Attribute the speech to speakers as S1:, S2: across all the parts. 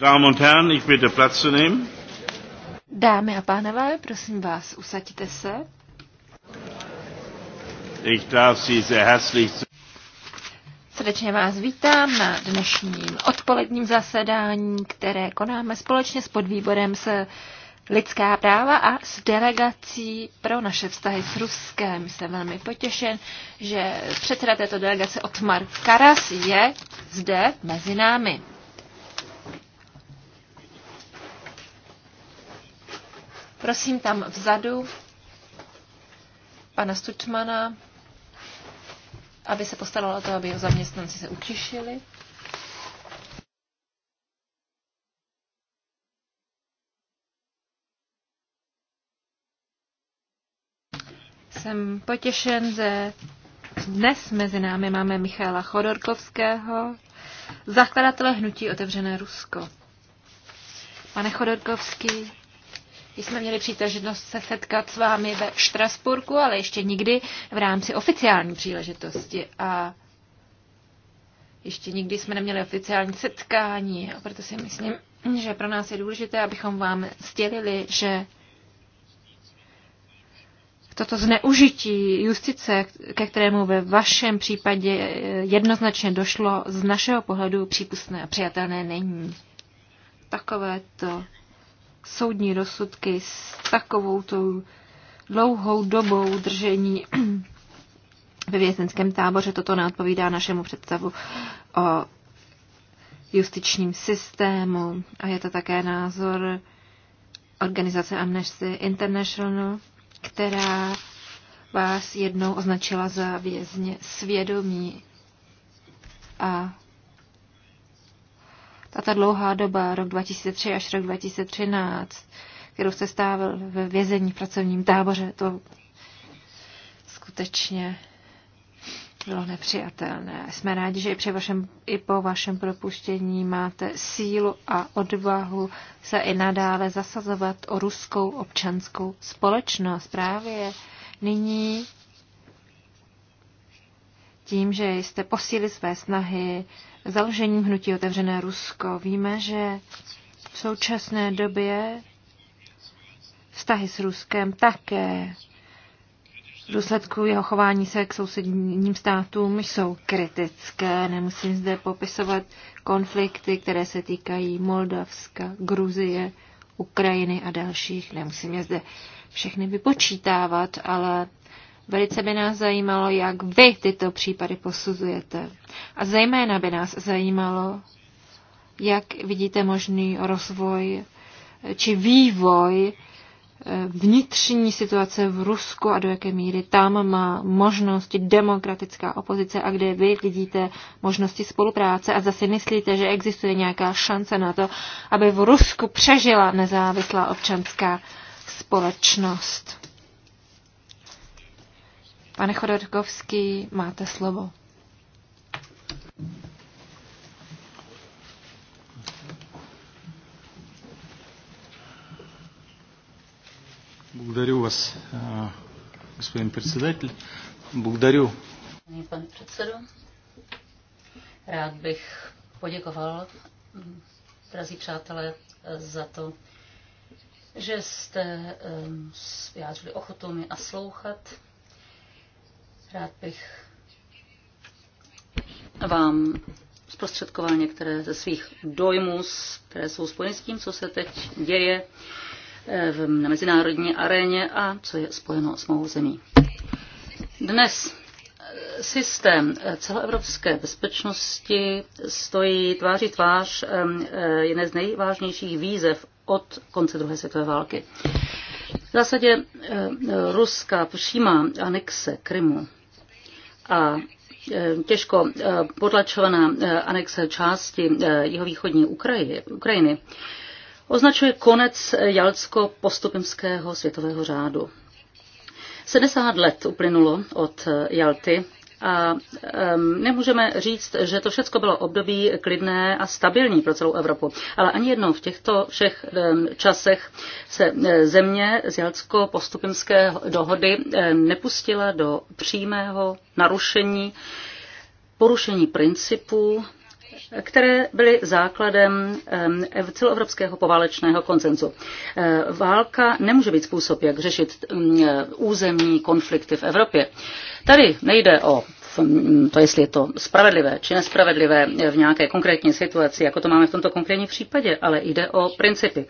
S1: Dámy ich bitte Platz zu nehmen. Dámy a pánové, prosím vás, usaďte se. Ich darf Sie sehr herzlich Srdečně vás vítám na dnešním odpoledním zasedání, které konáme společně s podvýborem se lidská práva a s delegací pro naše vztahy s Ruskem. Jsem velmi potěšen, že předseda této delegace Otmar Karas je zde mezi námi. Prosím tam vzadu pana Stučmana, aby se postaralo o to, aby jeho zaměstnanci se utišili. Jsem potěšen, že dnes mezi námi máme Michaela Chodorkovského, zakladatele Hnutí Otevřené Rusko. Pane Chodorkovský, jsme měli příležitost se setkat s vámi ve Štrasburku, ale ještě nikdy v rámci oficiální příležitosti. A ještě nikdy jsme neměli oficiální setkání, a proto si myslím, že pro nás je důležité, abychom vám sdělili, že toto zneužití justice, ke kterému ve vašem případě eh, jednoznačně došlo, z našeho pohledu přípustné a přijatelné není. Takové to soudní rozsudky s takovou tou dlouhou dobou držení ve vězenském táboře. Toto neodpovídá našemu představu o justičním systému a je to také názor organizace Amnesty International, která vás jednou označila za vězně svědomí a a ta dlouhá doba, rok 2003 až rok 2013, kterou se stávil ve vězení v pracovním táboře, to skutečně bylo nepřijatelné. Jsme rádi, že i, při vašem, i po vašem propuštění máte sílu a odvahu se i nadále zasazovat o ruskou občanskou společnost. Právě nyní tím, že jste posílili své snahy založením hnutí Otevřené Rusko. Víme, že v současné době vztahy s Ruskem také v důsledku jeho chování se k sousedním státům jsou kritické. Nemusím zde popisovat konflikty, které se týkají Moldavska, Gruzie, Ukrajiny a dalších. Nemusím je zde všechny vypočítávat, ale Velice by nás zajímalo, jak vy tyto případy posuzujete. A zejména by nás zajímalo, jak vidíte možný rozvoj eh, či vývoj eh, vnitřní situace v Rusku a do jaké míry tam má možnosti demokratická opozice a kde vy vidíte možnosti spolupráce a zase myslíte, že existuje nějaká šance na to, aby v Rusku přežila nezávislá občanská společnost. Pane Chodorkovský, máte slovo. Благодарю вас, господин председатель. Благодарю.
S2: Pane předsedo, рад бих poděkoval, hm, drazí přátelé, za to, že jste hm, vyjádřili ochotu mi naslouchat Rád bych vám zprostředkoval některé ze svých dojmů, které jsou spojeny s tím, co se teď děje eh, na mezinárodní aréně a co je spojeno s mou zemí. Dnes eh, systém eh, celoevropské bezpečnosti stojí tváří tvář jedné z nejvážnějších výzev od konce druhé světové války. V zásadě Ruska přímá anexe Krymu a e, těžko e, potlačovaná e, anexe části jihovýchodní Ukrajiny, Ukrajiny označuje konec jalsko postupimského světového řádu. 70 let uplynulo od Jalty a um, nemůžeme říct, že to všechno bylo období klidné a stabilní pro celou Evropu. Ale ani jednou v těchto všech um, časech se e, země z jalcko postupinské dohody um, nepustila do přímého narušení, porušení principů které byly základem eh, celoevropského poválečného koncenzu. Eh, válka nemůže být způsob, jak řešit mm, eh, územní konflikty v Evropě. Tady nejde o mm, to, jestli je to spravedlivé či nespravedlivé v nějaké konkrétní situaci, jako to máme v tomto konkrétním případě, ale jde o principy.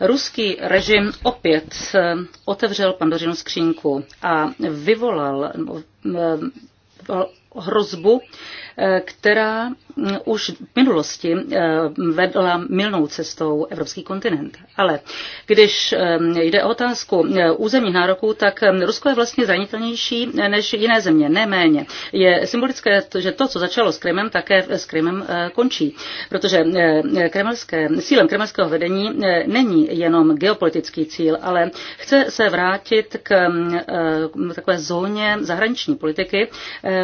S2: Ruský režim opět otevřel pandořinu skřínku a vyvolal mm, hrozbu která mm, už v minulosti eh, vedla milnou cestou evropský kontinent. Ale když eh, jde o otázku eh, územních nároků, tak Rusko je vlastně zranitelnější než jiné země, neméně. Je symbolické, že to, co začalo s Krymem, také s Krymem končí, protože kremelské, sílem kremelského vedení není jenom geopolitický cíl, ale chce se vrátit k takové zóně zahraniční politiky,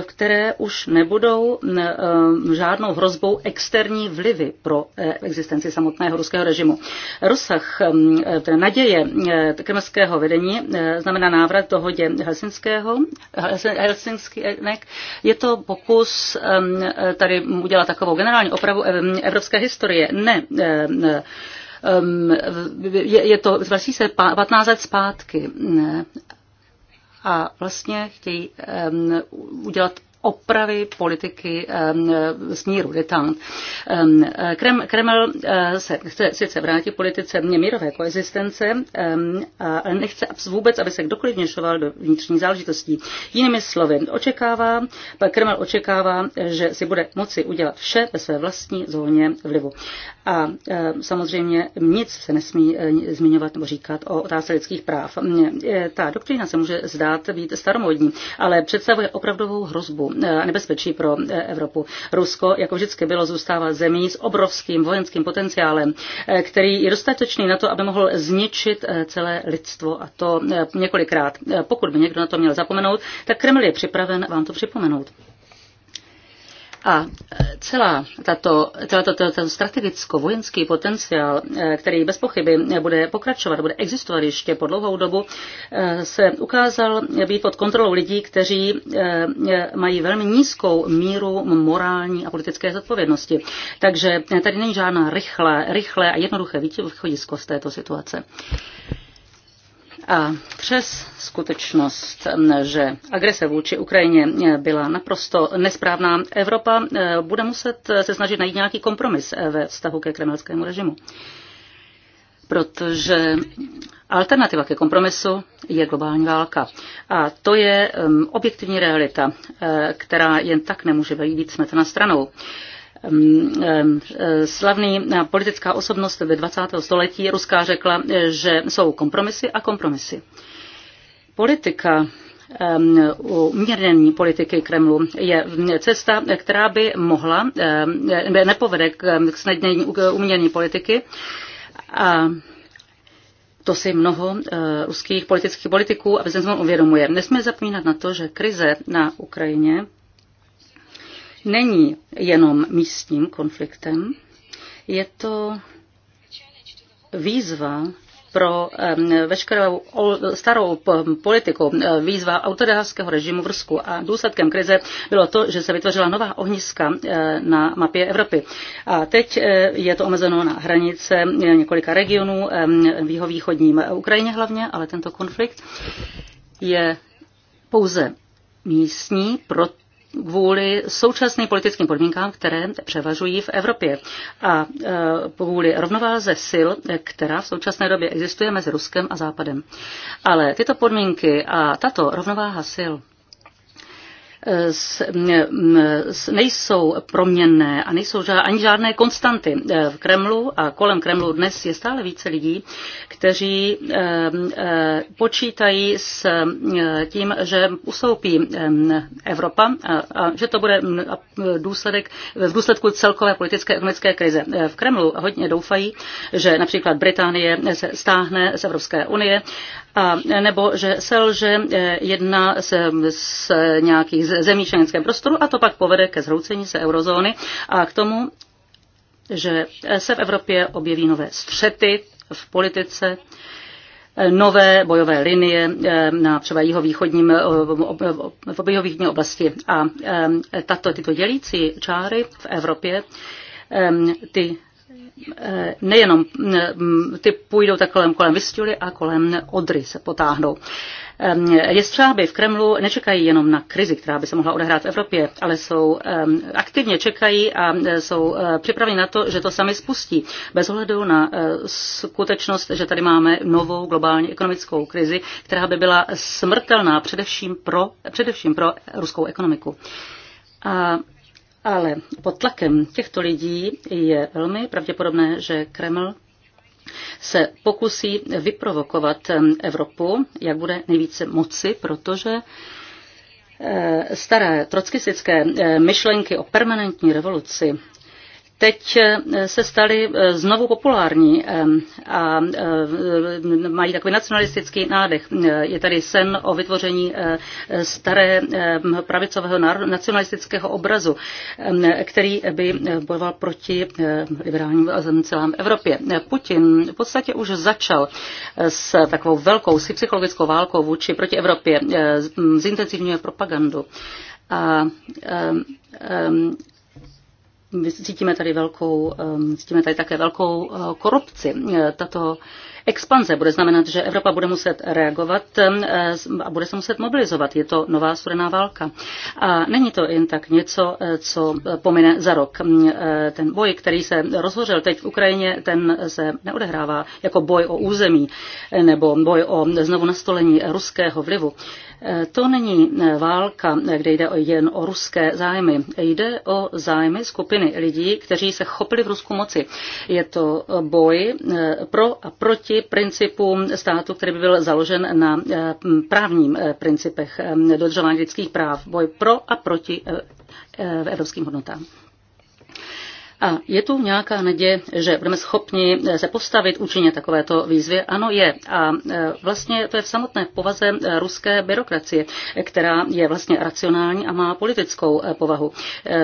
S2: v které už nebudou E, žádnou hrozbou externí vlivy pro e, existenci samotného ruského režimu. Rozsah e, naděje kremského vedení znamená návrat dohodě Helsinského, Helsinského, je to pokus tady udělat takovou generální opravu evropské historie. Ne, je, je to, vrací se 15 let zpátky a vlastně chtějí udělat opravy politiky e, smíru, detant. E, Kreml e, se chce sice vrátit politice mírové koexistence, ale nechce vůbec, aby se kdokoliv měšoval do vnitřní záležitostí. Jinými slovy, očekává, Kreml očekává, že si bude moci udělat vše ve své vlastní zóně vlivu. A samozřejmě nic se nesmí zmiňovat nebo říkat o otázce lidských práv. Ta doktrína se může zdát být staromodní, ale představuje opravdovou hrozbu a e, nebezpečí pro e, Evropu. Rusko, jako vždycky bylo, zůstává zemí s obrovským vojenským potenciálem, e, který je dostatečný na to, aby mohl zničit celé lidstvo a to několikrát. Pokud by někdo na to měl zapomenout, tak Kreml je připraven vám to připomenout. A celá tato, celá tato, tato strategicko-vojenský potenciál, eh, který bez pochyby bude pokračovat, bude existovat ještě po dlouhou dobu, eh, se ukázal být pod kontrolou lidí, kteří eh, mají velmi nízkou míru morální a politické zodpovědnosti. Takže tady není žádná rychlé, rychlé a jednoduché východisko z této situace. A přes skutečnost, že agrese vůči Ukrajině byla naprosto nesprávná, Evropa eh, bude muset eh, se snažit najít nějaký kompromis eh, ve vztahu ke kremelskému režimu. Protože Alternativa ke kompromisu je globální válka. A to je objektivní realita, která jen tak nemůže být smetena stranou. E, slavný e, politická osobnost ve 20. století ruská řekla, e, že jsou kompromisy a kompromisy. Politika umírnění politiky Kremlu je cesta, která by mohla, nepovede k snadnění umírnění politiky. A to si mnoho uh, ruských politických politiků a biznesmenů uvědomuje. Nesmíme zapomínat na to, že krize na Ukrajině není jenom místním konfliktem, je to výzva pro veškerou starou politiku výzva autoritářského režimu v Rusku. A důsledkem krize bylo to, že se vytvořila nová ohniska na mapě Evropy. A teď je to omezeno na hranice několika regionů, v jihovýchodním Ukrajině hlavně, ale tento konflikt je pouze místní, proto kvůli současným politickým podmínkám, které převažují v Evropě a e, kvůli rovnováze sil, která v současné době existuje mezi Ruskem a Západem. Ale tyto podmínky a tato rovnováha sil Eh, nejsou proměnné a nejsou ani žádné konstanty. Eh, v Kremlu a kolem Kremlu dnes je stále více lidí, kteří eh, počítají s tím, že usoupí Evropa a že to bude důsledek, v důsledku celkové politické a ekonomické krize. V Kremlu hodně doufají, že například Británie se stáhne z Evropské unie a nebo že selže e, jedna z, z nějakých zemí šengenského prostoru a to pak povede ke zhroucení se eurozóny a k tomu, že se v Evropě objeví nové střety v politice, e, nové bojové linie e, na třeba jihovýchodním, v jihovýchodní oblasti. A tato, tyto dělící čáry v Evropě, ty Eh, nejenom eh, ty půjdou tak kolem, kolem a kolem Odry se potáhnou. Eh, Jestřáby v Kremlu nečekají jenom na krizi, která by se mohla odehrát v Evropě, ale jsou aktivně čekají a jsou připraveni na to, že to sami spustí. Bez ohledu na skutečnost, že tady máme novou globální ekonomickou krizi, která by byla smrtelná především pro, především pro ruskou ekonomiku. A ale pod tlakem těchto lidí je velmi pravděpodobné, že Kreml se pokusí vyprovokovat Evropu, jak bude nejvíce moci, protože eh, staré trockistické eh, myšlenky o permanentní revoluci teď eh, se staly eh, znovu populární eh, a mají takový nacionalistický nádech. Je tady sen o vytvoření staré pravicového nacionalistického obrazu, který by bojoval proti liberálním v Evropě. Putin v podstatě už začal s takovou velkou si psychologickou válkou vůči proti Evropě, zintenzivňuje propagandu. A, a, a, cítíme tady velkou, cítíme tady také velkou eh, korupci. Eh, tato expanze bude znamenat, že Evropa bude muset reagovat eh, a bude se muset mobilizovat. Je to nová studená válka. A není to jen tak něco, co pomine za rok. Ten boj, který se rozhořel teď v Ukrajině, ten se neodehrává jako boj o území nebo boj o znovu nastolení ruského vlivu. To není válka, kde jde jen o ruské zájmy. Jde o zájmy skupiny lidí, kteří se chopili v Rusku moci. Je to boj eh, pro a proti principům státu, který by byl založen na eh, právním eh, principech dodržování lidských práv. Boj pro a proti evropským hodnotám. A je tu nějaká naděje, že budeme schopni se postavit účinně takovéto výzvy? Ano, je. A e, vlastně to je v samotné povaze e, ruské byrokracie, která je vlastně racionální a má politickou e, povahu.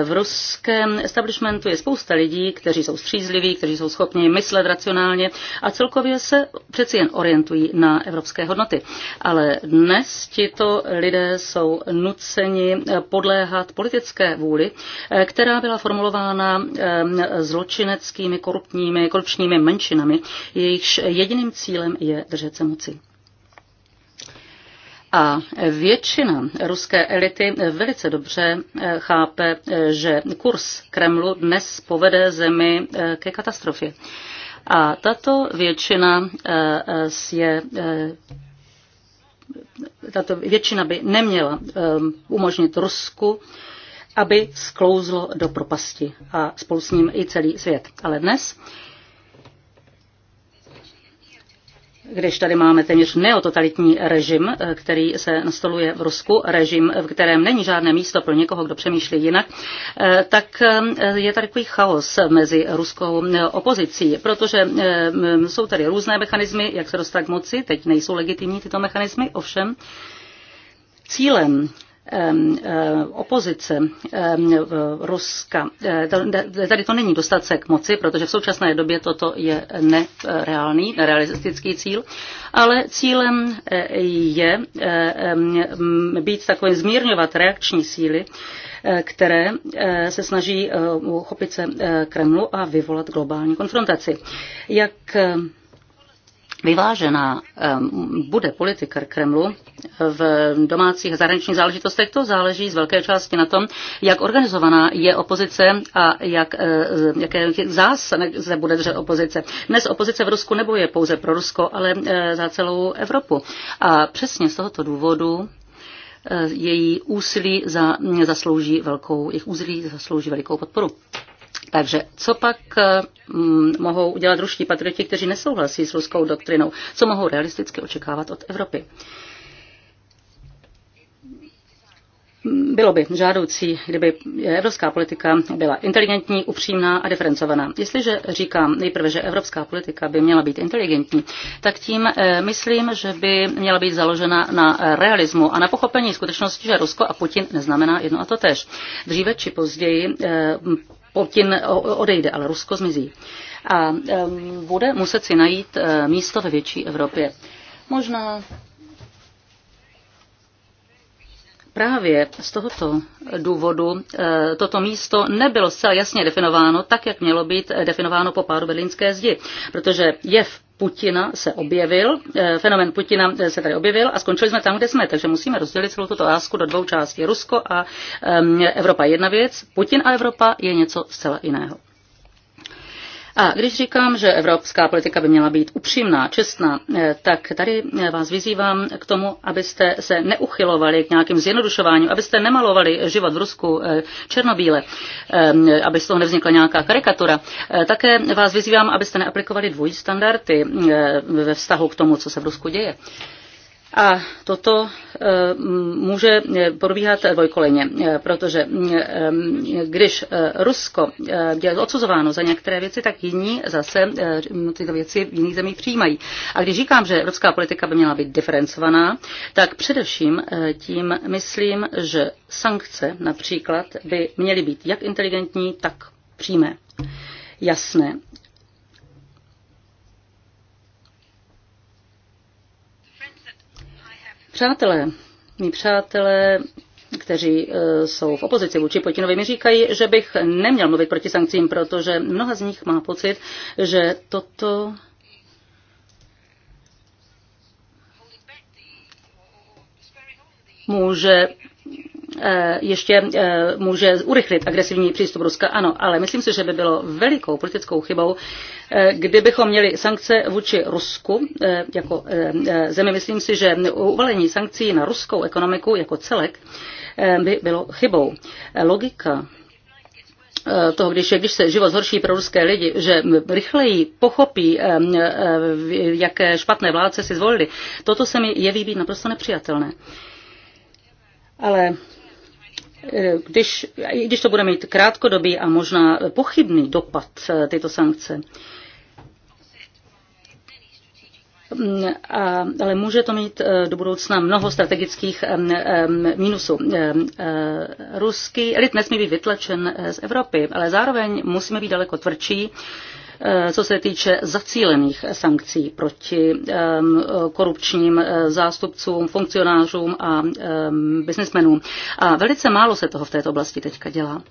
S2: V ruském establishmentu je spousta lidí, kteří jsou střízliví, kteří jsou schopni myslet racionálně a celkově se přeci jen orientují na evropské hodnoty. Ale dnes tito lidé jsou nuceni podléhat politické vůli, která byla formulována Um, zločineckými korupními, korupčními menšinami, jejichž jediným cílem je držet se moci. A většina ruské elity velice dobře eh, chápe, eh, že kurz Kremlu dnes povede zemi eh, ke katastrofě. A tato většina je tato většina by neměla umožnit Rusku aby sklouzlo do propasti a spolu s ním i celý svět. Ale dnes když tady máme téměř neototalitní režim, eh, který se nastoluje v Rusku, režim, eh, v kterém není žádné místo pro někoho, kdo přemýšlí jinak, eh, tak je tady takový chaos mezi ruskou opozicí, protože jsou tady různé mechanismy, jak se dostat k moci, teď nejsou legitimní tyto mechanismy, ovšem cílem Eh, opozice Ruska. Eh, tady to není dostat se k moci, protože v současné době toto je nereálný, nerealistický cíl, ale cílem eh, je být takovým zmírňovat reakční síly, které se snaží uchopit se Kremlu a vyvolat globální konfrontaci. Jak vyvážená bude politika Kremlu, v domácích a zahraničních záležitostech, to záleží z velké části na tom, jak organizovaná je opozice a jak, eh, jaké zásadek se bude držet opozice. Dnes opozice v Rusku je pouze pro Rusko, ale eh, za celou Evropu. A přesně z tohoto důvodu eh, její úsilí za, zaslouží velkou, jejich úsilí zaslouží velikou podporu. Takže co pak mm, mohou udělat ruští patrioti, kteří nesouhlasí s ruskou doktrinou? Co mohou realisticky očekávat od Evropy? Uh, bylo by žádoucí, kdyby evropská politika byla inteligentní, upřímná a diferencovaná. Jestliže říkám nejprve, že evropská politika by měla být inteligentní, tak tím eh, myslím, že by měla být založena na realismu a na pochopení skutečnosti, že Rusko a Putin neznamená jedno a to tež. Dříve či později eh, Putin odejde, ale Rusko zmizí. A bude muset si najít eh, místo ve větší Evropě. Možná právě z tohoto důvodu eh, toto místo nebylo zcela jasně definováno tak, jak mělo být eh, definováno po pádu berlínské zdi, protože jev Putina se objevil, eh, fenomen Putina se tady objevil a skončili jsme tam, kde jsme, takže musíme rozdělit celou tuto lásku do dvou částí. Rusko a Evropa je jedna věc, Putin a Evropa je něco zcela jiného. A když říkám, že evropská politika by měla být upřímná, čestná, eh, tak tady eh, vás vyzývám k tomu, abyste se neuchylovali k nějakým zjednodušováním, abyste nemalovali život v Rusku eh, černobíle, aby z toho nevznikla nějaká karikatura. Také vás vyzývám, abyste neaplikovali dvojí standardy ve vztahu k tomu, co se v Rusku děje. A toto eh, může eh, probíhat dvojkoleně, eh, protože mm, když Rusko je odsuzováno za některé věci, tak jiní zase tyto věci v jiných zemích přijímají. A když říkám, že evropská politika by měla být diferencovaná, tak především tím myslím, že sankce například by měly být jak inteligentní, tak přímé jasné Přátelé, mý přátelé, kteří e, jsou v opozici vůči Putinovi, mi říkají, že bych neměl mluvit proti sankcím, protože mnoha z nich má pocit, že toto může Eh, ještě eh, může urychlit agresivní přístup Ruska, ano, ale myslím si, že by bylo velikou politickou chybou, eh, kdybychom měli sankce vůči Rusku jako zemi. Myslím si, že uvalení sankcí na ruskou ekonomiku jako celek by bylo chybou. Logika toho, když, když se život zhorší pro ruské lidi, že rychleji pochopí, jaké špatné vládce si zvolili, toto se mi jeví být naprosto nepřijatelné. Ale Eh, když, i když to bude mít krátkodobý a možná pochybný dopad eh, tyto sankce, mm, a, ale může to mít eh, do budoucna mnoho strategických mínusů. Ruský lid nesmí být vytlačen z Evropy, ale zároveň musíme být daleko tvrdší Eh, co se týče zacílených sankcí proti korupčním eh, zástupcům, funkcionářům a biznismenům. A velice málo se toho v této oblasti teďka dělá.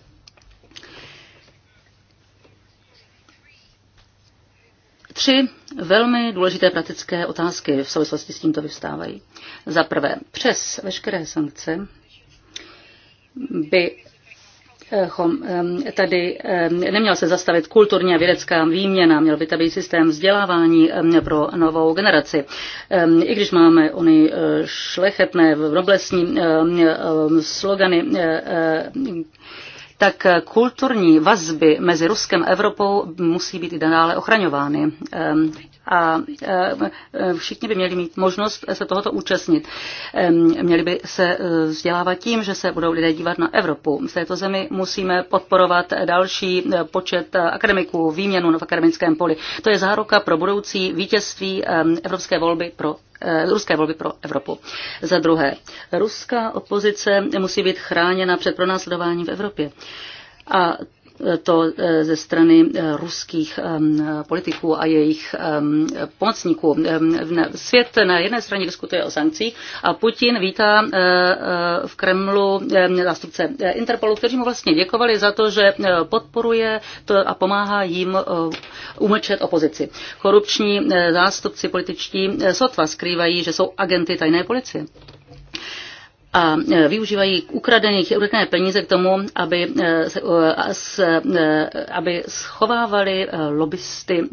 S2: Tři velmi důležité praktické otázky v souvislosti s tímto vyvstávají. Za prvé, přes veškeré sankce by Ehm, tady ehm, neměl se zastavit kulturní a vědecká výměna, měl by tady být systém vzdělávání ehm, pro novou generaci. I když máme ony eh, šlechetné, roblesní slogany, eh, eh, tak kulturní vazby mezi Ruskem a Evropou musí být i nadále ochraňovány ehm, a ehm, všichni by měli mít možnost se tohoto účastnit. Ehm, měli by se eh, vzdělávat tím, že se budou lidé dívat na Evropu. V této zemi musíme podporovat další eh, počet eh, akademiků, výměnu v akademickém poli. To je záruka pro budoucí vítězství evropské volby pro Eh, ruské volby pro Evropu. Za druhé, ruská opozice musí být chráněna před pronásledováním v Evropě. A to eh, ze strany eh, ruských politiků a jejich pomocníků. Svět na jedné straně diskutuje o sankcích a Putin vítá eh, v Kremlu zástupce Interpolu, kteří mu vlastně děkovali za to, že podporuje to a pomáhá jim umlčet opozici. Korupční zástupci političtí sotva skrývají, že jsou agenty tajné policie a e, využívají ukradených ukradené peníze k tomu, aby, e, e, aby schovávali lobbysty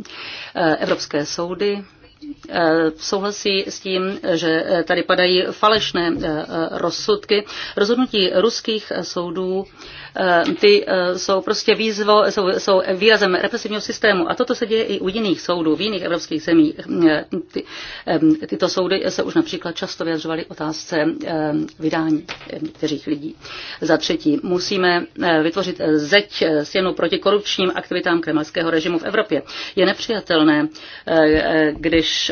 S2: Evropské soudy souhlasí s tím, že tady padají falešné rozsudky. Rozhodnutí ruských soudů Eh, ty eh, jsou prostě výzvo, jsou, jsou výrazem represivního systému. A toto se děje i u jiných soudů v jiných evropských zemích. Eh, ty, tyto soudy se už například často vyjadřovaly otázce vydání některých lidí. Za třetí, musíme vytvořit zeď stěnu proti korupčním aktivitám kremelského režimu v Evropě. Je nepřijatelné, když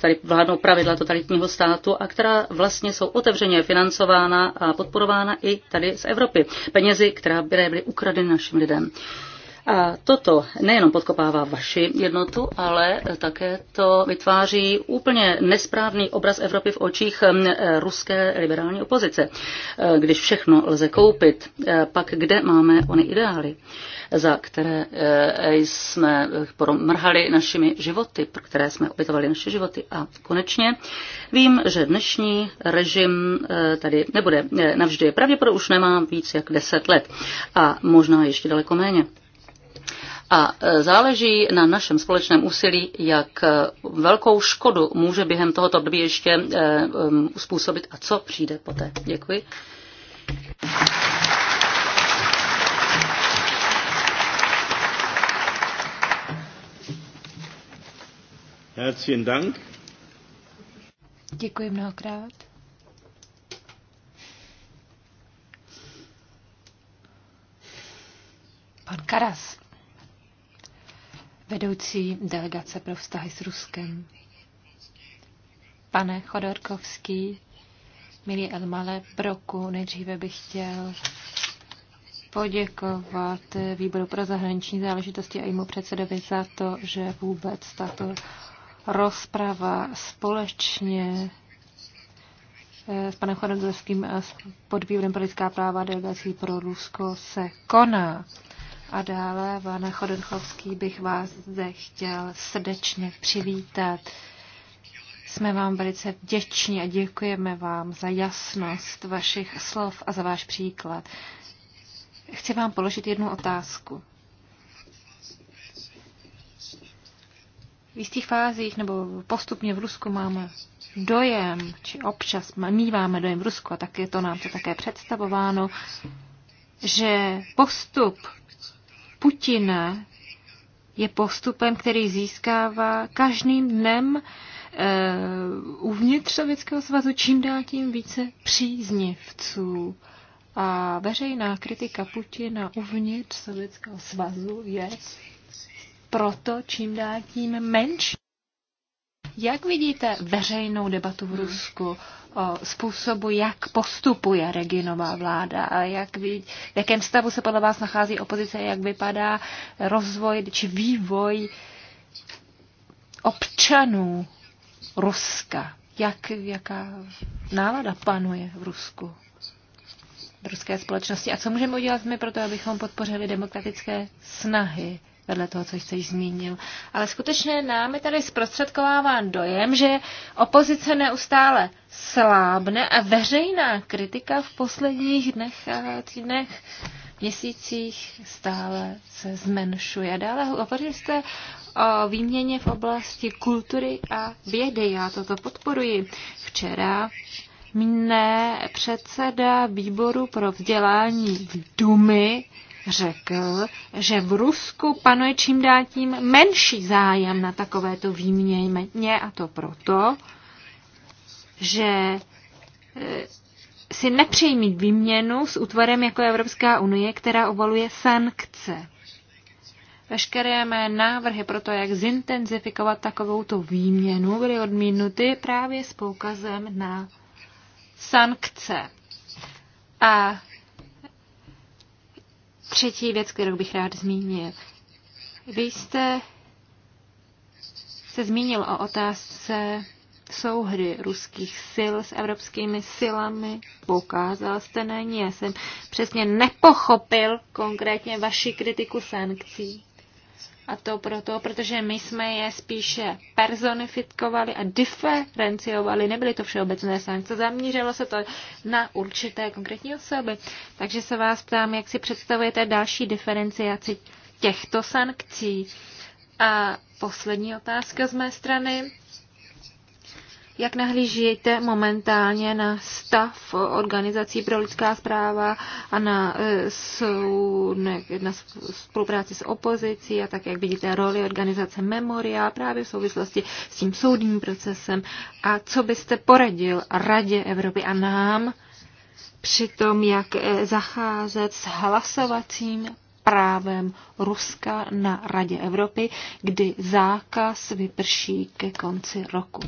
S2: tady vládnou pravidla totalitního státu a která vlastně jsou otevřeně financována a podporována i tady z Evropy penězi, která byly, byly ukradeny našim lidem. A toto nejenom podkopává vaši jednotu, ale také to vytváří úplně nesprávný obraz Evropy v očích hm, ruské liberální opozice. Eh, když všechno lze koupit, eh, pak kde máme ony ideály, za které eh, jsme promrhali našimi životy, pro které jsme obětovali naše životy. A konečně vím, že dnešní režim tady nebude navždy. Pravděpodobně už nemá víc jak deset let a možná ještě daleko méně. A e, záleží na našem společném úsilí, jak e, velkou škodu může během tohoto období ještě e, um, způsobit a co přijde poté. Děkuji.
S1: Herzlichen Dank. Děkuji mnohokrát. Pan Karas vedoucí delegace pro vztahy s Ruskem. Pane Chodorkovský, milý Elmale Broku, nejdříve bych chtěl poděkovat výboru pro zahraniční záležitosti a jemu předsedovi za to, že vůbec tato rozprava společně eh, s panem Chodorkovským a s podvýborem pro lidská práva delegací pro Rusko se koná. A dále, pane Chodenchovský, bych vás zde chtěl srdečně přivítat. Jsme vám velice vděční a děkujeme vám za jasnost vašich slov a za váš příklad. Chci vám položit jednu otázku. V jistých fázích nebo postupně v Rusku máme dojem, či občas míváme dojem v Rusku, a tak je to nám to také představováno, že postup Putin je postupem, který získává každým dnem e, uvnitř Sovětského svazu čím dál tím více příznivců. A veřejná kritika Putina uvnitř Sovětského svazu je proto čím dál tím menší. Jak vidíte veřejnou debatu v Rusku o způsobu, jak postupuje regionová vláda a jak ví, v jakém stavu se podle vás nachází opozice, jak vypadá rozvoj či vývoj občanů Ruska? Jak, jaká nálada panuje v Rusku? v ruské společnosti. A co můžeme udělat my pro to, abychom podpořili demokratické snahy vedle toho, co jste již zmínil. Ale skutečně nám je tady zprostředkováván dojem, že opozice neustále slábne a veřejná kritika v posledních dnech a týdnech měsících stále se zmenšuje. Dále hovořili jste o výměně v oblasti kultury a vědy. Já toto podporuji. Včera mne předseda výboru pro vzdělání v Dumy řekl, že v Rusku panuje čím dál tím menší zájem na takovéto výměně a to proto, že e, si nepřejí mít výměnu s útvarem jako Evropská unie, která uvaluje sankce. Veškeré mé návrhy pro to, jak zintenzifikovat takovouto výměnu, byly odmínuty právě s poukazem na sankce. A Třetí věc, kterou bych rád zmínil. Vy jste se zmínil o otázce souhry ruských sil s evropskými silami. Poukázal jste na ní. Já jsem přesně nepochopil konkrétně vaši kritiku sankcí. A to proto, protože my jsme je spíše personifikovali a diferenciovali. Nebyly to všeobecné sankce, zamířilo se to na určité konkrétní osoby. Takže se vás ptám, jak si představujete další diferenciaci těchto sankcí. A poslední otázka z mé strany. Jak nahlížíte momentálně na stav organizací pro lidská zpráva a na, e, sou, ne, na spolupráci s opozicí a tak, jak vidíte, roli organizace Memoria právě v souvislosti s tím soudním procesem a co byste poradil Radě Evropy a nám při tom, jak e, zacházet s hlasovacím právem Ruska na Radě Evropy, kdy zákaz vyprší ke konci roku.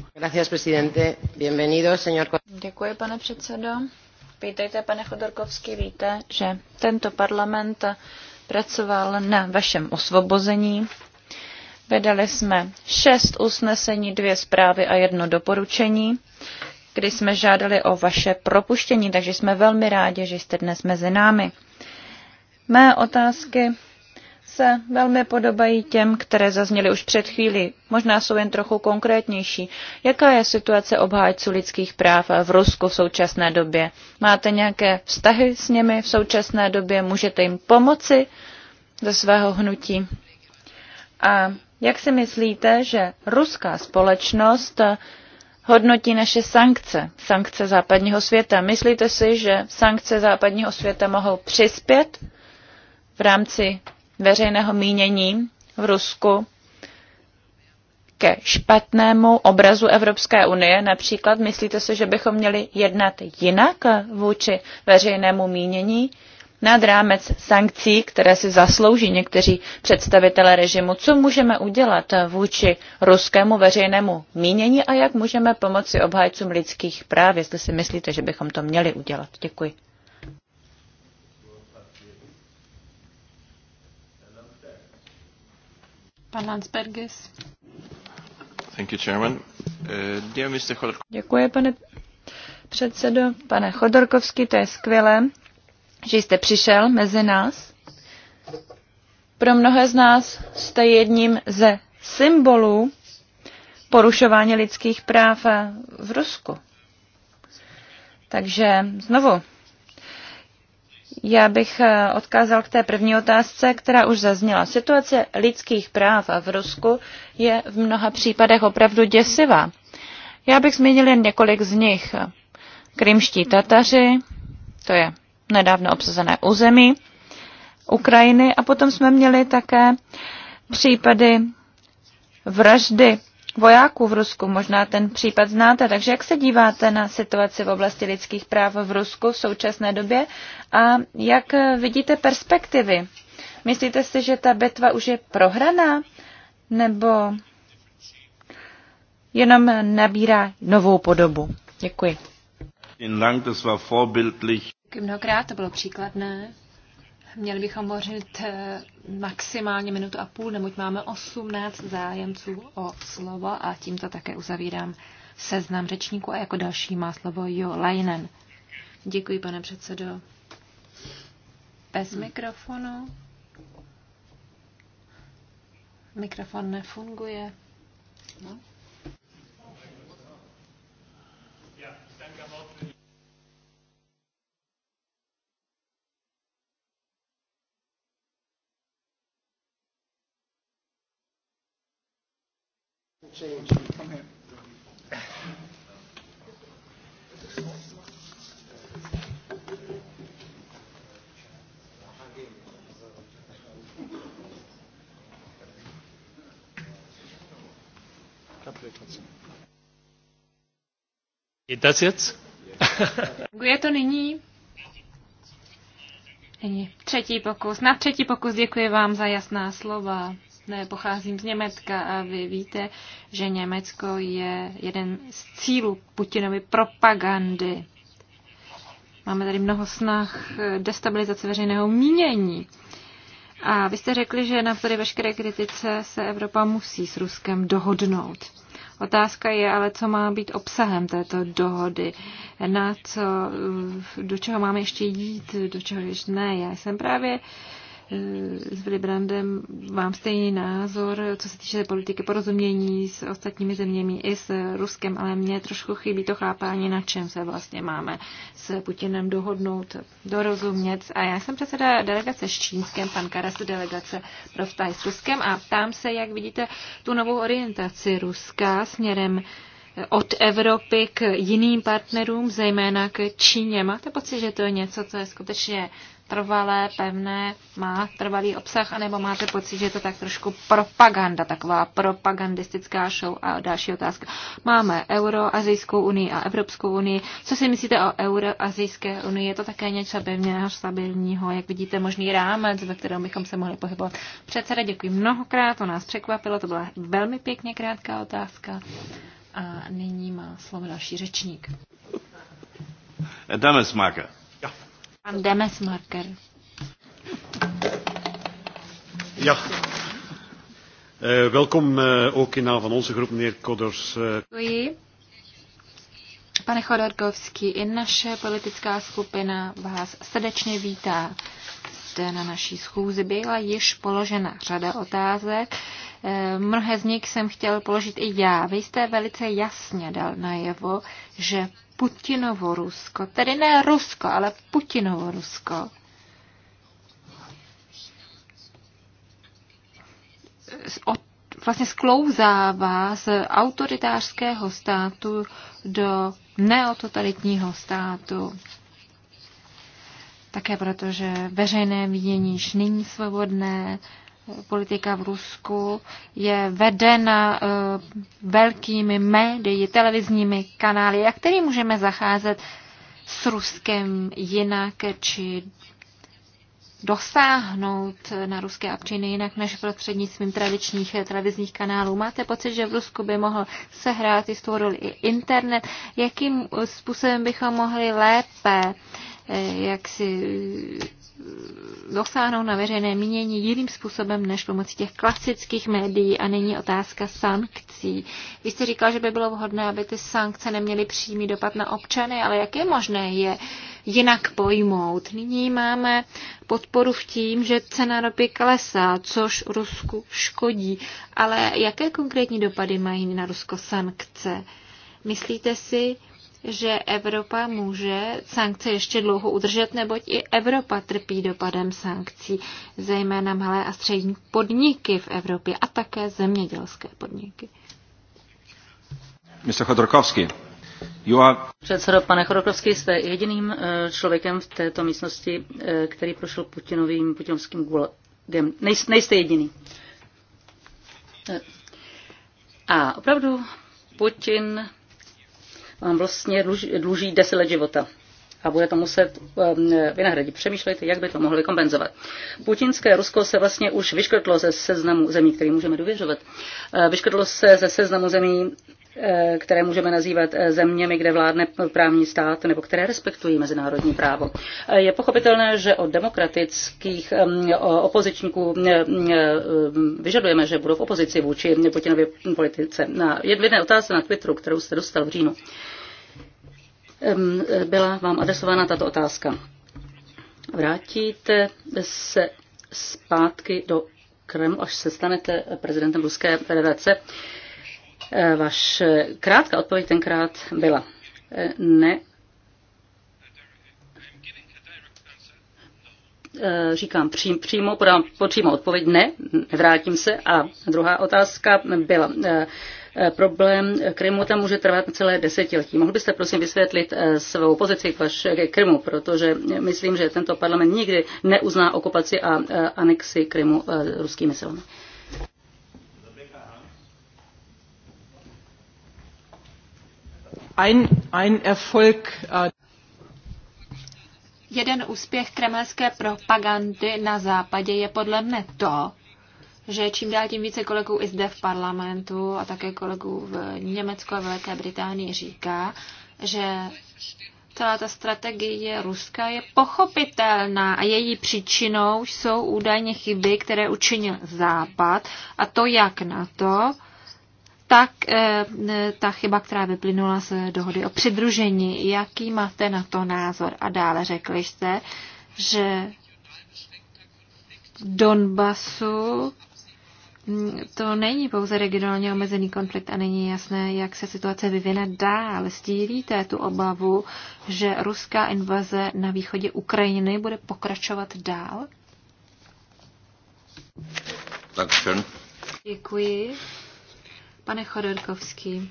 S3: Děkuji, pane předsedo. Vítejte, pane Chodorkovský, víte, že tento parlament pracoval na vašem osvobození. Vedali jsme šest usnesení, dvě zprávy a jedno doporučení, kdy jsme žádali o vaše propuštění, takže jsme velmi rádi, že jste dnes mezi námi. Mé otázky se velmi podobají těm, které zazněly už před chvílí. Možná jsou jen trochu konkrétnější. Jaká je situace obhájců lidských práv v Rusku v současné době? Máte nějaké vztahy s nimi v současné době? Můžete jim pomoci ze svého hnutí? A jak si myslíte, že ruská společnost hodnotí naše sankce, sankce západního světa? Myslíte si, že sankce západního světa mohou přispět v rámci veřejného mínění v Rusku ke špatnému obrazu Evropské unie? Například myslíte si, že bychom měli jednat jinak vůči veřejnému mínění nad rámec sankcí, které si zaslouží někteří představitelé režimu? Co můžeme udělat vůči ruskému veřejnému mínění a jak můžeme pomoci obhájcům lidských práv, jestli si myslíte, že bychom to měli udělat? Děkuji. Pan Landsbergis. Thank you, Chairman. Uh, Mr. Děkuji, pane předsedo. Pane Chodorkovský, to je skvělé, že jste přišel mezi nás. Pro mnohé z nás jste jedním ze symbolů porušování lidských práv v Rusku. Takže znovu já bych eh, odkázal k té první otázce, která už zazněla. Situace lidských práv v Rusku je v mnoha případech opravdu děsivá. Já bych zmínil jen několik z nich. Krymští Tataři, to je nedávno obsazené území Ukrajiny, a potom jsme měli také případy vraždy vojáků v Rusku. Možná ten případ znáte. Takže jak se díváte na situaci v oblasti lidských práv v Rusku v současné době a jak vidíte perspektivy? Myslíte si, že ta bitva už je prohraná nebo jenom nabírá novou podobu? Děkuji. Mnohokrát to bylo příkladné.
S1: Měli bychom hovořit eh, maximálně minutu a půl, neboť máme 18 zájemců o slovo a tímto také uzavírám seznam řečníků a jako další má slovo Jo Leinen. Děkuji, pane předsedo. Bez
S3: mikrofonu.
S1: Mikrofon nefunguje. No. Je to věc? Funguje to nyní? Nyní. Třetí pokus. Na třetí pokus děkuji vám za jasná slova pocházím z Německa a vy víte, že Německo je jeden z cílů Putinovy propagandy. Máme tady mnoho snah eh, destabilizace veřejného mínění. A vy jste řekli, že na tady veškeré kritice se Evropa musí s Ruskem dohodnout. Otázka je ale, co má být obsahem této dohody, na co, do čeho máme ještě jít, do čeho ještě ne. Já jsem právě uh, Eh, s Willy Brandem mám stejný názor, co se týče politiky porozumění s ostatními zeměmi i s Ruskem, ale mně trošku chybí to chápání, na čem se vlastně máme s Putinem dohodnout, dorozumět. A já jsem předseda delegace s Čínskem, pan Karas delegace pro vztahy s Ruskem a ptám se, jak vidíte tu novou orientaci Ruska směrem eh, od Evropy k jiným partnerům, zejména k Číně. Máte pocit, že to je něco, co je skutečně trvalé, pevné, má trvalý obsah, anebo máte pocit, že je to tak trošku propaganda, taková propagandistická show a další otázka. Máme Euroazijskou unii a Evropskou unii. Co si myslíte o Euroazijské unii? Je to také něco pevného, stabilního, jak vidíte, možný rámec, ve kterém bychom se mohli pohybovat. Předseda, děkuji mnohokrát, to nás překvapilo, to byla velmi pěkně krátká otázka. A nyní má slovo další řečník. Dames Marker. Pan marker. Ja. Uh, welkom uh, ook in naam van onze groep, meneer Kodders. Uh... Pane Chodorkovský, i naše politická skupina vás srdečně vítá zde na naší schůzi. Byla již položena řada otázek. Eh, mnohé z nich jsem chtěl položit i já. Vy jste velice jasně dal najevo, že Putinovo Rusko, tedy ne Rusko, ale Putinovo Rusko, vlastně sklouzává z autoritářského státu do neototalitního státu. Také proto, že veřejné vidění již není svobodné, politika v Rusku je vedena eh, velkými médii, televizními kanály, jak který můžeme zacházet s Ruskem jinak, či dosáhnout na ruské občiny jinak než prostřednictvím tradičních eh, televizních kanálů. Máte pocit, že v Rusku by mohl sehrát jistou roli i internet? Jakým způsobem bychom mohli lépe Eh, jak si eh, dosáhnout na veřejné mínění jiným způsobem než pomocí těch klasických médií a není otázka sankcí. Vy jste říkal, že by bylo vhodné, aby ty sankce neměly přímý dopad na občany, ale jak je možné je jinak pojmout? Nyní máme podporu v tím, že cena ropy klesá, což Rusku škodí, ale jaké konkrétní dopady mají na Rusko sankce? Myslíte si, že Evropa může sankce ještě dlouho udržet, neboť i Evropa trpí dopadem sankcí, zejména malé a střední podniky v Evropě a také zemědělské podniky. Mr. Chodorkovský. Are...
S2: Předsedo, pane Chodorkovský, jste jediným eh, člověkem v této místnosti, eh, který prošel Putinovým putinovským gulagem. Nejste jediný. Eh, a opravdu Putin vám vlastně dluží 10 let života a bude to muset um, vynahradit. Přemýšlejte, jak by to mohli kompenzovat. Putinské Rusko se vlastně už vyškrtlo ze seznamu zemí, kterým můžeme důvěřovat. Uh, vyškrtlo se ze seznamu zemí, Eh, které můžeme nazývat eh, zeměmi, kde vládne právní stát nebo které respektují mezinárodní právo. Eh, je pochopitelné, že od demokratických opozičníků vyžadujeme, že budou v opozici vůči Putinově politice. Na jedné otázce na Twitteru, kterou jste dostal v říjnu, byla vám adresována tato otázka. Vrátíte se zpátky do Kremlu, až se stanete prezidentem Ruské federace. Eh, Vaše eh, krátká odpověď tenkrát byla eh, ne. Říkám přím, přímo, podám přímo odpověď ne, nevrátím se. A druhá otázka byla problém Krymu tam může trvat celé desetiletí. Mohl byste prosím vysvětlit svou pozici k, vaš, k Krymu, protože myslím, že tento parlament nikdy neuzná okupaci a anexi Krymu ruskými silami.
S1: Äh, Jeden úspěch kremelské propagandy na západě je podle mne to, že čím dál tím více kolegů i zde v parlamentu a také kolegů v Německu a Velké Británii říká, že celá ta strategie ruská, je pochopitelná a její příčinou jsou údajně chyby, které učinil Západ a to jak na to, tak eh, ta chyba, která vyplynula z dohody o přidružení. Jaký máte na to názor? A dále řekli jste, že v Donbasu mm, to není pouze regionálně omezený konflikt a není jasné, jak se situace vyvine dál. Stílíte tu obavu, že ruská invaze na východě Ukrajiny bude pokračovat dál? Tak Děkuji. Pane Chodorkovský.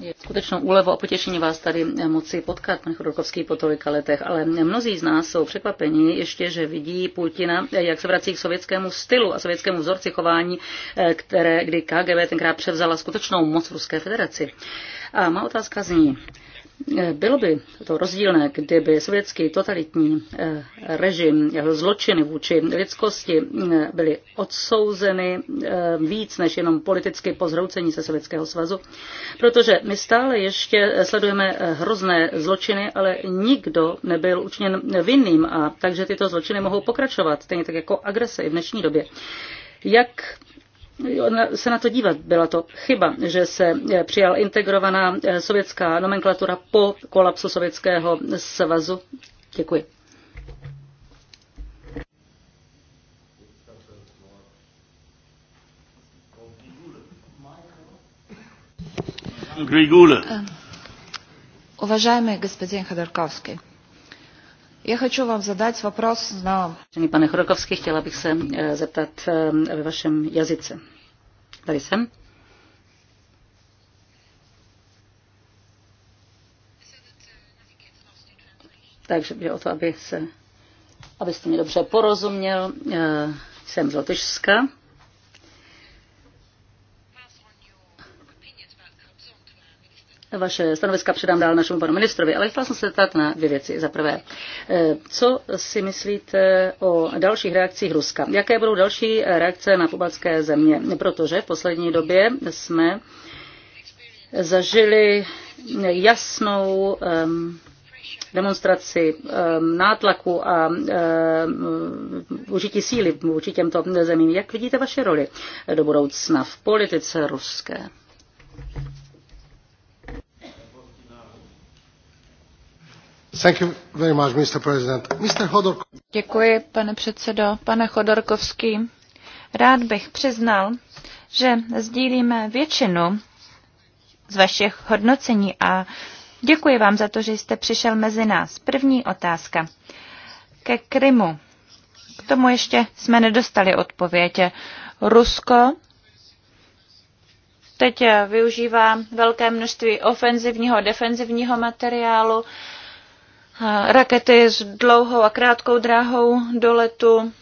S2: Je skutečnou úlevou a potěšení vás tady eh, moci potkat, pan Chodorkovský, po tolika letech, ale mnozí z nás jsou překvapeni ještě, že vidí Putina, eh, jak se vrací k sovětskému stylu a sovětskému vzorci chování, eh, které, kdy KGB tenkrát převzala skutečnou moc v Ruské federaci. A má otázka zní, Eh, bylo by to rozdílné, kdyby sovětský totalitní eh, režim, jeho zločiny vůči lidskosti eh, byly odsouzeny víc než jenom politicky po se Sovětského svazu, protože my stále ještě sledujeme hrozné zločiny, ale nikdo nebyl učiněn vinným a takže tyto zločiny mohou pokračovat, stejně tak jako agrese i v dnešní době. Jak se na to dívat. Byla to chyba, že se eh, přijala integrovaná eh, sovětská nomenklatura po kolapsu Sovětského svazu. Děkuji.
S1: Grigule. Уважаемый господин Ходорковский,
S2: já chci vám zadat vopros na... Vážený pane Chorokovský, chtěla bych se eh, zeptat eh, ve vašem jazyce. Tady jsem. Takže jde o to, aby se, abyste mě dobře porozuměl. Eh, jsem z Lotyšska. Vaše stanoviska předám dál našemu panu ministrovi, ale chtěla jsem se zeptat na dvě věci. Za prvé, eh, co si myslíte o dalších reakcích Ruska? Jaké budou další reakce na pobaltské země? Protože v poslední době jsme zažili jasnou ehm, demonstraci ehm, nátlaku a ehm, užití síly vůči těmto zemím. Jak vidíte vaše roli do budoucna v politice ruské?
S3: Děkuji, pane předsedající Pane Chodorkovský, rád bych přiznal, že sdílíme většinu z vašich hodnocení a děkuji vám za to, že jste přišel mezi nás. První otázka. Ke Krymu. K tomu ještě jsme nedostali odpověď. Rusko teď využívá velké množství ofenzivního, defenzivního materiálu rakety s dlouhou a krátkou dráhou do letu,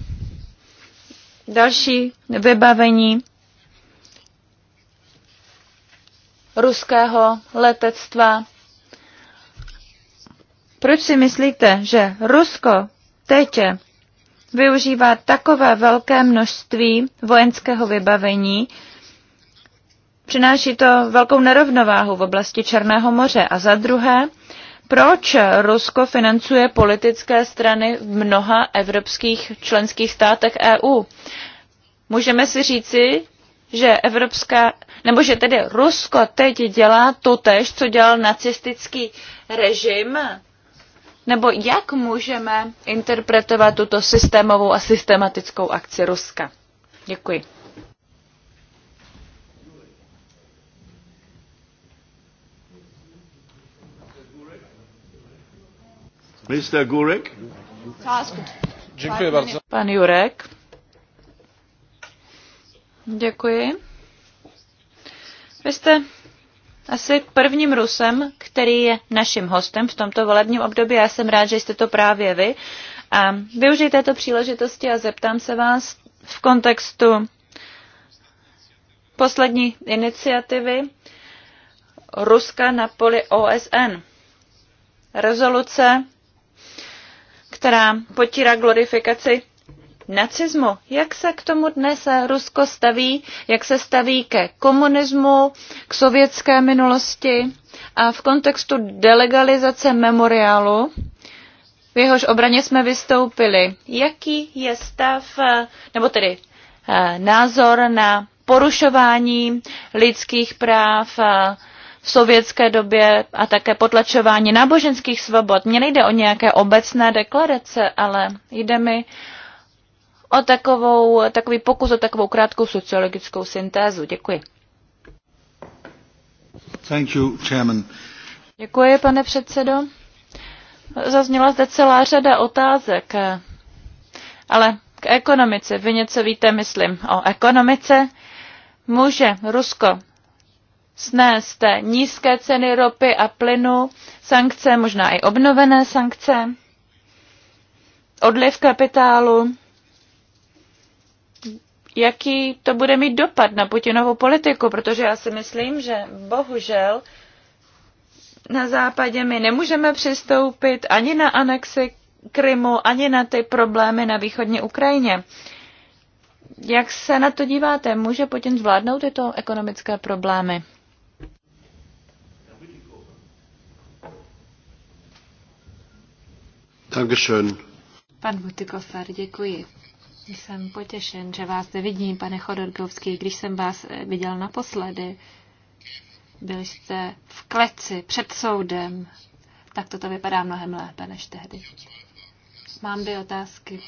S3: další vybavení ruského letectva. Proč si myslíte, že Rusko teď využívá takové velké množství vojenského vybavení, Přináší to velkou nerovnováhu v oblasti Černého moře. A za druhé, proč Rusko financuje politické strany v mnoha evropských členských státech EU? Můžeme si říci, že Evropská, nebo že tedy Rusko teď dělá to tež, co dělal nacistický režim? Nebo jak můžeme interpretovat tuto systémovou a systematickou akci Ruska? Děkuji.
S1: Gurek. Pan
S3: Jurek. Děkuji. Vy jste asi prvním Rusem, který je naším hostem v tomto volebním období. Já jsem rád, že jste to právě vy. A využij této příležitosti a zeptám se vás v kontextu poslední iniciativy Ruska na poli OSN. Rezoluce která potírá glorifikaci nacismu. Jak se k tomu dnes Rusko staví, jak se staví ke komunismu, k sovětské minulosti a v kontextu delegalizace memoriálu, v jehož obraně jsme vystoupili. Jaký je stav, nebo tedy eh, názor na porušování lidských práv, eh, v sovětské době a také potlačování náboženských svobod. Mně nejde o nějaké obecné deklarace, ale jde mi o takovou, takový pokus o takovou krátkou sociologickou syntézu. Děkuji.
S1: Thank you, chairman.
S3: Děkuji, pane předsedo. Zazněla zde celá řada otázek, ale k ekonomice. Vy něco víte, myslím, o ekonomice. Může Rusko snést nízké ceny ropy a plynu, sankce, možná i obnovené sankce, odliv kapitálu, jaký to bude mít dopad na Putinovou politiku, protože já si myslím, že bohužel na západě my nemůžeme přistoupit ani na anexi Krymu, ani na ty problémy na východní Ukrajině. Jak se na to díváte? Může Putin zvládnout tyto ekonomické problémy? Dankeschön.
S1: Pan Butikofer, děkuji. Jsem potěšen, že vás zde vidím, pane Chodorkovský. Když jsem vás eh, viděl naposledy, byli jste v kleci před soudem. Tak toto vypadá mnohem lépe než tehdy. Mám dvě otázky.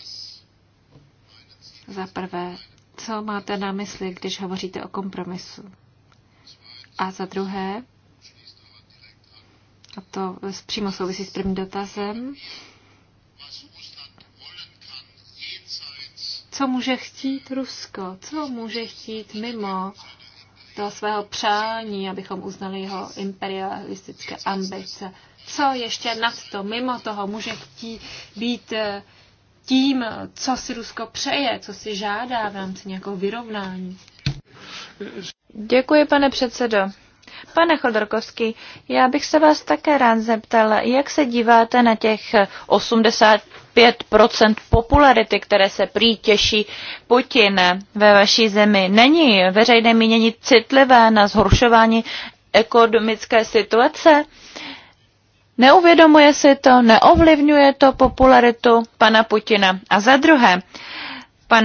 S1: Za prvé, co máte na mysli, když hovoříte o kompromisu? A za druhé, a to přímo souvisí s prvním dotazem, Co může chtít Rusko? Co může chtít mimo toho svého přání, abychom uznali jeho imperialistické ambice? Co ještě nad to, mimo toho, může chtít být eh, tím, co si Rusko přeje, co si žádá v rámci nějakého vyrovnání?
S3: Děkuji, pane předsedo. Pane Chodorkovský, já bych se vás také rád zeptal, jak se díváte na těch 85% popularity, které se prý těší Putin ve vaší zemi. Není veřejné mínění citlivé na zhoršování ekonomické situace? Neuvědomuje si to, neovlivňuje to popularitu pana Putina. A za druhé, pan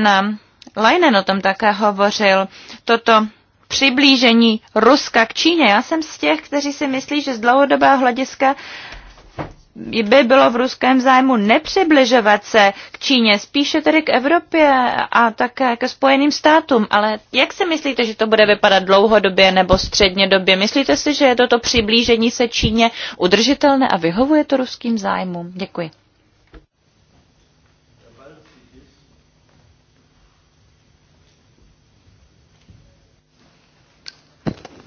S3: Leinen o tom také hovořil, toto přiblížení Ruska k Číně. Já jsem z těch, kteří si myslí, že z dlouhodobého hlediska by bylo v ruském zájmu nepřibližovat se k Číně, spíše tedy k Evropě a také ke Spojeným státům. Ale jak si myslíte, že to bude vypadat dlouhodobě nebo středně době? Myslíte si, že je toto přiblížení se Číně udržitelné a vyhovuje to ruským zájmům? Děkuji.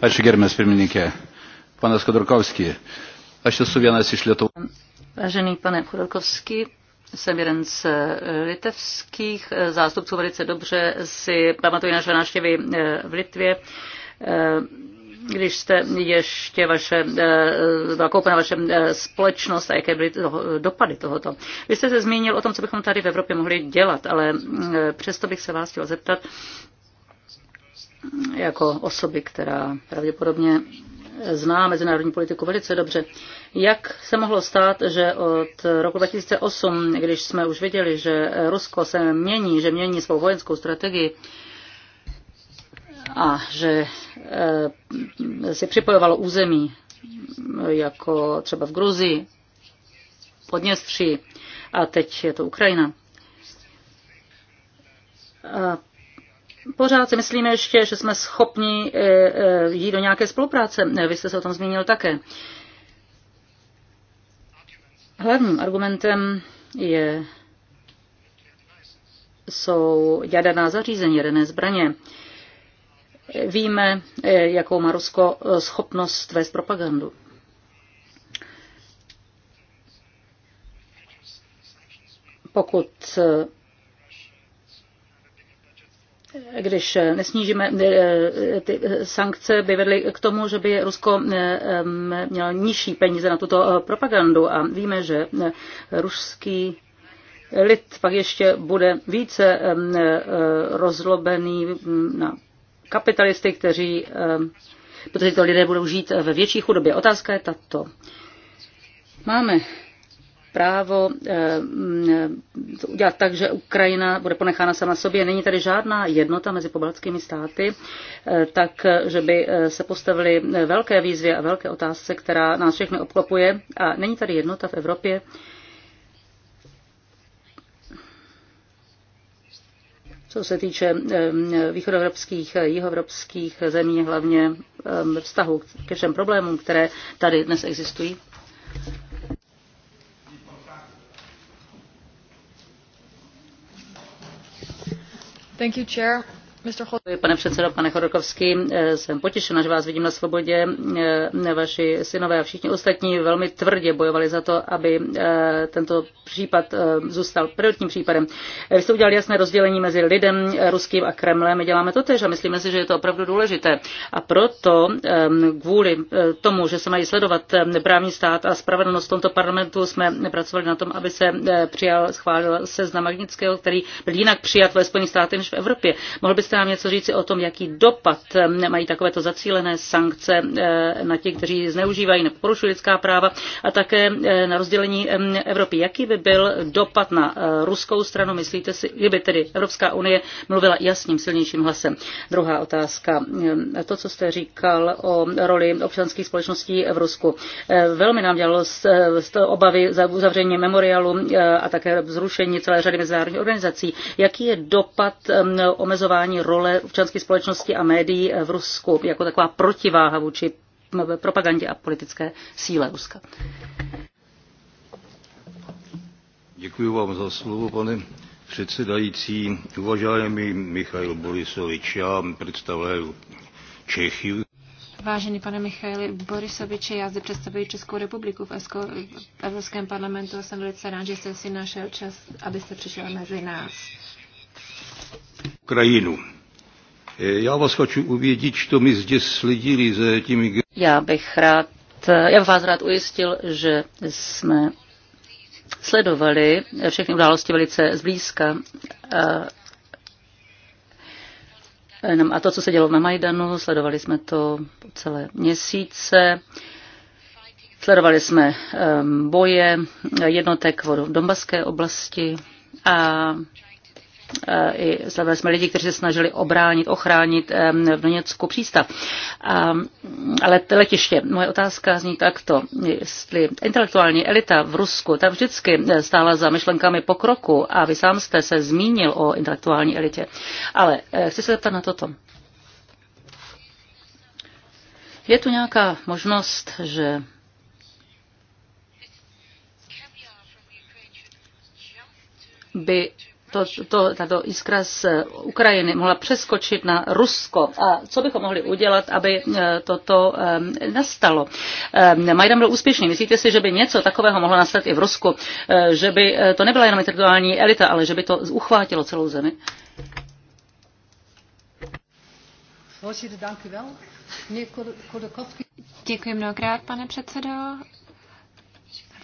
S3: Vážený
S2: pane Chodorkovský, jsem jeden z eh, litevských eh, zástupců, velice dobře si pamatuju naše návštěvy eh, v Litvě když jste ještě vaše, byla koupena vaše společnost a jaké byly toho, dopady tohoto. Vy jste se zmínil o tom, co bychom tady v Evropě mohli dělat, ale mm, přesto bych se vás chtěl zeptat, jako osoby, která pravděpodobně zná mezinárodní politiku velice dobře. Jak se mohlo stát, že od roku 2008, když jsme už viděli, že Rusko se mění, že mění svou vojenskou strategii a že eh, si připojovalo území, eh, jako třeba v Gruzii, Podněstří a teď je to Ukrajina. A eh, Pořád si myslíme ještě, že jsme schopni eh, eh, jít do nějaké spolupráce. Eh, vy jste se o tom zmínil také. Hlavním argumentem je, jsou jaderná zařízení, jaderné zbraně. Víme, jakou má Rusko schopnost vést propagandu. Pokud když eh, nesnížíme eh, eh, ty sankce, by vedly k tomu, že by Rusko mělo nižší peníze na tuto propagandu. A víme, že ruský lid pak ještě bude více rozlobený hm, na kapitalisty, kteří, protože to lidé budou žít ve větší chudobě. Otázka je tato. Máme právo to eh, mm, udělat tak, že Ukrajina bude ponechána sama sobě. Není tady žádná jednota mezi pobaltskými státy, eh, tak, že by eh, se postavili velké výzvy a velké otázce, která nás všechny obklopuje. A není tady jednota v Evropě, co se týče východoevropských, jihoevropských zemí, hlavně vztahu ke všem problémům, které tady dnes existují. Thank you, Chair. Pane předsedo, pane Chodorkovský, eh, jsem potěšena, že vás vidím na svobodě. Eh, vaši synové a všichni ostatní velmi tvrdě bojovali za to, aby eh, tento případ zůstal prvním případem. Vy jste udělali jasné rozdělení mezi lidem ruským a Kremlem. My děláme to tež a myslíme si, že je to opravdu důležité. A proto ehm, kvůli tomu, že se mají sledovat ehm, právní stát a spravedlnost v tomto parlamentu, jsme pracovali na tom, aby se přijal, schválil seznam Magnického, který byl jinak přijat ve Spojených státech než v Evropě. Mohl byste Můžete nám něco říci o tom, jaký dopad mají takovéto zacílené sankce eh, na těch, kteří zneužívají nebo porušují lidská práva a také eh, na rozdělení Evropy. Jaký by byl dopad na eh, ruskou stranu, myslíte si, kdyby tedy Evropská unie mluvila jasným, silnějším hlasem? Druhá otázka. To, co jste říkal o roli občanských společností v Rusku. Velmi nám dělalo z, z obavy za uzavření memoriálu a také zrušení celé řady mezinárodních organizací. Jaký je dopad omezování role občanské společnosti a médií v Rusku jako taková protiváha vůči propagandě a politické síle Ruska.
S1: Děkuji vám za slovo, pane předsedající. mi Michail Borisovič, já představuji Čechy. Vážený pane Michaili Borisoviče, já zde představuji Českou republiku v Evropském parlamentu a jsem velice rád, že jste si našel čas, abyste přišel mezi nás. Ukrajinu. E, já vás chci uvědět, co my zde sledili za těmi... Já bych
S2: rád, e, já bych vás rád ujistil, že jsme sledovali všechny události velice zblízka. E, a to, co se dělo na Majdanu, sledovali jsme to celé měsíce. Sledovali jsme boje jednotek v Donbaské oblasti a Eh, i slavili jsme lidi, kteří se snažili obránit, ochránit v Doněcku přístav. A, ale letiště, moje otázka zní takto, jestli intelektuální elita v Rusku, ta vždycky eh, stála za myšlenkami pokroku a vy sám jste se zmínil o intelektuální elitě. Ale eh, chci se zeptat na toto. Je tu nějaká možnost, že by to, to, tato jiskra z Ukrajiny mohla přeskočit na Rusko. A co bychom mohli udělat, aby e, toto e, nastalo? E, Majdan byl úspěšný. Myslíte si, že by něco takového mohlo nastat i v Rusku? Že by to nebyla jenom intelektuální elita, ale že by to uchvátilo celou zemi?
S1: Děkuji mnohokrát, pane předsedo.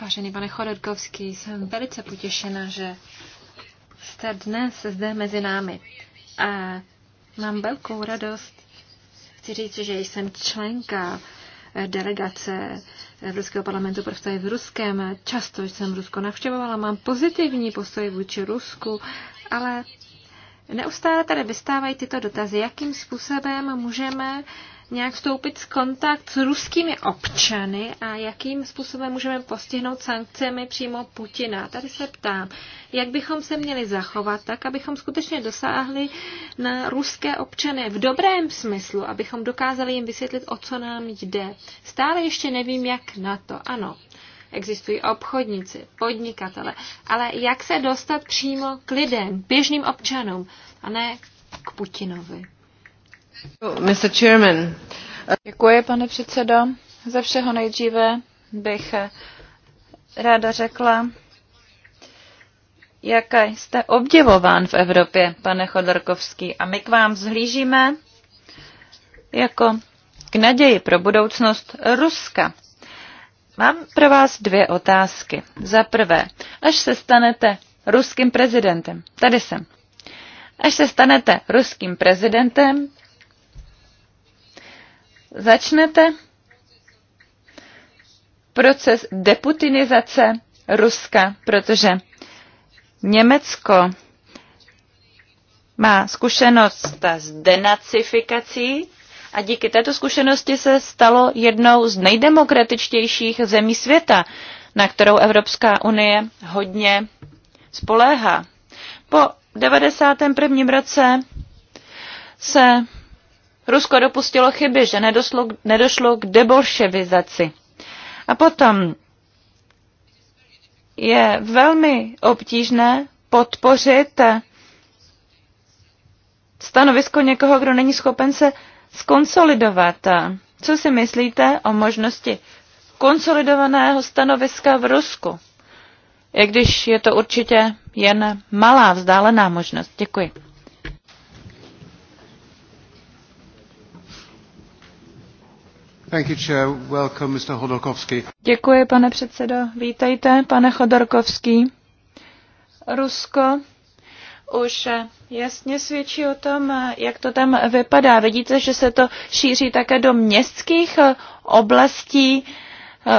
S1: Vážený pane Chodorkovský, jsem velice potěšena, že jste dnes zde mezi námi. A mám velkou radost. Chci říct, že jsem členka delegace Evropského parlamentu pro vztahy ruském. Často jsem Rusko navštěvovala, mám pozitivní postoj vůči Rusku, ale neustále tady vystávají tyto dotazy, jakým způsobem můžeme uh, nějak vstoupit v kontakt s ruskými občany a jakým způsobem můžeme postihnout sankcemi přímo Putina. Tady se ptám, jak bychom se měli zachovat tak, abychom skutečně dosáhli na ruské občany v dobrém smyslu, abychom dokázali jim vysvětlit, o co nám jde. Stále ještě nevím, jak na to. Ano, existují obchodníci, podnikatele, ale jak se dostat přímo k lidem, běžným občanům a ne k
S3: Putinovi. Děkuji, pane předsedo. Ze všeho nejdříve bych ráda řekla, jak jste obdivován v Evropě, pane Chodorkovský. A my k vám zhlížíme jako k naději pro budoucnost Ruska. Mám pro vás dvě otázky. Za prvé, až se stanete ruským prezidentem, tady jsem, až se stanete ruským prezidentem, začnete proces deputinizace Ruska, protože Německo má zkušenost s denacifikací a díky této zkušenosti se stalo jednou z nejdemokratičtějších zemí světa, na kterou Evropská unie hodně spoléhá. Po 91. roce se Rusko dopustilo chyby, že nedošlo, nedošlo k debolševizaci. A potom je velmi obtížné podpořit stanovisko někoho, kdo není schopen se skonsolidovat. Co si myslíte o možnosti konsolidovaného stanoviska v Rusku? I když je to určitě jen malá vzdálená možnost. Děkuji. Děkuji, pane předsedo. Vítejte, pane Chodorkovský. Rusko už jasně svědčí o tom, jak to tam vypadá. Vidíte, že se to šíří také do městských oblastí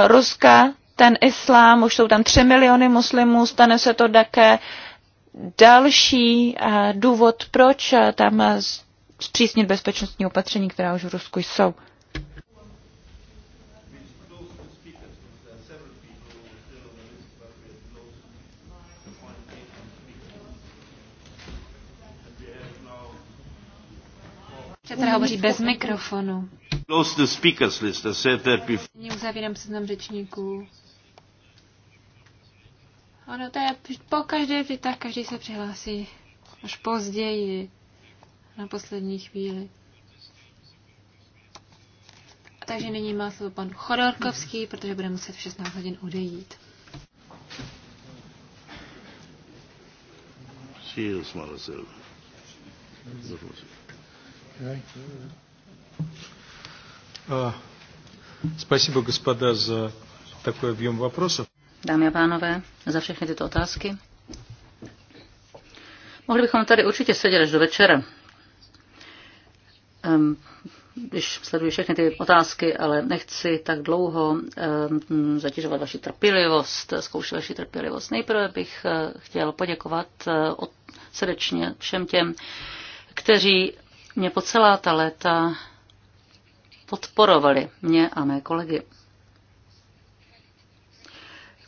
S3: Ruska, ten islám, už jsou tam tři miliony muslimů, stane se to také další důvod, proč tam zpřísnit bezpečnostní opatření, která už v Rusku jsou.
S1: Předseda hovoří bez mikrofonu. Close the speakers list. I said that before. Nyní uzavírám seznam řečníků. Ono to je po každé vždy tak, každý se přihlásí až později, na poslední chvíli. A Takže nyní má slovo pan Chodorkovský, protože bude muset v 16 hodin odejít. Cheers, Marcel. Děkujeme. Спасибо, господа, за такой объем вопросов.
S2: Dámy a pánové, za všechny tyto otázky. Mohli bychom tady určitě sedět až do večera, ehm, když sleduji všechny ty otázky, ale nechci tak dlouho ehm, zatěžovat vaši trpělivost, zkoušet vaši trpělivost. Nejprve bych eh, chtěl poděkovat eh, srdečně všem těm, kteří mě po celá ta léta podporovali, mě a mé kolegy.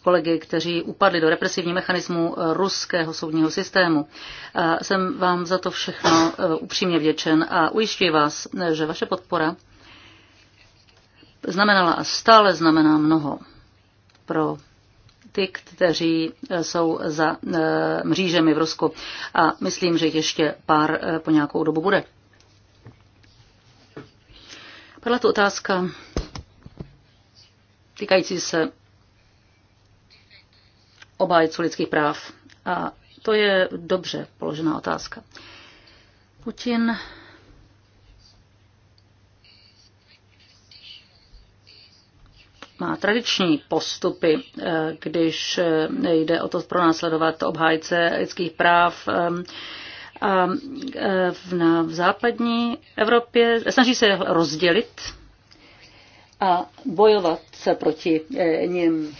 S2: Kolegy, kteří upadli do represivní mechanismu ruského soudního systému. A jsem vám za to všechno e, upřímně vděčen a ujišťuji vás, e, že vaše podpora znamenala a stále znamená mnoho pro ty, kteří e, jsou za mřížemi v Rusku. A myslím, že ještě pár po nějakou dobu bude. Padla tu otázka týkající se obájců lidských práv. A to je dobře položená otázka. Putin má tradiční postupy, eh, když eh, jde o to pronásledovat obhájce lidských práv. Eh, a e, v, na, v západní Evropě snaží se rozdělit a bojovat se proti e, ním.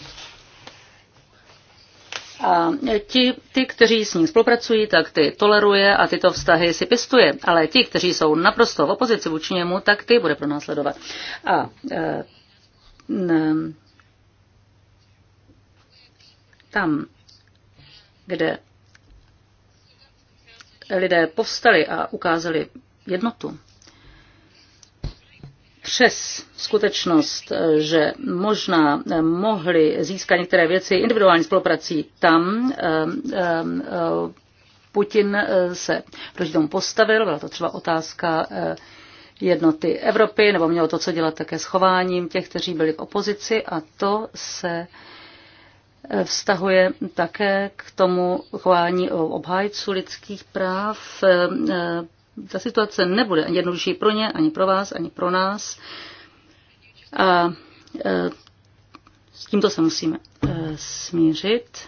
S2: A ti, ty, kteří s ním spolupracují, tak ty toleruje a tyto vztahy si pěstuje. Ale ti, kteří jsou naprosto v opozici vůči němu, tak ty bude pronásledovat. A e, tam, kde lidé povstali a ukázali jednotu, přes skutečnost, že možná mohli získat některé věci individuální spoluprací tam, eh, eh, Putin eh, se proti tomu postavil, byla to třeba otázka jednoty Evropy, nebo mělo to co dělat také s chováním těch, kteří byli v opozici a to se vztahuje také k tomu chování obhájců lidských práv. E, e, ta situace nebude ani jednodušší pro ně, ani pro vás, ani pro nás. A e, s tímto se musíme smířit.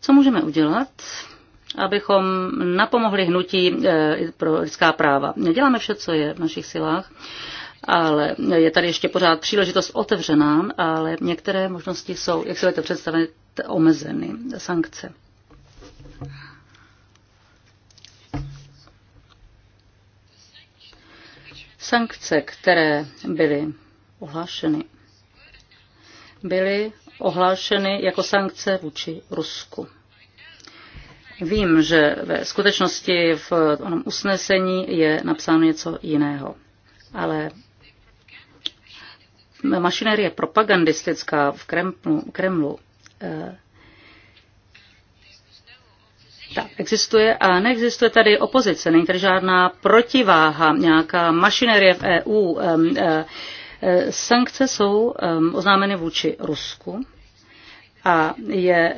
S2: Co můžeme udělat? abychom napomohli hnutí pro lidská práva. Děláme vše, co je v našich silách, ale je tady ještě pořád příležitost otevřená, ale některé možnosti jsou, jak si to představit, omezeny sankce. Sankce, které byly ohlášeny, byly ohlášeny jako sankce vůči Rusku. Vím, že ve skutečnosti v onom usnesení je napsáno něco jiného, ale mašinerie propagandistická v Kremlu, Kremlu eh, tak existuje a neexistuje tady opozice, není tady žádná protiváha, nějaká mašinerie v EU. Eh, eh, sankce jsou oznámeny vůči Rusku a je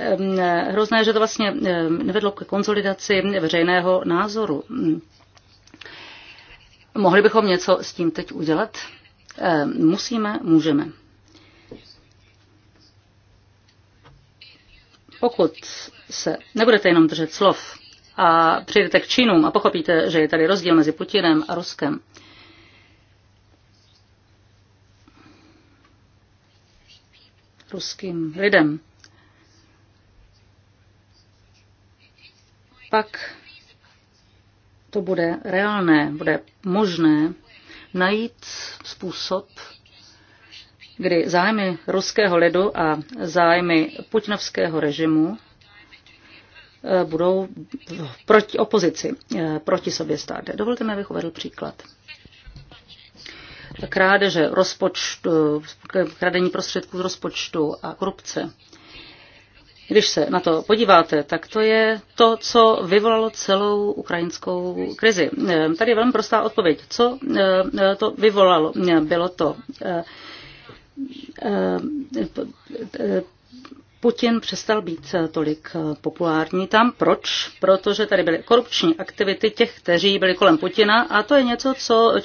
S2: hrozné, že to vlastně nevedlo k konsolidaci veřejného názoru. Hm. Mohli bychom něco s tím teď udělat? Eh, musíme, můžeme. Pokud se nebudete jenom držet slov a přijdete k činům a pochopíte, že je tady rozdíl mezi Putinem a Ruskem, ruským lidem, pak to bude reálné, bude možné najít způsob, kdy zájmy ruského lidu a zájmy putinovského režimu budou proti opozici, proti sobě stát. Dovolte mi, abych uvedl příklad. Krádeže rozpočtu, kradení prostředků z rozpočtu a korupce když se na to podíváte, tak to je to, co vyvolalo celou ukrajinskou krizi. Eh, tady je velmi prostá odpověď. Co eh, to vyvolalo? Bylo to eh, Putin přestal být eh, tolik eh, populární tam. Proč? Protože tady byly korupční aktivity těch, kteří byli kolem Putina a to je něco, co, eh,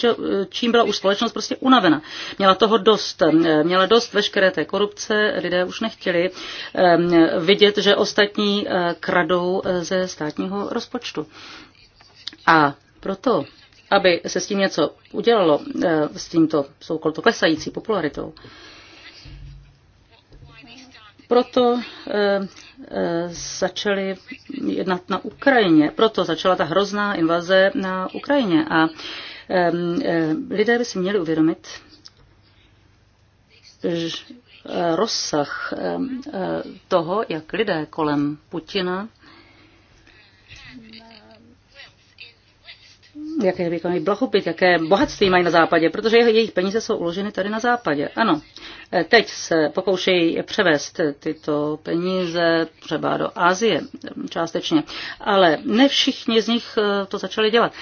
S2: čím byla už společnost prostě unavena. Měla toho dost. Měla dost veškeré té korupce. Lidé už nechtěli vidět, že ostatní kradou ze státního rozpočtu. A proto, aby se s tím něco udělalo, s tímto soukolto klesající popularitou, proto eh, eh, začali jednat na Ukrajině. Proto začala ta hrozná invaze na Ukrajině. A eh, lidé by si měli uvědomit, rozsah toho, jak lidé kolem Putina jaké mají blahobyt, jaké bohatství mají na západě, protože jejich peníze jsou uloženy tady na západě. Ano, eh, teď se pokoušejí převést tyto peníze třeba do Asie částečně, ale ne všichni z nich eh, to začali dělat.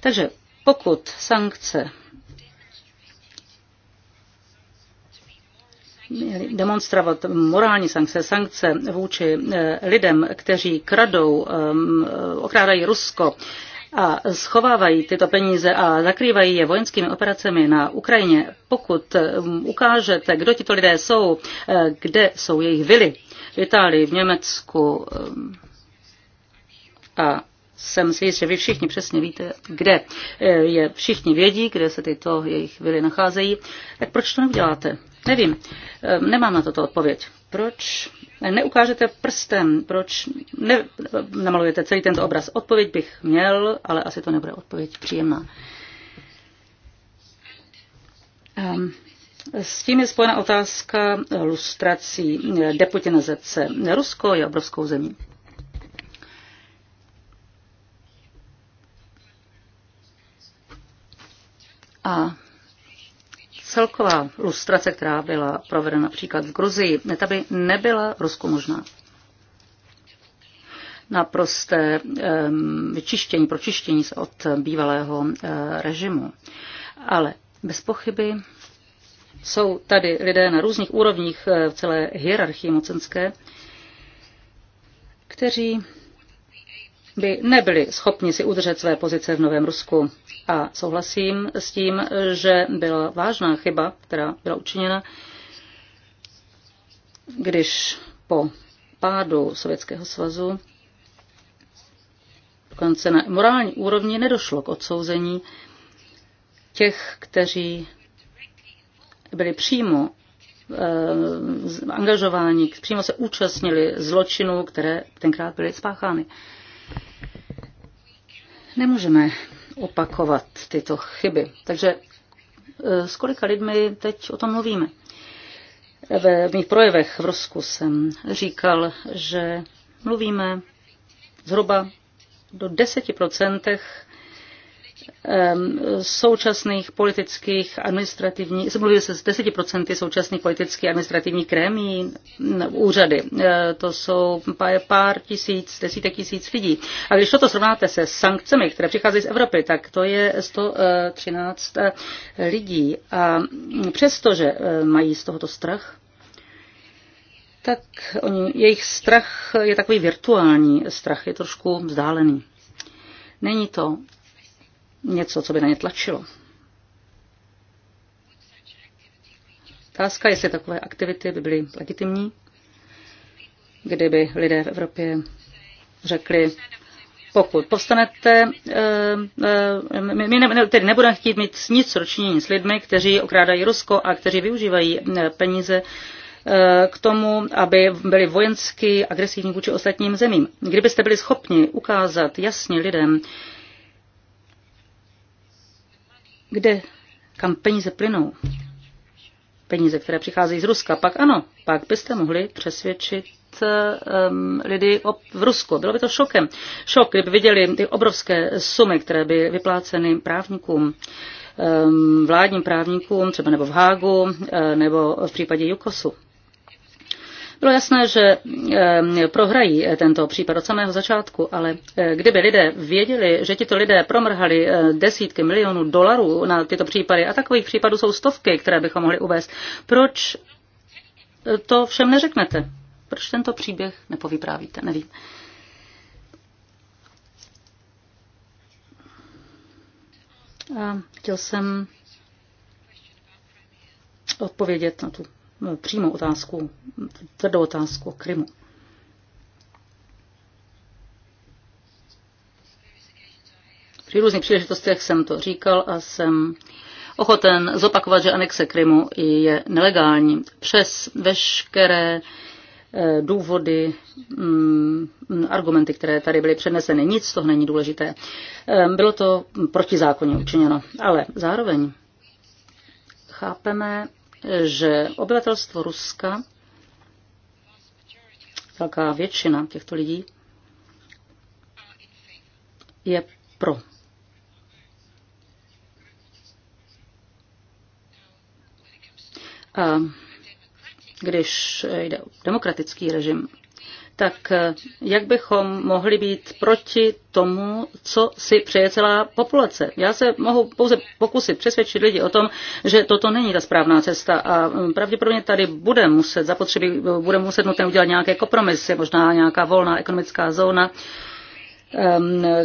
S2: Takže pokud sankce demonstrovat morální sankce, sankce vůči eh, lidem, kteří kradou, ehm, okrádají Rusko, a schovávají tyto peníze a zakrývají je vojenskými operacemi na Ukrajině, pokud um, ukážete, kdo tito lidé jsou, eh, kde jsou jejich vily v Itálii, v Německu um, a jsem si jist, že vy všichni přesně víte, kde eh, je, všichni vědí, kde se tyto jejich vily nacházejí, tak proč to neuděláte? Nevím, eh, nemám na toto odpověď. Proč neukážete prstem, proč ne, namalujete celý tento obraz. Odpověď bych měl, ale asi to nebude odpověď příjemná. Um. S tím je spojena otázka lustrací deputinizace. Rusko je obrovskou zemí. A celková lustrace, která byla provedena například v Gruzii, ta by nebyla Rusku možná. prosté vyčištění, pročištění se od bývalého eh, režimu. Ale bez pochyby jsou tady lidé na různých úrovních eh, v celé hierarchii mocenské, kteří by nebyli schopni si udržet své pozice v Novém Rusku. A souhlasím s tím, že byla vážná chyba, která byla učiněna, když po pádu Sovětského svazu dokonce na morální úrovni nedošlo k odsouzení těch, kteří byli přímo eh, angažováni, přímo se účastnili zločinů, které tenkrát byly spáchány. Nemůžeme opakovat tyto chyby. Takže e, s kolika lidmi teď o tom mluvíme? Ve mých projevech v Rusku jsem říkal, že mluvíme zhruba do současných politických administrativních, mluvil se z 10% současných politických administrativních krémí, úřady. To jsou pár, pár tisíc, desítek tisíc lidí. A když toto srovnáte se sankcemi, které přicházejí z Evropy, tak to je 113 eh, eh, lidí. A přestože eh, mají z tohoto strach, tak oni, jejich strach je takový virtuální strach, je trošku vzdálený. Není to něco, co by na ně tlačilo. Otázka, jestli takové aktivity by byly legitimní, kdyby lidé v Evropě řekli, pokud povstanete, eh, eh, my tedy nebudeme chtít mít nic ročnění s lidmi, kteří okrádají Rusko a kteří využívají eh, peníze k tomu, aby byli vojensky agresivní vůči ostatním zemím. Kdybyste byli schopni ukázat jasně lidem, kde, kam peníze plynou, peníze, které přicházejí z Ruska, pak ano, pak byste mohli přesvědčit um, lidi v Rusku. Bylo by to šokem. Šok, kdyby viděli ty obrovské sumy, které by vypláceny právníkům um, vládním právníkům, třeba nebo v Hágu, eh, nebo v případě Jukosu. Bylo jasné, že eh, prohrají eh, tento případ od samého začátku, ale eh, kdyby lidé věděli, že tito lidé promrhali desítky milionů dolarů na tyto případy, a takových případů jsou stovky, které bychom mohli uvést, proč to všem neřeknete? Proč tento příběh nepovyprávíte? Nevím. A chtěl jsem odpovědět na tu No, přímou otázku, tvrdou otázku Krymu. Při různých příležitostech jsem to říkal a jsem ochoten zopakovat, že anexe Krymu je nelegální. Přes veškeré eh, důvody, mm, argumenty, které tady byly předneseny. Nic z toho není důležité. Ehm, bylo to protizákonně učiněno, ale zároveň chápeme, že obyvatelstvo Ruska, velká většina těchto lidí, je pro. A když jde o demokratický režim, tak eh, jak bychom mohli být proti tomu, co si přeje celá populace? Já se mohu pouze pokusit přesvědčit lidi o tom, že toto není ta správná cesta a mm, pravděpodobně tady bude muset zapotřebí, eh, bude muset nutné udělat nějaké kompromisy, možná nějaká volná ekonomická zóna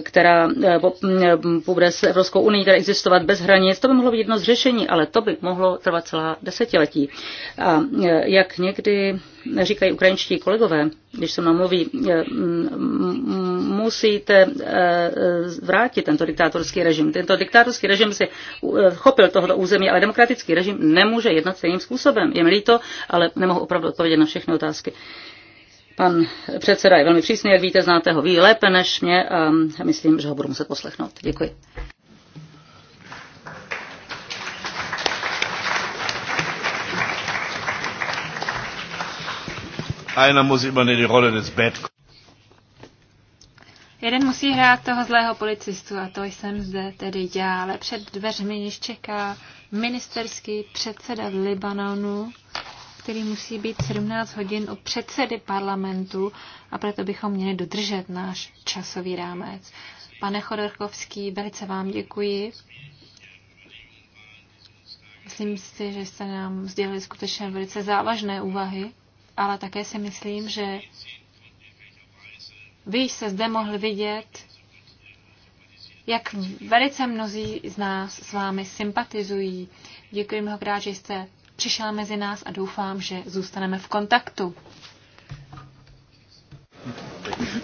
S2: která e, bude s Evropskou unii která existovat bez hranic. To by mohlo být jedno z řešení, ale to by mohlo trvat celá desetiletí. A e, jak někdy říkají ukrajinští kolegové, když se mnou mluví, e, musíte vrátit tento diktátorský režim. Tento diktátorský režim si chopil tohoto území, ale demokratický režim nemůže jednat stejným způsobem. Je mi líto, ale nemohu opravdu odpovědět na všechny otázky. Pan předseda je velmi přísný, jak víte, znáte ho ví lépe než mě a myslím, že ho budu muset poslechnout. Děkuji.
S1: Jeden musí hrát toho zlého policistu a to jsem zde tedy já, ale před dveřmi již čeká ministerský předseda v Libanonu který musí být 17 hodin u předsedy parlamentu a proto bychom měli dodržet náš časový rámec. Pane Chodorkovský, velice vám děkuji. Myslím si, že jste nám sdělili skutečně velice závažné úvahy, ale také si myslím, že vy jste zde mohli vidět, jak velice mnozí z nás s vámi sympatizují. Děkuji mnohokrát, že jste přišel mezi nás a doufám, že zůstaneme v kontaktu.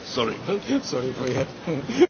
S1: Sorry. Sorry for you.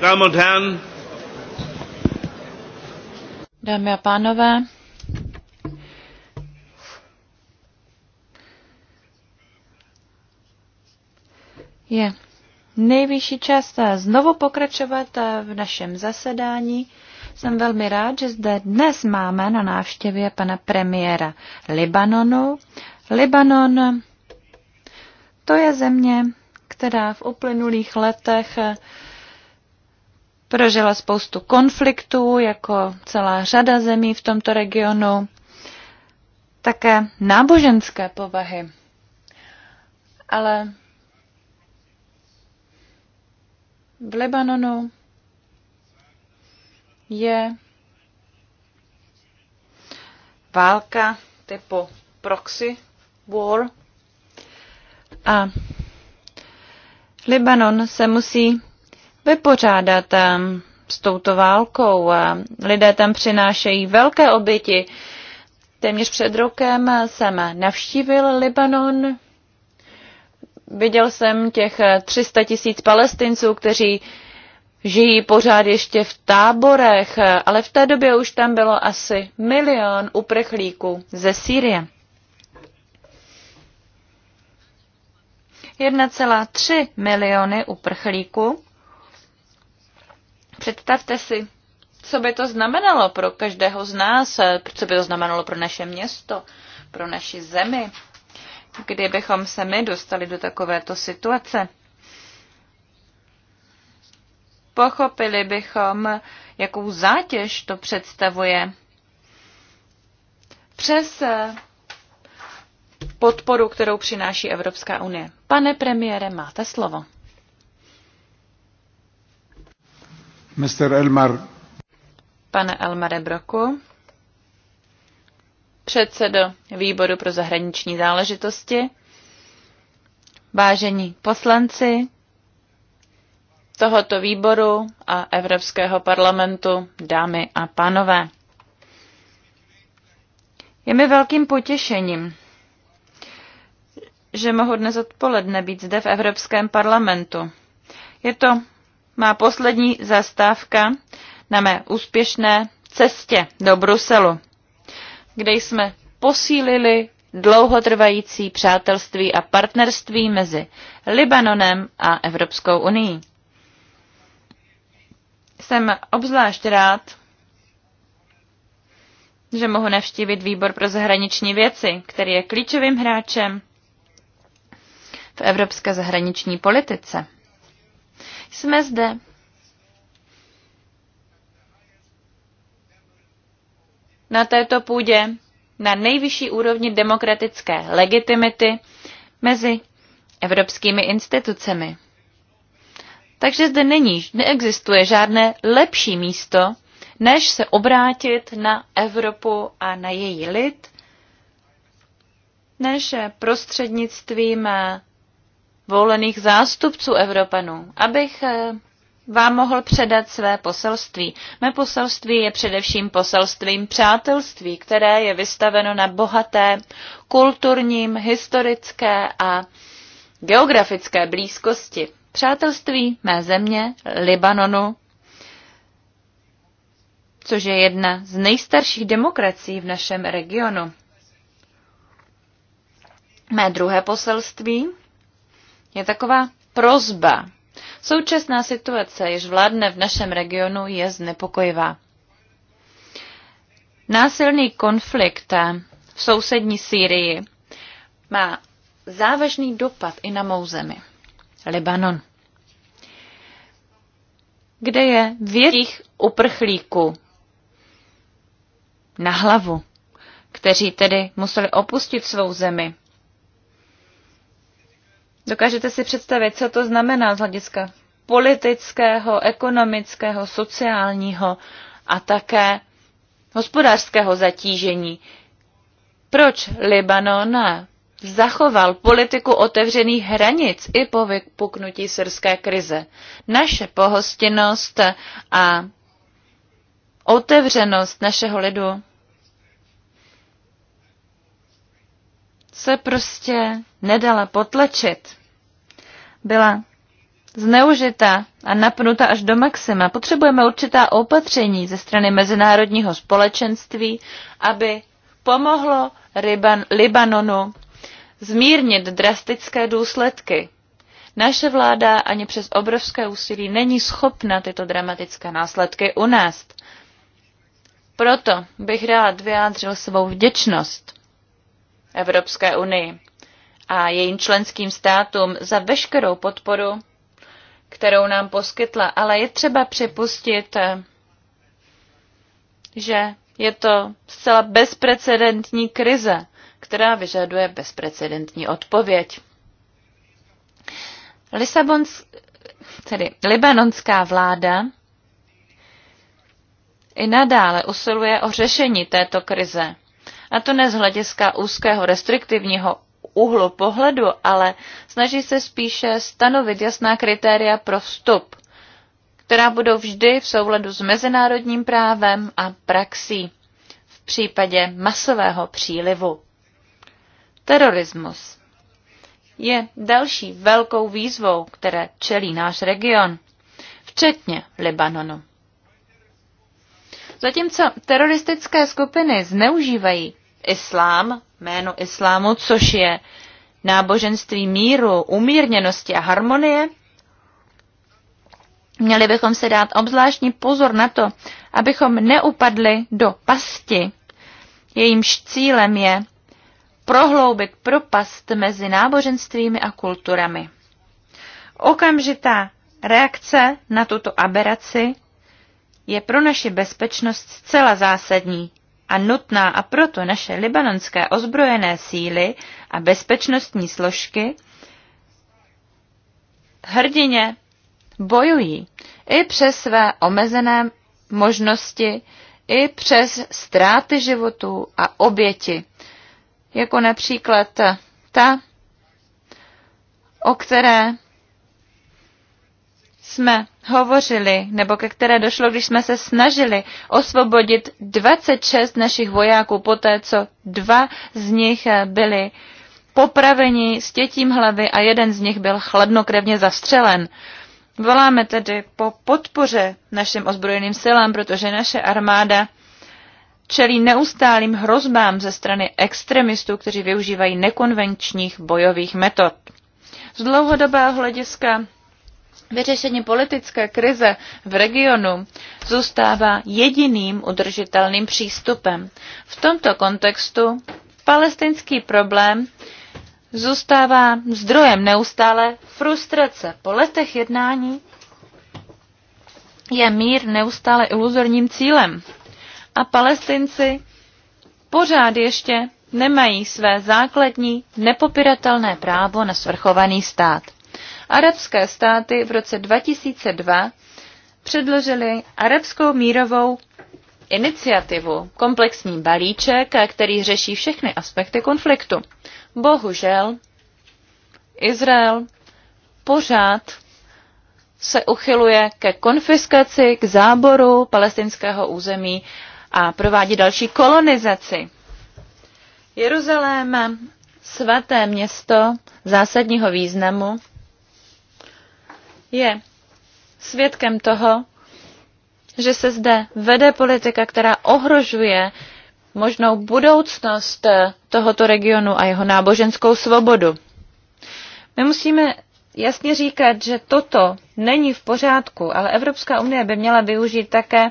S1: Dámy
S3: a pánové, je nejvyšší čas znovu pokračovat v našem zasedání. Jsem velmi rád, že zde dnes máme na návštěvě pana premiéra Libanonu. Libanon, to je země, která v uplynulých letech prožila spoustu konfliktů, jako celá řada zemí v tomto regionu, také náboženské povahy. Ale v Libanonu je válka typu proxy war a Libanon se musí vypořádat ehm, s touto válkou. Lidé tam přinášejí velké oběti. Téměř před rokem jsem navštívil Libanon. Viděl jsem těch 300 tisíc palestinců, kteří žijí pořád ještě v táborech, ale v té době už tam bylo asi milion uprchlíků ze Sýrie. 1,3 miliony uprchlíků Představte si, co by to znamenalo pro každého z nás, eh, co by to znamenalo pro naše město, pro naši zemi, kdybychom se my dostali do takovéto situace. Pochopili bychom, jakou zátěž to představuje. Přes eh, podporu, kterou přináší Evropská unie. Pane premiére, máte slovo.
S1: Mr. Elmar.
S3: Pane Elmare Broku, předsedo výboru pro zahraniční záležitosti, vážení poslanci tohoto výboru a Evropského parlamentu, dámy a pánové. Je mi velkým potěšením, že mohu dnes odpoledne být zde v Evropském parlamentu. Je to má poslední zastávka na mé úspěšné cestě do Bruselu, kde jsme posílili dlouhotrvající přátelství a partnerství mezi Libanonem a Evropskou unii. Jsem obzvlášť rád, že mohu navštívit výbor pro zahraniční věci, který je klíčovým hráčem v evropské zahraniční politice. Jsme zde. Na této půdě na nejvyšší úrovni demokratické legitimity mezi evropskými institucemi. Takže zde není, neexistuje žádné lepší místo, než se obrátit na Evropu a na její lid, než prostřednictvím volených zástupců Evropanů, abych eh, vám mohl předat své poselství. Mé poselství je především poselstvím přátelství, které je vystaveno na bohaté kulturním, historické a geografické blízkosti. Přátelství mé země, Libanonu, což je jedna z nejstarších demokracií v našem regionu. Mé druhé poselství je taková prozba. Současná situace, jež vládne v našem regionu, je znepokojivá. Násilný konflikt v sousední Sýrii má závažný dopad i na mou zemi, Libanon, kde je větších uprchlíků na hlavu, kteří tedy museli opustit svou zemi Dokážete si představit, co to znamená z hlediska politického, ekonomického, sociálního a také hospodářského zatížení. Proč Libanon zachoval politiku otevřených hranic i po vypuknutí syrské krize? Naše pohostinnost a otevřenost našeho lidu se prostě nedala potlačit byla zneužita a napnuta až do maxima. Potřebujeme určitá opatření ze strany mezinárodního společenství, aby pomohlo Liban- Libanonu zmírnit drastické důsledky. Naše vláda ani přes obrovské úsilí není schopna tyto dramatické následky unést. Proto bych rád vyjádřil svou vděčnost Evropské unii a jejím členským státům za veškerou podporu, kterou nám poskytla, ale je třeba připustit, že je to zcela bezprecedentní krize, která vyžaduje bezprecedentní odpověď. Lisabons, tedy libanonská vláda i nadále usiluje o řešení této krize, a to ne z hlediska úzkého restriktivního úhlu pohledu, ale snaží se spíše stanovit jasná kritéria pro vstup, která budou vždy v souladu s mezinárodním právem a praxí v případě masového přílivu. Terorismus je další velkou výzvou, které čelí náš region, včetně Libanonu. Zatímco teroristické skupiny zneužívají islám jménu islámu, což je náboženství míru, umírněnosti a harmonie, měli bychom se dát obzvláštní pozor na to, abychom neupadli do pasti. Jejímž cílem je prohloubit propast mezi náboženstvími a kulturami. Okamžitá reakce na tuto aberaci je pro naši bezpečnost zcela zásadní a nutná a proto naše libanonské ozbrojené síly a bezpečnostní složky hrdině bojují i přes své omezené možnosti, i přes ztráty životů a oběti, jako například ta, o které jsme hovořili, nebo ke které došlo, když jsme se snažili osvobodit 26 našich vojáků poté, co dva z nich eh, byli popraveni tětím hlavy a jeden z nich byl chladnokrevně zastřelen. Voláme tedy po podpoře našim ozbrojeným silám, protože naše armáda čelí neustálým hrozbám ze strany extremistů, kteří využívají nekonvenčních bojových metod. Z dlouhodobého hlediska Vyřešení politické krize v regionu zůstává jediným udržitelným přístupem. V tomto kontextu palestinský problém zůstává zdrojem neustále frustrace. Po letech jednání je mír neustále iluzorním cílem a palestinci pořád ještě nemají své základní nepopiratelné právo na svrchovaný stát. Arabské státy v roce 2002 předložili arabskou mírovou iniciativu, komplexní balíček, který řeší všechny aspekty konfliktu. Bohužel, Izrael pořád se uchyluje ke konfiskaci, k záboru palestinského území a provádí další kolonizaci. Jeruzalém, svaté město zásadního významu, je svědkem toho, že se zde vede politika, která ohrožuje možnou budoucnost tohoto regionu a jeho náboženskou svobodu. My musíme jasně říkat, že toto není v pořádku, ale Evropská unie by měla využít také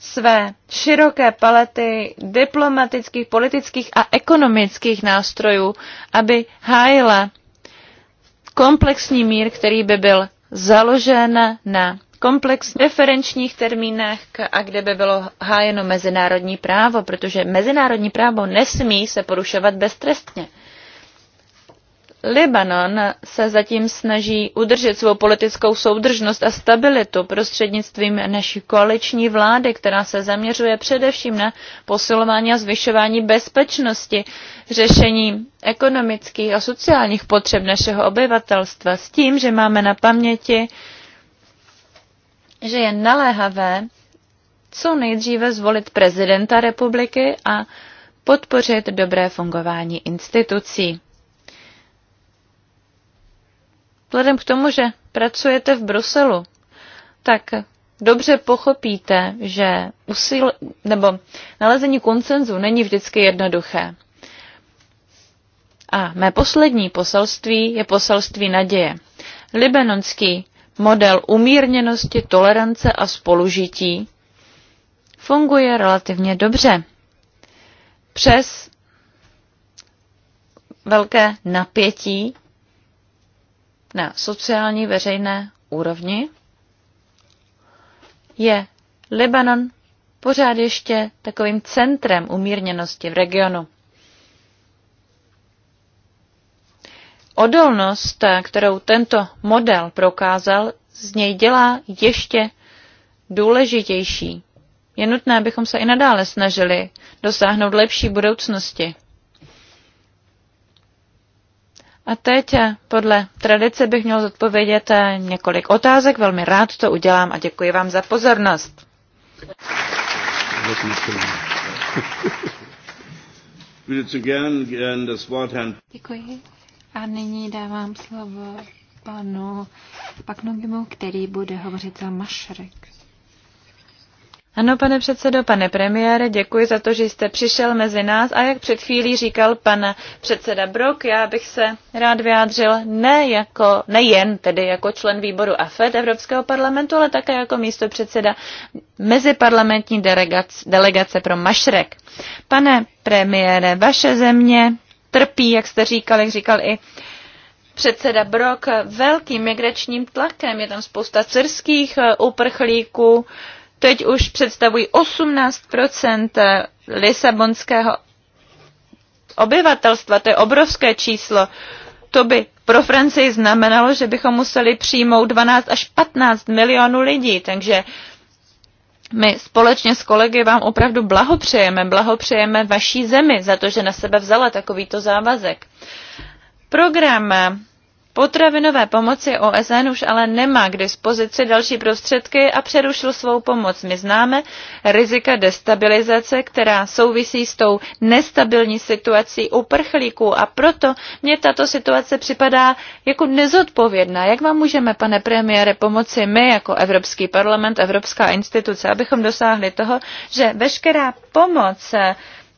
S3: své široké palety diplomatických, politických a ekonomických nástrojů, aby hájila komplexní mír, který by byl založen na komplex referenčních termínech a kde by bylo hájeno mezinárodní právo, protože mezinárodní právo nesmí se porušovat beztrestně. Libanon se zatím snaží udržet svou politickou soudržnost a stabilitu prostřednictvím naší koaliční vlády, která se zaměřuje především na posilování a zvyšování bezpečnosti, řešení ekonomických a sociálních potřeb našeho obyvatelstva s tím, že máme na paměti, že je naléhavé co nejdříve zvolit prezidenta republiky a podpořit dobré fungování institucí. Vzhledem k tomu, že pracujete v Bruselu, tak dobře pochopíte, že usil, nebo nalezení koncenzu není vždycky jednoduché. A mé poslední poselství je poselství naděje. Libanonský model umírněnosti, tolerance a spolužití funguje relativně dobře. Přes velké napětí na sociální veřejné úrovni, je Libanon pořád ještě takovým centrem umírněnosti v regionu. Odolnost, kterou tento model prokázal, z něj dělá ještě důležitější. Je nutné, abychom se i nadále snažili dosáhnout lepší budoucnosti. A teď eh, podle tradice bych měl zodpovědět eh, několik otázek. Velmi rád to udělám a děkuji vám za pozornost.
S1: Děkuji. A nyní dávám slovo panu
S3: Paknogimu, který
S1: bude hovořit za Mašrek.
S3: Ano, pane předsedo, pane premiére, děkuji za to, že jste přišel mezi nás a jak před chvílí říkal pan předseda Brok, já bych se rád vyjádřil ne jako, nejen tedy jako člen výboru AFED Evropského parlamentu, ale také jako místo předseda meziparlamentní delegace, delegace pro Mašrek. Pane premiére, vaše země trpí, jak jste říkal, jak říkal i předseda Brok, velkým migračním tlakem. Je tam spousta syrských eh, uprchlíků, teď už představují 18 lisabonského obyvatelstva. To je obrovské číslo. To by pro Francii znamenalo, že bychom museli přijmout 12 až 15 milionů lidí. Takže my společně s kolegy vám opravdu blahopřejeme, blahopřejeme vaší zemi za to, že na sebe vzala takovýto závazek. Program potravinové pomoci OSN už ale nemá k dispozici další prostředky a přerušil svou pomoc. My známe rizika destabilizace, která souvisí s tou nestabilní situací uprchlíků a proto mě tato situace připadá jako nezodpovědná. Jak vám můžeme, pane premiére, pomoci my jako Evropský parlament, Evropská instituce, abychom dosáhli toho, že veškerá pomoc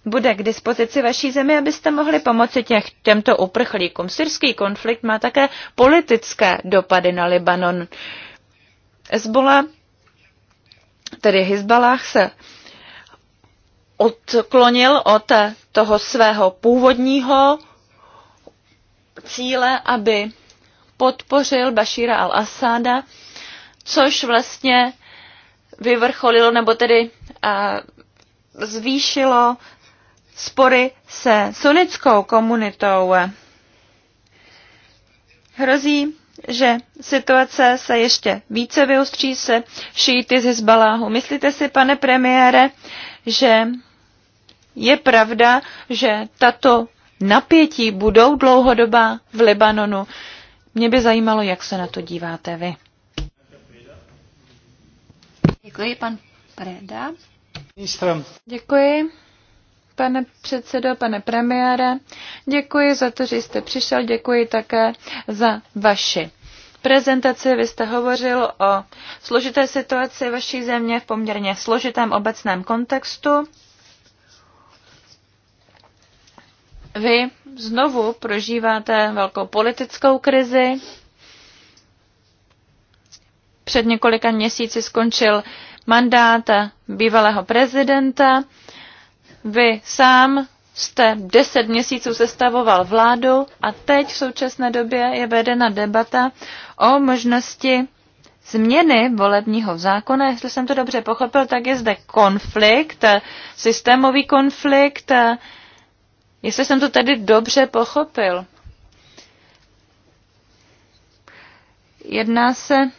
S3: bude k dispozici vaší zemi, abyste mohli pomoci těch, těmto uprchlíkům. Syrský konflikt má také politické dopady na Libanon. Hezbola, tedy Hezbalah se odklonil od toho svého původního cíle, aby podpořil Bašíra al-Assáda, což vlastně vyvrcholilo, nebo tedy a, zvýšilo spory se sunnickou komunitou. Hrozí, že situace se ještě více vyostří se šíty z Hezbaláhu. Myslíte si, pane premiére, že je pravda, že tato napětí budou dlouhodobá v Libanonu? Mě by zajímalo, jak se na to díváte vy. Děkuji, pan Preda. Děkuji. Pane předsedo, pane premiére, děkuji za to, že jste přišel, děkuji také za vaši prezentaci. Vy jste hovořil o složité situaci vaší země v poměrně složitém obecném kontextu. Vy znovu prožíváte velkou politickou krizi. Před několika měsíci skončil mandát bývalého prezidenta. Vy sám jste deset měsíců sestavoval vládu a teď v současné době je vedena debata o možnosti změny volebního zákona. Jestli jsem to dobře pochopil, tak je zde konflikt, systémový konflikt. Jestli jsem to tedy dobře pochopil. Jedná se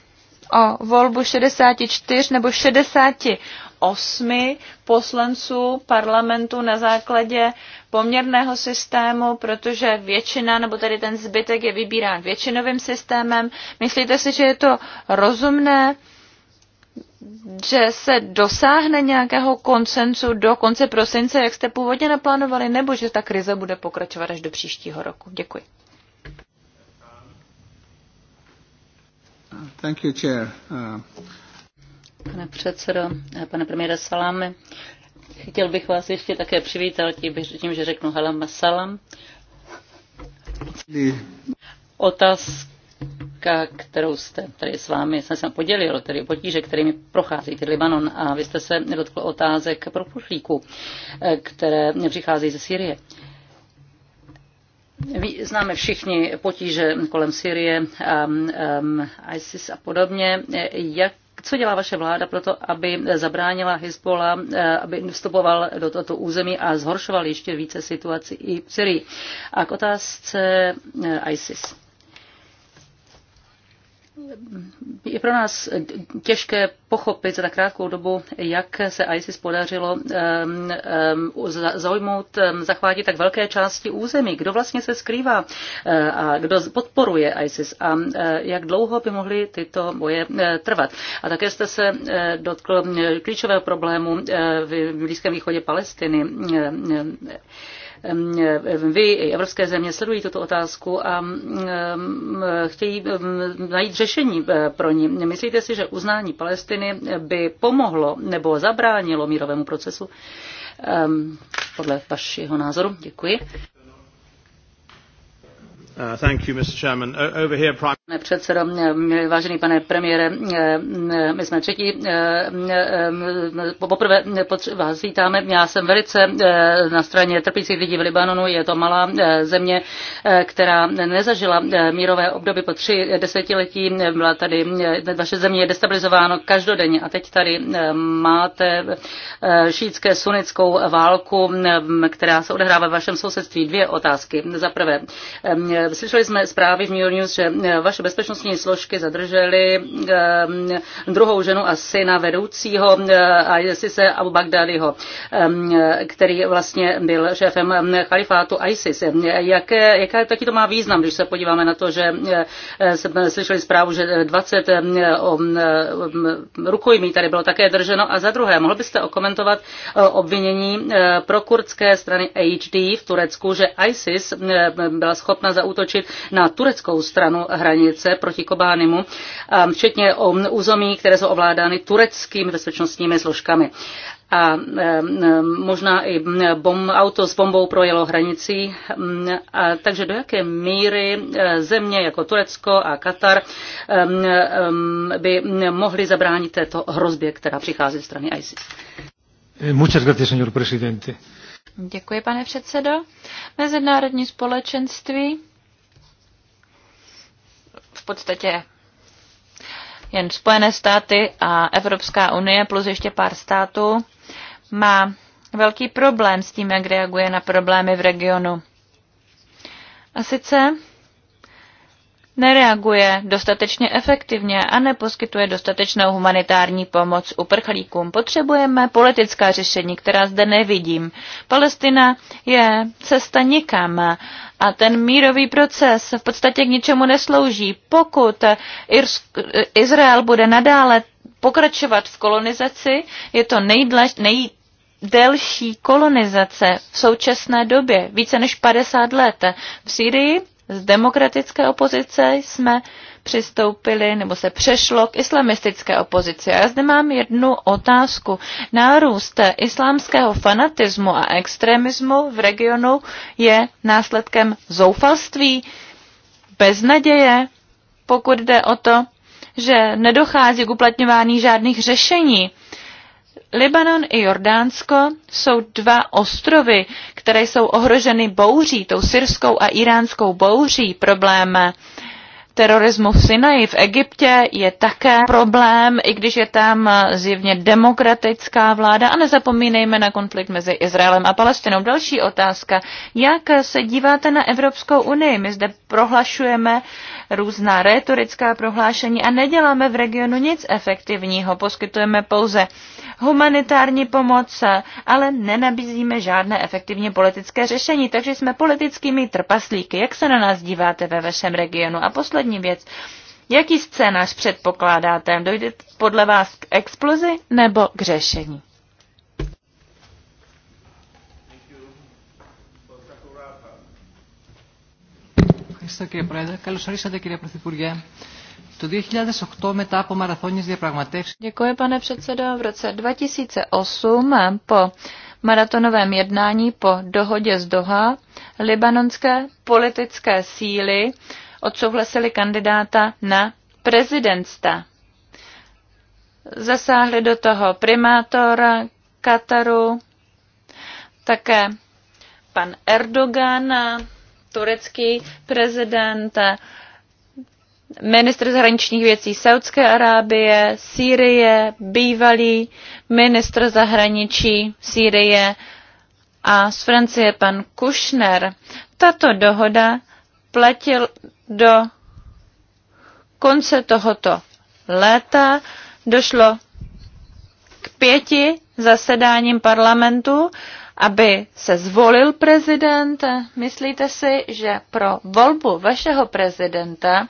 S3: o volbu 64 nebo 68 osmi poslanců parlamentu na základě poměrného systému, protože většina, nebo tady ten zbytek je vybírán většinovým systémem. Myslíte si, že je to rozumné, že se dosáhne nějakého koncensu do konce prosince, jak jste původně naplánovali, nebo že ta krize bude pokračovat až do příštího roku? Děkuji. Thank you, Chair. Uh...
S2: Pane předsedo, pane premiére Salame. chtěl bych vás ještě také přivítat tím, že řeknu halama salam. Otázka, kterou jste tady s vámi, jsem se podělil, tedy potíže, kterými prochází tedy Libanon a vy jste se nedotkl otázek pro pušlíků, které přichází ze Syrie. Známe všichni potíže kolem Syrie, um, um, ISIS a podobně. Jak co dělá vaše vláda pro to, aby zabránila Hezbola, eh, aby vstupoval do toto území a zhoršoval ještě více situaci i v Syrii? A k otázce eh, ISIS je pro nás těžké pochopit za tak krátkou dobu, jak se ISIS podařilo um, um, zaujmout, um, zachvátit tak velké části území. Kdo vlastně se skrývá uh, a kdo podporuje ISIS a uh, jak dlouho by mohly tyto boje uh, trvat. A také jste se uh, dotkl uh, klíčového problému uh, v Blízkém východě Palestiny. Uh, uh, vy i evropské země sledují tuto otázku a chtějí najít řešení eh, pro ní. Myslíte si, že uznání Palestiny by pomohlo nebo zabránilo mírovému procesu? Podle vašeho názoru. Děkuji.
S3: Uh, thank you, Mr. Chairman. Over here, Prime
S2: Pane předsedo, vážený pane premiére, my jsme třetí. Poprvé vás vítáme. Já jsem velice eh, na straně trpících lidí v Libanonu. Je to malá eh, země, eh, která nezažila mírové období po tři desetiletí. Byla tady, vaše země je destabilizováno každodenně. A teď tady máte šítské sunickou válku, která se odehrává v vašem sousedství. Dvě otázky. Za prvé, slyšeli jsme zprávy v New News, že vaše naše bezpečnostní složky zadržely eh, druhou ženu a syna vedoucího eh, se Abu Bagdadiho, eh, který vlastně byl šéfem kalifátu ISIS. Jaké, jaké, taky to má význam, když se podíváme na to, že jsme slyšeli zprávu, že 20 rukojmí tady bylo také drženo. A za druhé, mohl byste okomentovat obvinění pro kurdské strany HD v Turecku, že ISIS byla schopna zaútočit na tureckou stranu hranic hranice proti Kobánimu, ehm, včetně o ehm, území, které jsou ovládány tureckými bezpečnostními složkami a ehm, možná i mm, bom, auto s bombou projelo hranicí. Mm, a takže do jaké míry e, země jako Turecko a Katar by mohly zabránit této hrozbě, která přichází ze strany ISIS?
S1: Eh, muchas gracias, señor presidente.
S3: Děkuji, pane předsedo. Mezinárodní společenství podstatě jen Spojené státy a Evropská unie plus ještě pár států má velký problém s tím, jak reaguje na problémy v regionu. A sice nereaguje dostatečně efektivně a neposkytuje dostatečnou humanitární pomoc uprchlíkům. Potřebujeme politická řešení, která zde nevidím. Palestina je cesta nikam a ten mírový proces v podstatě k ničemu neslouží, pokud Izrael bude nadále pokračovat v kolonizaci, je to nejdlež, delší kolonizace v současné době, více než 50 let. V Syrii z demokratické opozice jsme přistoupili nebo se přešlo k islamistické opozici. A já zde mám jednu otázku. Nárůst islámského fanatismu a extremismu v regionu je následkem zoufalství, beznaděje, pokud jde o to, že nedochází k uplatňování žádných řešení Libanon i Jordánsko jsou dva ostrovy, které jsou ohroženy bouří, tou syrskou a iránskou bouří. Problém terorismu v Sinaji v Egyptě je také problém, i když je tam zjevně demokratická vláda. A nezapomínejme na konflikt mezi Izraelem a Palestinou. Další otázka. Jak se díváte na Evropskou unii? My zde prohlašujeme různá retorická prohlášení a neděláme v regionu nic efektivního. Poskytujeme pouze uh, humanitární pomoc, ale nenabízíme žádné efektivní politické řešení, takže jsme politickými trpaslíky. Jak se na nás díváte ve vašem regionu? A poslední věc. Jaký scénář předpokládáte? Dojde podle vás k explozi nebo k řešení?
S1: Ευχαριστώ κύριε Πρόεδρε. Καλώς ορίσατε κύριε Πρωθυπουργέ. 2008
S3: Děkuji, pane předsedo. V roce 2008 po maratonovém jednání po dohodě z Doha libanonské politické síly odsouhlasili kandidáta na prezidenta. Zasáhli do toho primátor Kataru, také pan Erdogan, turecký prezident, ministr zahraničních věcí Saudské Arábie, Sýrie, bývalý ministr zahraničí Sýrie a z Francie pan Kushner. Tato dohoda platil do konce tohoto léta. Došlo k pěti zasedáním parlamentu, aby se zvolil prezident. Myslíte si, že pro volbu vašeho prezidenta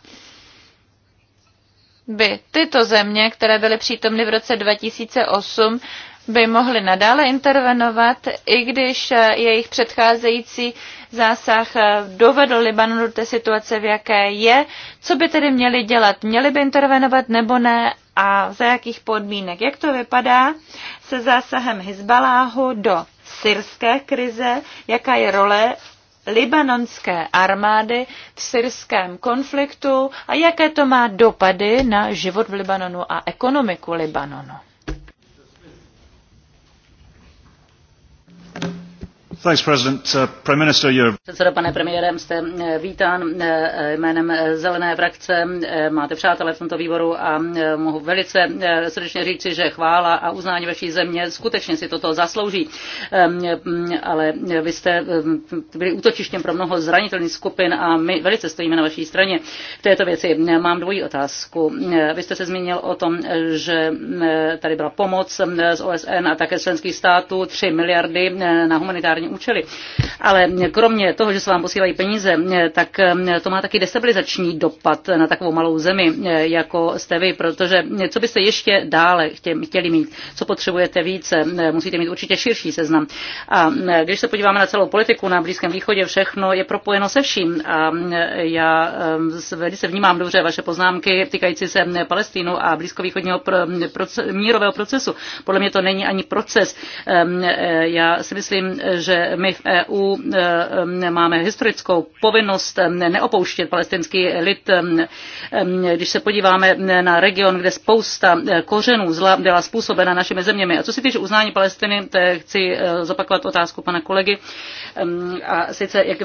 S3: by tyto země, které byly přítomny v roce 2008, by mohly nadále intervenovat, i když eh, jejich předcházející zásah eh, dovedl Libanon do té situace, v jaké je. Co by tedy měli dělat? Měli by intervenovat nebo ne? A za jakých podmínek? Jak to vypadá se zásahem Hezbaláhu do syrské krize? Jaká je role libanonské armády v syrském konfliktu a jaké to má dopady na život v Libanonu a ekonomiku Libanonu.
S1: Thanks, uh,
S3: Předseda, pane premiére,
S2: jste eh, vítán eh, jménem eh, Zelené frakce. Máte přátelé v tomto výboru a mohu velice srdečně říci, že chvála a uznání vaší země skutečně si toto zaslouží. Ehm, mm, ale vy jste ehm, byli útočištěm pro mnoho zranitelných skupin a my velice stojíme na vaší straně v této věci. Mám dvojí otázku. Vy jste se zmínil o tom, že tady byla pomoc z OSN a také členských států 3 miliardy na humanitární účely. Ale kromě toho, že se vám posílají peníze, tak eh, to má taky destabilizační dopad na takovou malou zemi, eh, jako jste vy, protože co byste ještě dále chtěli mít, co potřebujete více, eh, musíte mít určitě širší seznam. A když se podíváme na celou politiku na Blízkém východě, všechno je propojeno se vším. A já velice vnímám dobře vaše poznámky týkající se Palestínu a blízkovýchodního proces, mírového procesu. Podle mě to není ani proces. Ehm, já si myslím, že že my v EU e, máme historickou povinnost neopouštět palestinský lid. E, e, když se podíváme na region, kde spousta kořenů zla byla způsobena našimi zeměmi. A co se týče uznání Palestiny, chci zopakovat otázku pana kolegy. A sice jak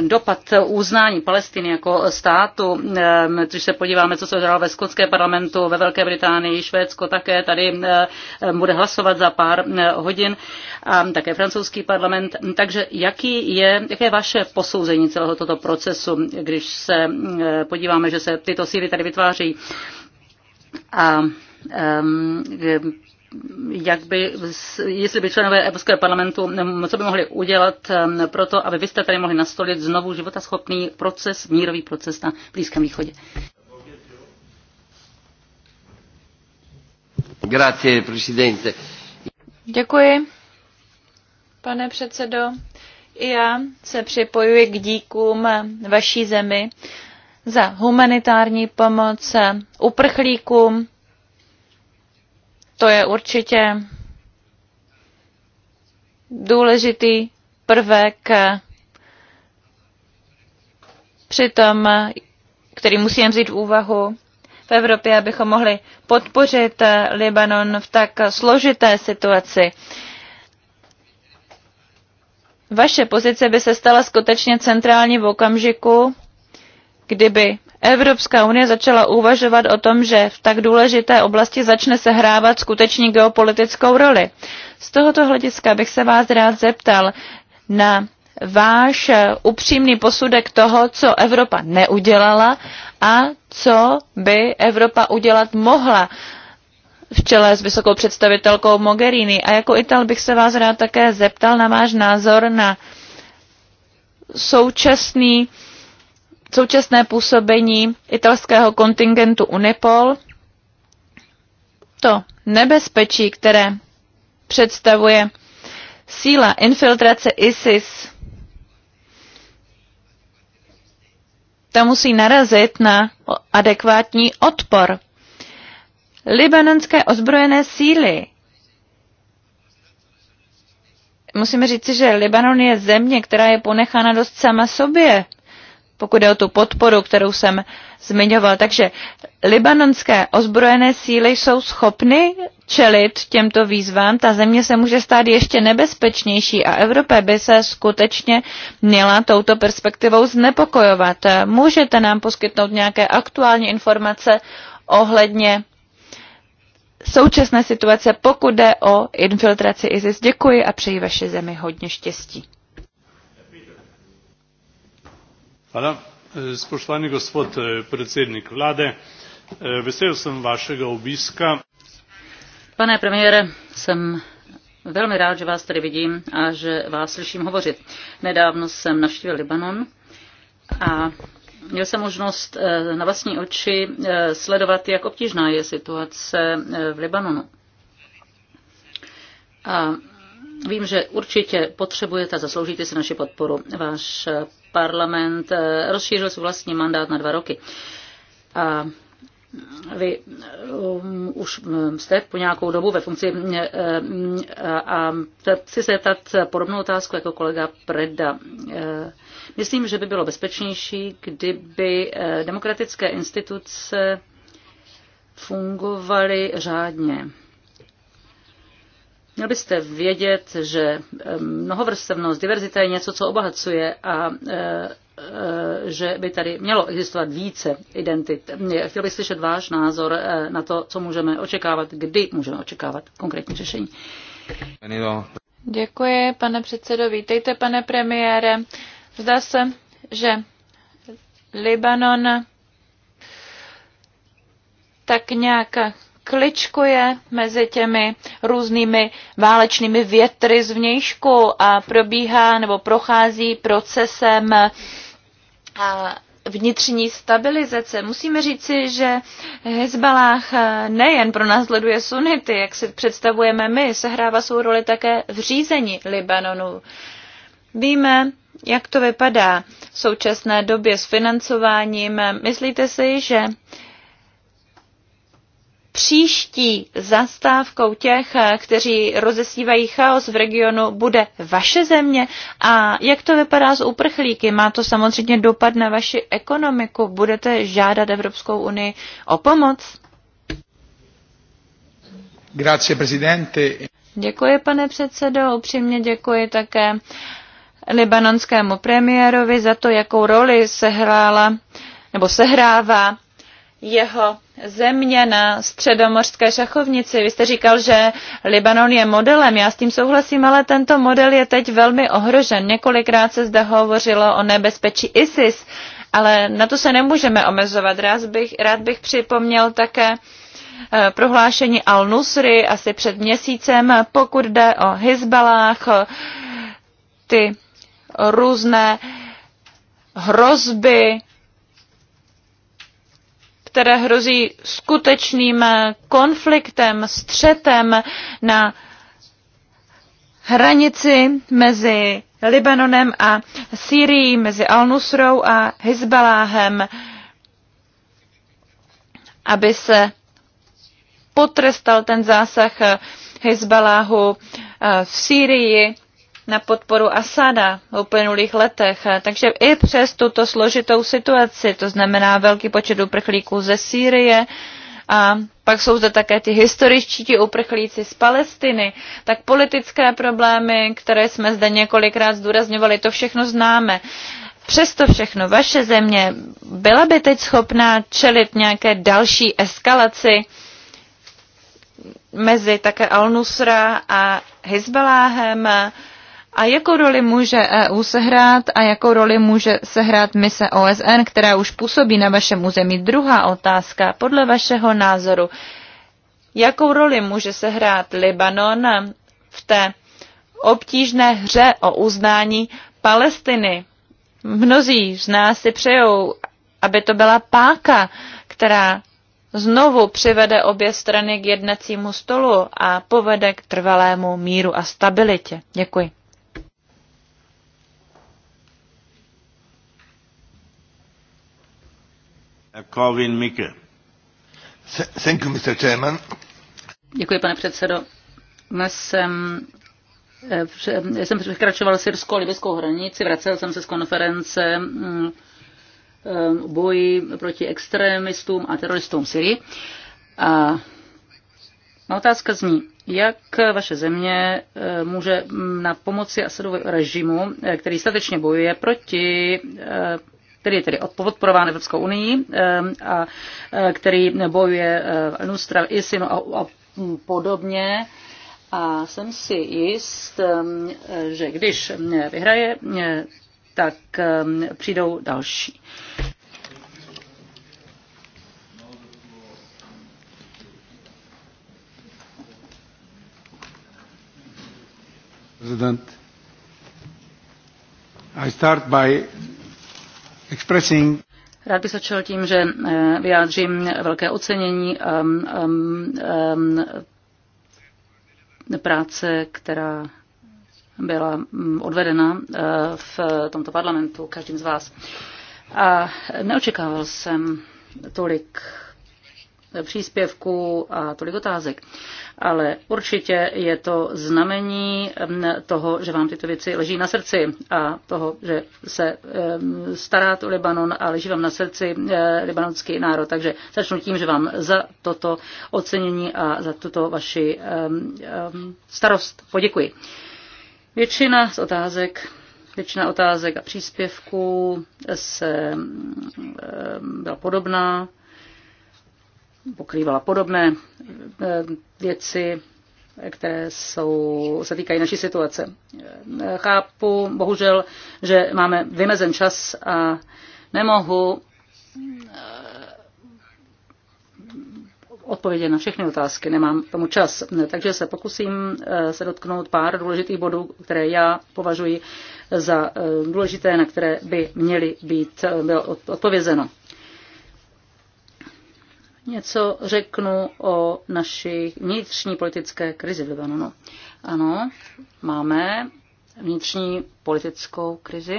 S2: dopad uznání Palestiny jako státu, když se podíváme, co se dělalo ve skotské parlamentu, ve Velké Británii, Švédsko také, tady bude hlasovat za pár hodin a také francouzský parlament parlament. Takže jaký je, jaké je vaše posouzení celého toto procesu, když se eh, podíváme, že se tyto síly tady vytváří a um, jak by, jestli by členové Evropského parlamentu, ehm, co by mohli udělat ehm, pro to, aby vy jste tady mohli nastolit znovu životaschopný proces, mírový proces na Blízkém východě.
S1: Grazie, presidente.
S3: Děkuji pane předsedo. I já se připojuji k díkům vaší zemi za humanitární pomoc uprchlíkům. To je určitě důležitý prvek přitom, který musíme vzít v úvahu v Evropě, abychom mohli podpořit Libanon v tak složité situaci. Vaše pozice by se stala skutečně centrální v okamžiku, kdyby Evropská unie začala uvažovat o tom, že v tak důležité oblasti začne sehrávat skutečně geopolitickou roli. Z tohoto hlediska bych se vás rád zeptal na váš upřímný posudek toho, co Evropa neudělala a co by Evropa udělat mohla v čele s vysokou představitelkou Mogherini. A jako Ital bych se vás rád také zeptal na váš názor na současný, současné působení italského kontingentu UNIPOL. To nebezpečí, které představuje síla infiltrace ISIS, ta musí narazit na adekvátní odpor libanonské ozbrojené síly. Musíme říci, že Libanon je země, která je ponechána dost sama sobě, pokud je o tu podporu, kterou jsem zmiňoval. Takže libanonské ozbrojené síly jsou schopny čelit těmto výzvám. Ta země se může stát ještě nebezpečnější a Evropa by se skutečně měla touto perspektivou znepokojovat. Můžete nám poskytnout nějaké aktuální informace ohledně současné situace, pokud jde o infiltraci ISIS. Děkuji a přeji vaše zemi hodně štěstí.
S1: Hvala. Spoštovani gospod eh, predsednik vlade, eh, vesel
S3: jsem vašega obiska.
S2: Pane premiére, jsem velmi rád, že vás tady vidím a že vás slyším hovořit. Nedávno jsem navštívil Libanon a měl jsem možnost eh, na vlastní oči eh, sledovat, jak obtížná je situace eh, v Libanonu. A vím, že určitě potřebujete a zasloužíte si naši podporu. Váš parlament rozšířil svůj vlastní mandát na dva roky. A vy um, už jste po nějakou dobu ve funkci um, a, chci se tady podobnou otázku jako kolega Preda. Uh, Myslím, že by bylo bezpečnější, kdyby eh, demokratické instituce fungovaly řádně. Měl byste vědět, že eh, mnohovrstevnost, diverzita je něco, co obohacuje a eh, že by tady mělo existovat více identit. Chtěl bych slyšet váš názor na to, co můžeme očekávat, kdy můžeme očekávat konkrétní řešení.
S3: Děkuji, pane předsedo. Vítejte, pane premiére. Zdá se, že Libanon tak nějak kličkuje mezi těmi různými válečnými větry z vnějšku a probíhá nebo prochází procesem vnitřní stabilizace. Musíme říci, že Hezbalách nejen pro nás sleduje sunity, jak si představujeme my, sehrává svou roli také v řízení Libanonu. Víme, jak to vypadá v současné době s financováním. Myslíte si, že příští zastávkou těch, kteří rozesívají chaos v regionu, bude vaše země? A jak to vypadá s uprchlíky? Má to samozřejmě dopad na vaši ekonomiku. Budete žádat Evropskou unii o pomoc? Grazie, Děkuji, pane předsedo. Upřímně děkuji také libanonskému premiérovi za to, jakou roli sehrála nebo sehrává jeho země na středomorské šachovnici. Vy jste říkal, že Libanon je modelem, já s tím souhlasím, ale tento model je teď velmi ohrožen. Několikrát se zde hovořilo o nebezpečí ISIS, ale na to se nemůžeme omezovat. Rád bych, rád bych připomněl také eh, prohlášení Al-Nusry asi před měsícem, pokud jde o Hezbalách, eh, ty různé hrozby, které hrozí skutečným konfliktem, střetem na hranici mezi Libanonem a Sýrií, mezi Al-Nusrou a Hezbaláhem, aby se potrestal ten zásah Hezbaláhu eh, v Sýrii na podporu Asada v uplynulých letech. Takže i přes tuto složitou situaci, to znamená velký počet uprchlíků ze Sýrie, a pak jsou zde také ty historičtí uprchlíci z Palestiny, tak politické problémy, které jsme zde několikrát zdůrazňovali, to všechno známe. Přesto všechno vaše země byla by teď schopná čelit nějaké další eskalaci mezi také Al-Nusra a Hezbaláhem, a jakou roli může EU sehrát a jakou roli může sehrát mise OSN, která už působí na vašem území? Druhá otázka. Podle vašeho názoru, jakou roli může sehrát Libanon v té obtížné hře o uznání Palestiny? Mnozí z nás si přejou, aby to byla páka, která znovu přivede obě strany k jednacímu stolu a povede k trvalému míru a stabilitě. Děkuji.
S1: Eh, Mikke. Thank you, Mr. Chairman.
S2: Děkuji, pane předsedo. Dnes jsem eh, eh, jsem překračoval syrsko-libyskou hranici, vracel jsem se z konference mm, boji proti extremistům a teroristům v Syrii. A otázka zní, jak vaše země může mm, na pomoci Asadového režimu, který statečně bojuje proti který je tedy podporován Evropskou unii a e, který bojuje e, Nustra, ISIN a podobně. A jsem si jist, že když vyhraje, e, tak přijdou
S1: další. President, I start by expressing
S2: Rád bych začal tím, že eh, vyjádřím velké ocenění um, um, um, práce, která byla mm, odvedena eh, v tomto parlamentu každým z vás. A neočekával jsem tolik příspěvků a tolik otázek. Ale určitě je to znamení mm, toho, že vám tyto věci leží na srdci a toho, že se mm, stará o Libanon a leží vám na srdci eh, libanonský národ. Takže začnu tím, že vám za toto ocenění a za tuto vaši ehm, ehm, starost poděkuji. Většina z otázek Většina otázek a příspěvků se, mm, ehm, byla podobná pokrývala podobné eh, věci, které jsou, se týkají naší situace. Eh, chápu, bohužel, že máme vymezen čas a nemohu eh, odpovědět na všechny otázky, nemám tomu čas. Takže se pokusím se dotknout pár důležitých bodů, které já považuji za důležité, na které by měly být bylo odpovězeno něco řeknu o naší vnitřní politické krizi v Libanonu. Ano, máme vnitřní politickou krizi.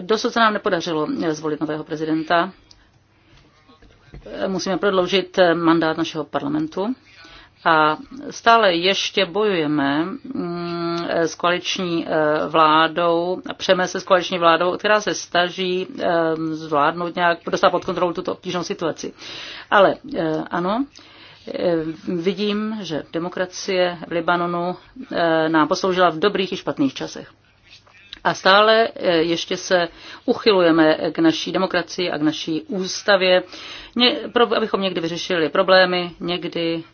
S2: Dosud se nám nepodařilo zvolit nového prezidenta. Musíme prodloužit mandát našeho parlamentu a stále ještě bojujeme mm, Eh, s koaliční eh, vládou, přeme se s koaliční vládou, která se staží eh, zvládnout nějak, dostat pod kontrolu tuto obtížnou situaci. Ale ano, vidím, že demokracie v Libanonu nám posloužila v dobrých i špatných časech. A stále ještě se uchylujeme k naší demokracii a k naší ústavě, abychom někdy vyřešili problémy, někdy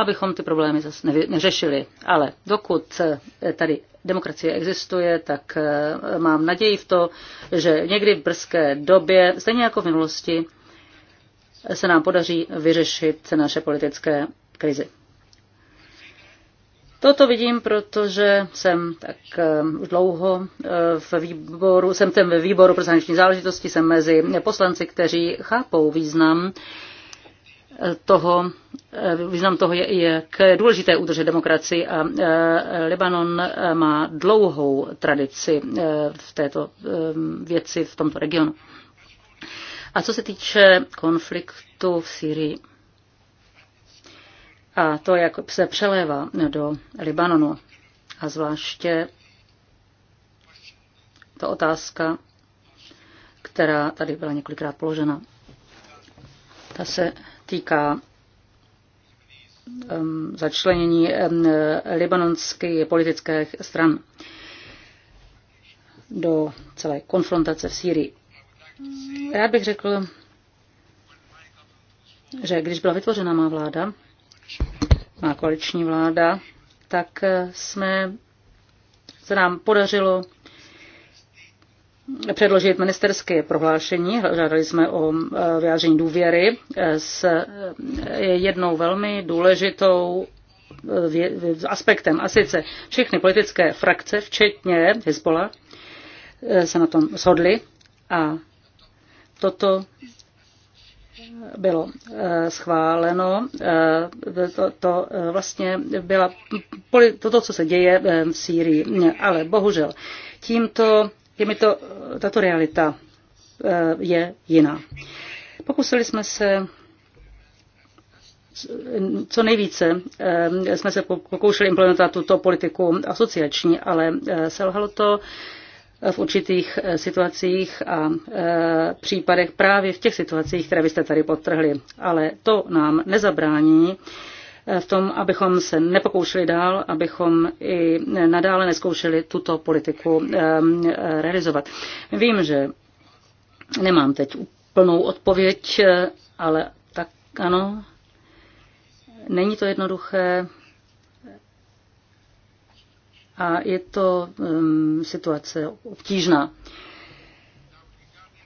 S2: abychom ty problémy zase neřešili. Ale dokud eh, tady demokracie existuje, tak eh, mám naději v to, že někdy v brzké době, stejně jako v minulosti, se nám podaří vyřešit naše politické krizi. Toto vidím, protože jsem tak eh, už dlouho v výboru, jsem ten ve výboru pro zahraniční záležitosti, jsem mezi poslanci, kteří chápou význam toho, význam toho, jak je důležité udržet demokracii a e, Libanon e, má dlouhou tradici e, v této věci v tomto regionu. A co se týče konfliktu v Syrii, a to, jak se přelévá do Libanonu, a zvláště ta otázka, která tady byla několikrát položena, ta se týká um, začlenění um, libanonských politických stran do celé konfrontace v Sýrii. Rád bych řekl, že když byla vytvořena má vláda, má koaliční vláda, tak eh, jsme, se nám podařilo předložit ministerské prohlášení. Žádali jsme o e, vyjádření důvěry e, s e, jednou velmi důležitou aspektem. A sice všechny politické frakce, včetně Hezbola, se na tom shodly a toto bylo schváleno. To, to vlastně byla toto, co se děje v Sýrii. Ale bohužel tímto je mi to, tato realita eh, je jiná. Pokusili jsme se co nejvíce eh, jsme se pokoušeli implementovat tuto politiku asociační, ale eh, selhalo to v určitých situacích a případech právě v těch situacích, které byste tady potrhli. Ale to nám nezabrání v tom, abychom se nepokoušeli dál, abychom i nadále neskoušeli tuto politiku realizovat. Vím, že nemám teď úplnou odpověď, ale tak ano, není to jednoduché a je to um, situace obtížná.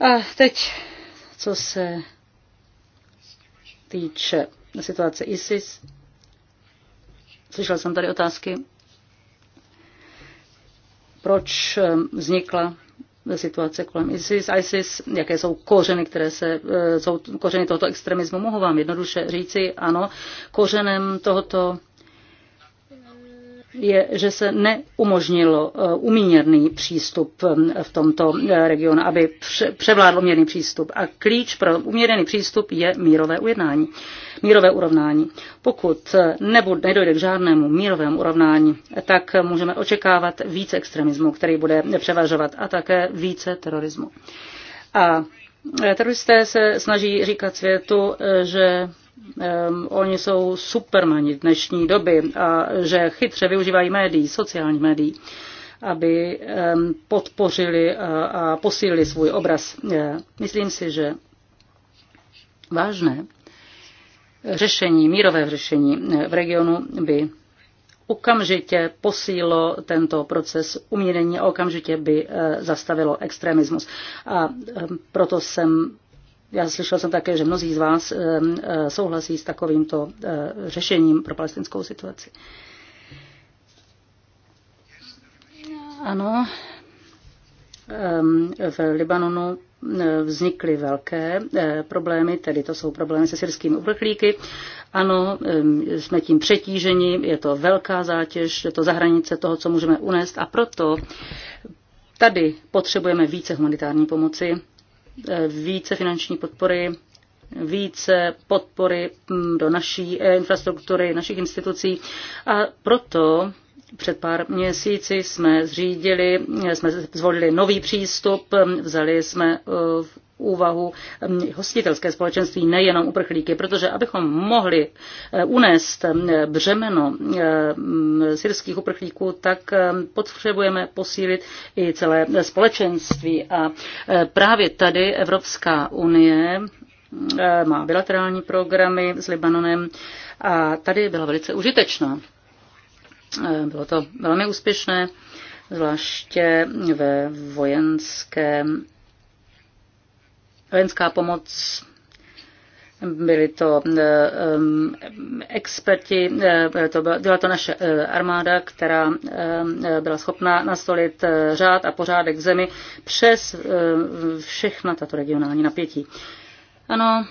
S2: A teď, co se týče situace ISIS, Slyšel jsem tady otázky, proč eh, vznikla situace kolem ISIS, ISIS, jaké jsou kořeny, které se, eh, jsou kořeny tohoto extremismu. Mohu vám jednoduše říci, ano, kořenem tohoto je, že se neumožnilo eh, umírněný přístup eh, v tomto eh, regionu, aby převládl uměrný přístup. A klíč pro umírněný přístup je mírové ujednání, mírové urovnání. Pokud nebude, nedojde k žádnému mírovému urovnání, tak můžeme očekávat více extremismu, který bude převažovat, a také více terorismu. A teroristé se snaží říkat světu, že um, oni jsou supermani dnešní doby a že chytře využívají médií, sociální médií, aby um, podpořili a, a posílili svůj obraz. Myslím si, že vážné řešení, mírové řešení e, v regionu by okamžitě posílo tento proces umírení a okamžitě by e, zastavilo extremismus. A ehm, proto jsem já slyšel jsem také, že mnozí z vás eh, eh, souhlasí s takovýmto eh, řešením pro palestinskou situaci. Ano, ehm, v Libanonu vznikly velké problémy, tedy to jsou problémy se syrskými uprchlíky. Ano, ehm, jsme tím přetíženi, je to velká zátěž, je to za hranice toho, co můžeme unést a proto tady potřebujeme více humanitární pomoci Eh, více finanční podpory, více podpory mm, do naší eh, infrastruktury, našich institucí a proto před pár měsíci jsme zřídili, eh, jsme zvolili nový přístup, vzali jsme úvahu ehm, hostitelské společenství, nejenom uprchlíky, protože abychom mohli eh, unést ehm, břemeno ehm, syrských uprchlíků, tak potřebujeme posílit i celé společenství. A eh, právě tady Evropská unie eh, má bilaterální programy s Libanonem a tady byla velice užitečná. Bylo to velmi úspěšné, zvláště ve vojenském vojenská pomoc byli to um, experti, eh, to byla, byla to naše eh, armáda, která um, byla schopná nastolit řád a pořádek v zemi přes um, všechna tato regionální napětí. Ano,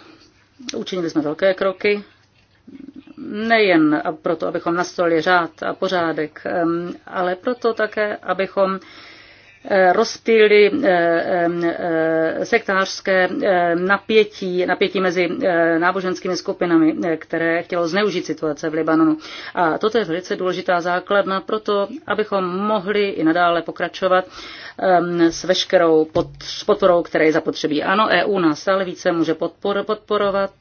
S2: učinili jsme velké kroky, nejen proto, abychom nastolili řád a pořádek, um, ale proto také, abychom Eh, rozptýlili eh, eh, sektářské napětí, napětí mezi náboženskými skupinami, které chtělo zneužít situace v Libanonu. A toto je velice důležitá základna pro to, abychom mohli i nadále pokračovat s veškerou podporou, které je zapotřebí. Ano, EU nás stále více může podpor, podporovat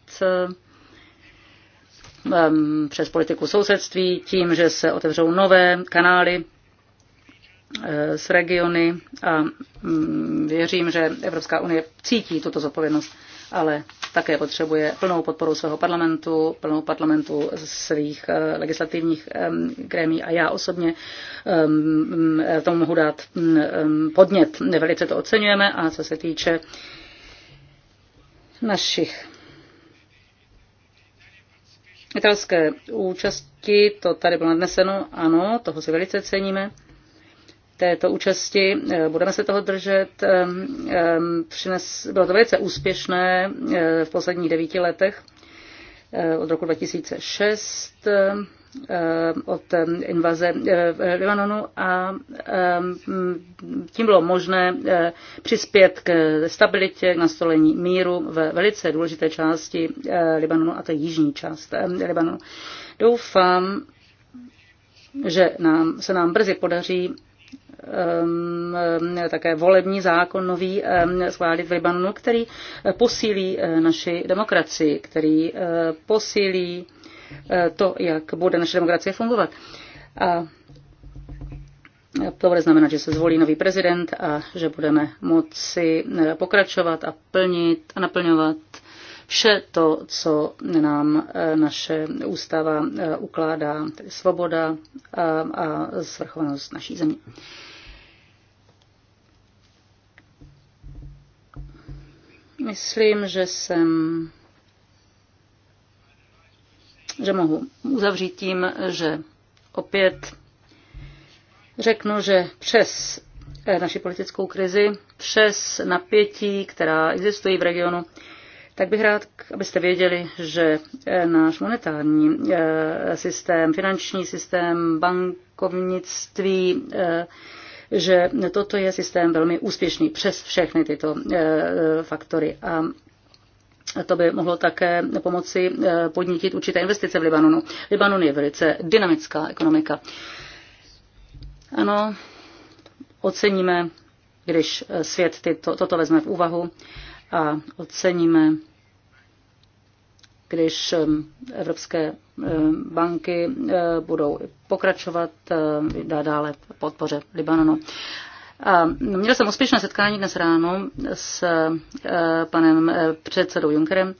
S2: přes politiku sousedství, tím, že se otevřou nové kanály Eh, s regiony a mm, věřím, že Evropská unie cítí tuto zodpovědnost, ale také potřebuje plnou podporu svého parlamentu, plnou parlamentu svých eh, legislativních grémí a já osobně eh, tomu mohu dát mm, podnět. Velice to oceňujeme a co se týče našich italské účasti, to tady bylo nadneseno, ano, toho si velice ceníme této účasti. Eh, budeme se toho držet. Eh, eh, bylo to velice úspěšné v posledních devíti letech od roku 2006 od invaze v Libanonu a tím bylo možné přispět k stabilitě, k nastolení míru v velice důležité části Libanonu, a to je jižní část Libanonu. Doufám, že nám, se nám brzy podaří Ehm, ehm, také volební zákon nový ehm, schválit v Libanonu, který eh, posílí eh, naši demokracii, který eh, posílí to, jak bude naše demokracie fungovat. A to bude znamenat, že se zvolí nový prezident a že budeme moci pokračovat a plnit a naplňovat vše to, co nám naše ústava ukládá, tedy svoboda a svrchovanost naší země. Myslím, že jsem že mohu uzavřít tím, že opět řeknu, že přes eh, naši politickou krizi, přes napětí, která existují v regionu, tak bych rád, abyste věděli, že eh, náš monetární eh, systém, finanční systém, bankovnictví, že toto je systém velmi úspěšný přes všechny tyto eh, eh, faktory. A to by mohlo také pomoci eh, podnítit určité investice v Libanonu. Libanon je velice dynamická ekonomika. Ano, oceníme, když svět tyto, toto vezme v úvahu a oceníme když ehm, evropské ehm, banky eh, budou pokračovat ehm, dále podpoře Libanonu. A měl jsem úspěšné setkání dnes ráno s eh, panem eh, předsedou Junkerem,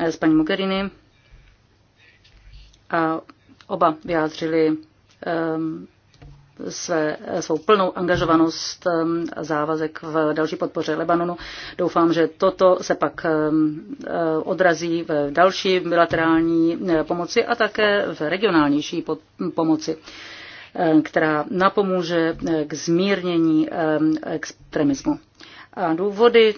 S2: s paní Mogherini a oba vyjádřili své, svou plnou angažovanost a um, závazek v další podpoře Lebanonu. Doufám, že toto se pak um, uh, odrazí v další bilaterální uh, pomoci a také v regionálnější pomoci uh, která napomůže k zmírnění um, extremismu. A důvody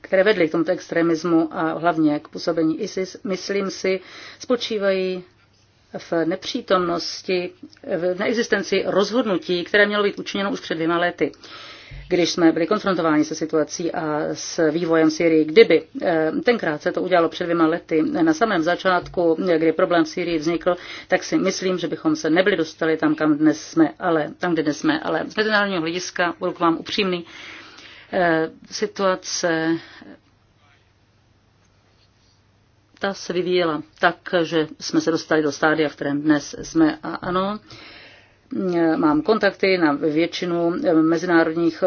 S2: které vedly k tomuto extremismu a hlavně k působení ISIS, myslím si, spočívají v nepřítomnosti, v neexistenci rozhodnutí, které mělo být učiněno už před dvěma lety když jsme byli konfrontováni se situací a s vývojem Syrii. Kdyby eh, tenkrát se to udělalo před dvěma lety, na samém začátku, kdy problém v Syrii vznikl, tak si myslím, že bychom se nebyli dostali tam, kam dnes jsme, ale tam, kde dnes jsme, ale z mezinárodního hlediska, budu k vám upřímný, eh, situace ta se vyvíjela tak, že jsme se dostali do stádia, v kterém dnes jsme. A ano, mám kontakty na většinu mezinárodních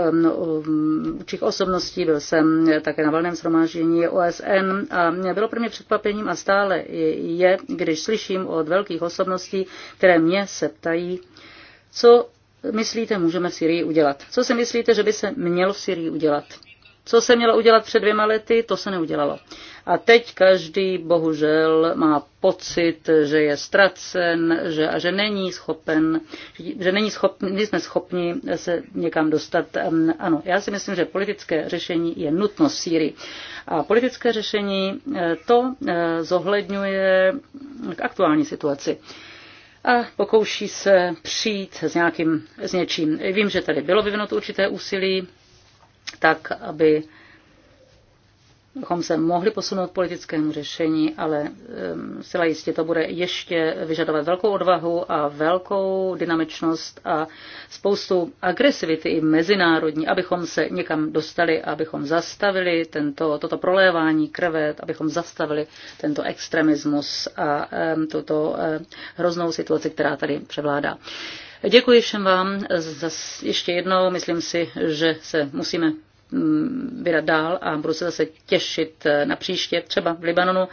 S2: učích um, um, osobností, byl jsem také na valném shromáždění OSN a bylo pro mě překvapením a stále je, když slyším od velkých osobností, které mě se ptají, co myslíte, můžeme v Syrii udělat? Co si myslíte, že by se mělo v Syrii udělat? Co se mělo udělat před dvěma lety, to se neudělalo. A teď každý bohužel má pocit, že je ztracen, že, a že není schopen, že není schopni, jsme schopni se někam dostat. Ano, já si myslím, že politické řešení je nutnost Sýrii. A politické řešení eh, to eh, zohledňuje k aktuální situaci a pokouší se přijít s, nějakým, s něčím. Vím, že tady bylo vyvinuto určité úsilí, tak aby bychom se mohli posunout k politickému řešení, ale zcela jistě to bude ještě vyžadovat velkou odvahu a velkou dynamičnost a spoustu agresivity i mezinárodní, abychom se někam dostali, abychom zastavili tento, toto prolévání krve, abychom zastavili tento extremismus a tuto eh, hroznou situaci, která tady převládá. Děkuji všem vám za ještě jednou. Myslím si, že se musíme Mm, vydat dál a budu se zase těšit eh, na příště, třeba v Libanonu,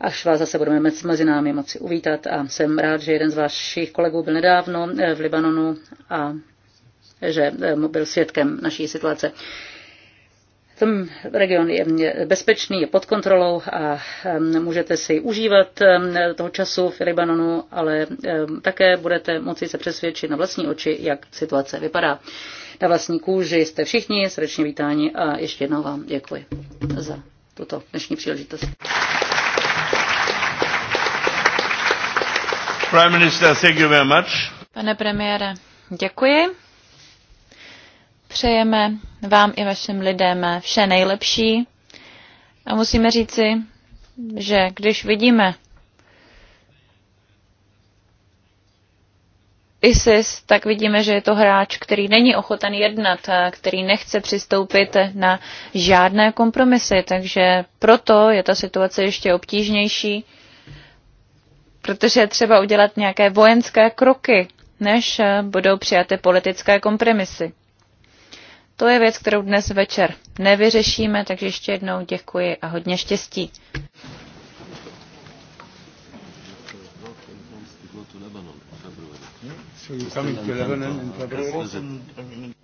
S2: až vás zase budeme mezi námi moci uvítat. A jsem rád, že jeden z vašich kolegů byl nedávno eh, v Libanonu a že eh, byl svědkem naší situace. Ten region je mm, bezpečný, je pod kontrolou a mm, můžete si užívat toho času v Libanonu, ale také budete moci se přesvědčit na vlastní oči, jak situace vypadá na vlastní kůži. Jste všichni srdečně vítáni a ještě jednou vám děkuji za tuto dnešní příležitost.
S1: Prime Minister, thank you very much.
S3: Pane premiére, děkuji. Přejeme vám i vašim lidem vše nejlepší. A musíme říci, že když vidíme ISIS, tak vidíme, že je to hráč, který není ochoten jednat, který nechce přistoupit na žádné kompromisy, takže proto je ta situace ještě obtížnější, protože je třeba udělat nějaké vojenské kroky, než eh, budou přijaty politické kompromisy. To je věc, kterou dnes večer nevyřešíme, takže ještě jednou děkuji a hodně štěstí.
S1: So you're coming to Lebanon in February?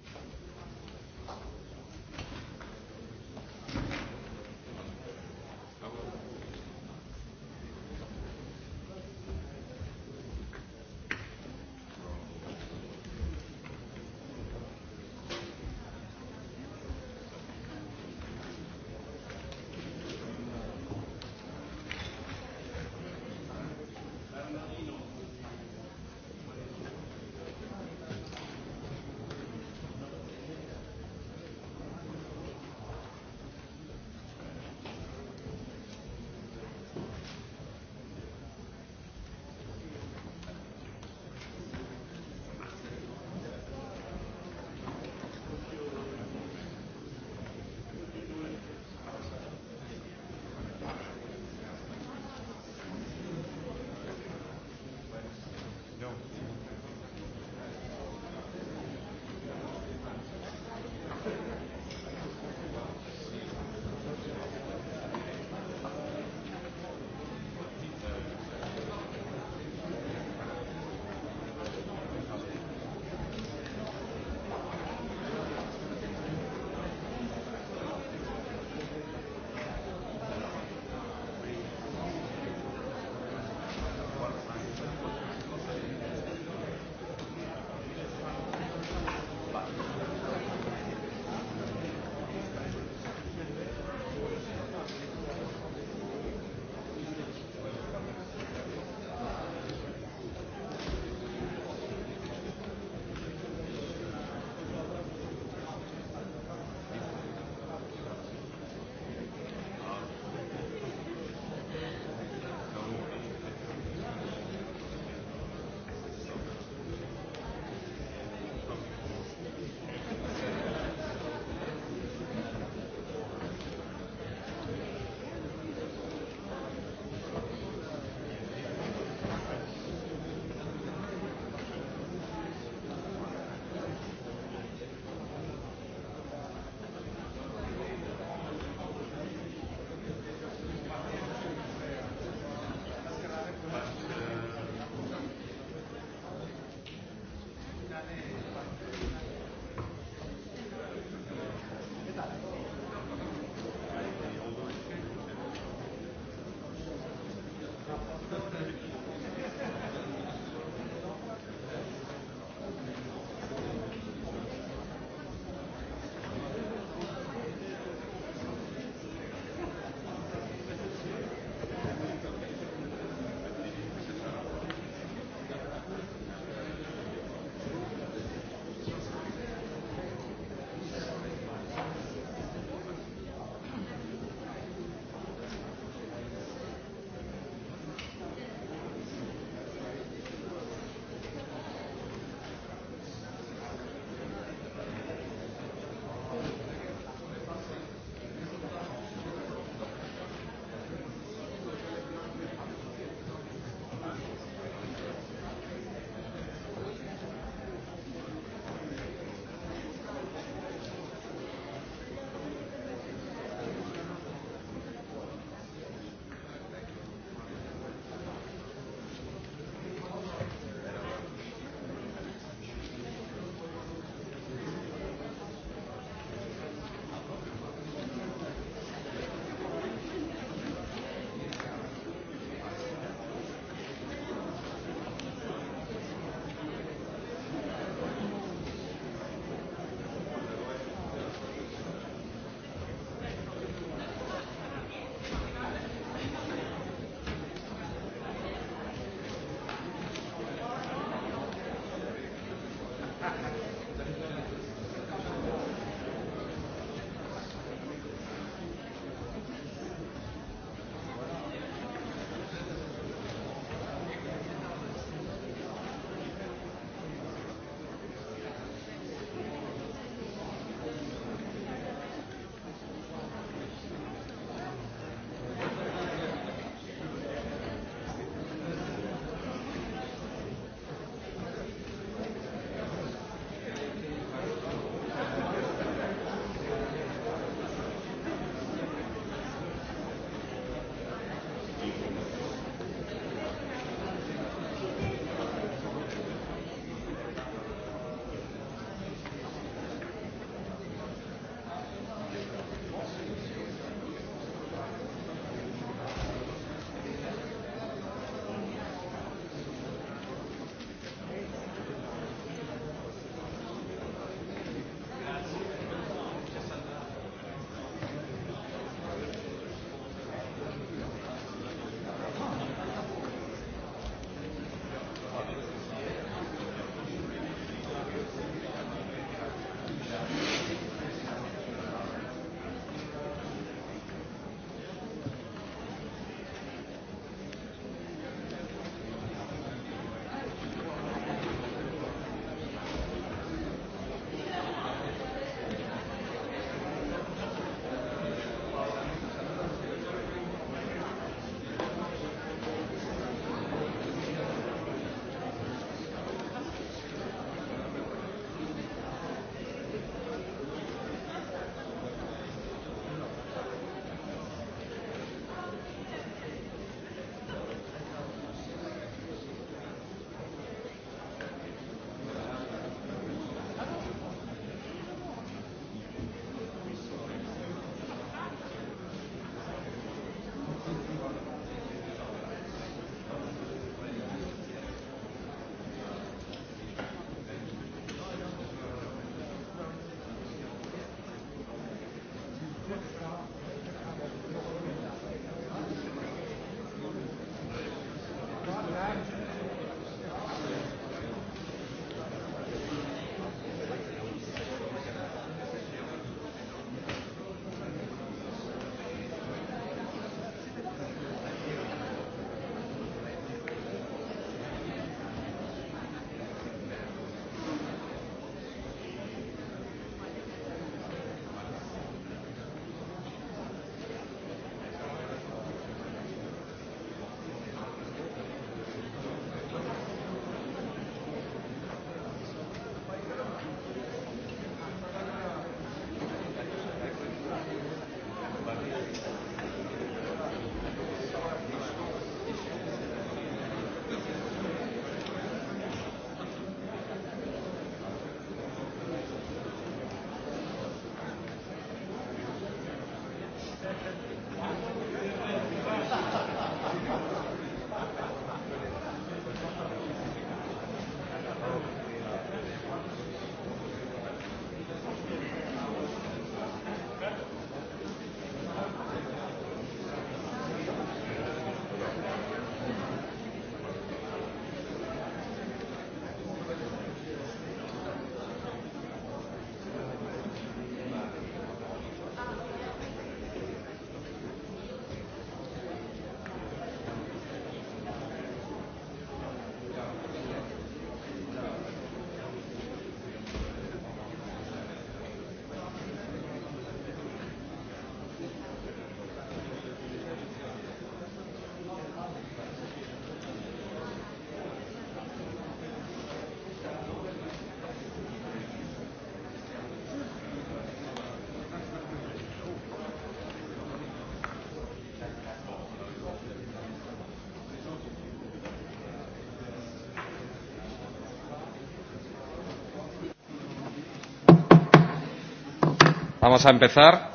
S2: Vamos a empezar.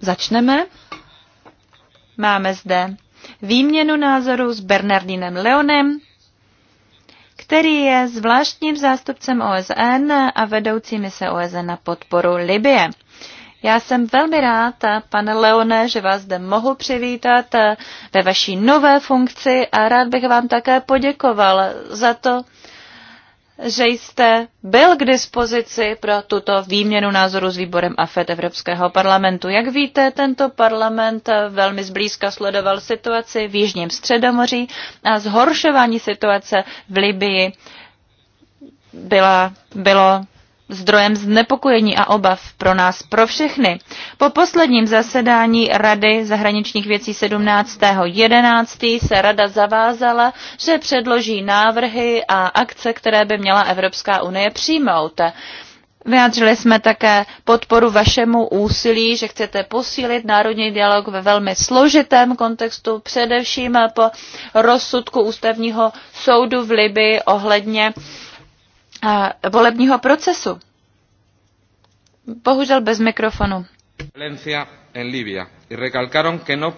S3: Začneme. Máme zde výměnu názoru s Bernardinem Leonem, který je zvláštním zástupcem OSN a vedoucí mise OSN na podporu Libie. Já jsem velmi rád, pane Leone, že vás zde mohu přivítat ve vaší nové funkci a rád bych vám také poděkoval za to, že jste byl k dispozici pro tuto výměnu názoru s výborem AFET Evropského parlamentu. Jak víte, tento parlament velmi zblízka sledoval situaci v Jižním Středomoří a zhoršování situace v Libii byla, bylo zdrojem znepokojení a obav pro nás, pro všechny. Po posledním zasedání Rady zahraničních věcí 17.11. se Rada zavázala, že předloží návrhy a akce, které by měla Evropská unie přijmout. Vyjádřili jsme také podporu vašemu úsilí, že chcete posílit národní dialog ve velmi složitém kontextu, především po rozsudku ústavního soudu v Libii ohledně uh, volebního procesu. Bohužel bez mikrofonu. No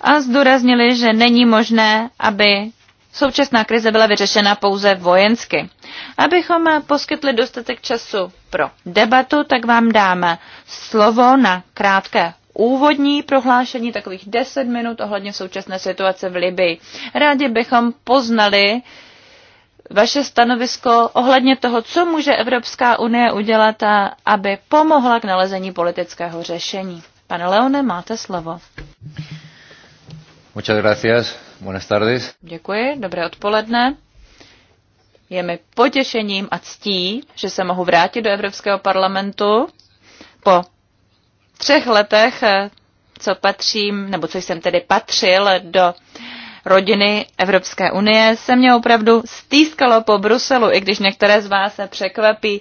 S3: A zdůraznili, že není možné, aby současná krize byla vyřešena pouze vojensky. Abychom poskytli dostatek času pro debatu, tak vám dáme slovo na krátké úvodní prohlášení, takových 10 minut ohledně současné situace v Libii. Rádi bychom poznali, vaše stanovisko ohledně toho, co může Evropská unie udělat, aby pomohla k nalezení politického řešení. Pane Leone, máte slovo.
S1: Muchas gracias. Buenas tardes.
S3: Děkuji, dobré odpoledne. Je mi potěšením a ctí, že se mohu vrátit do Evropského parlamentu po třech letech, co patřím, nebo co jsem tedy patřil do rodiny Evropské unie se mě opravdu stýskalo po Bruselu, i když některé z vás se překvapí,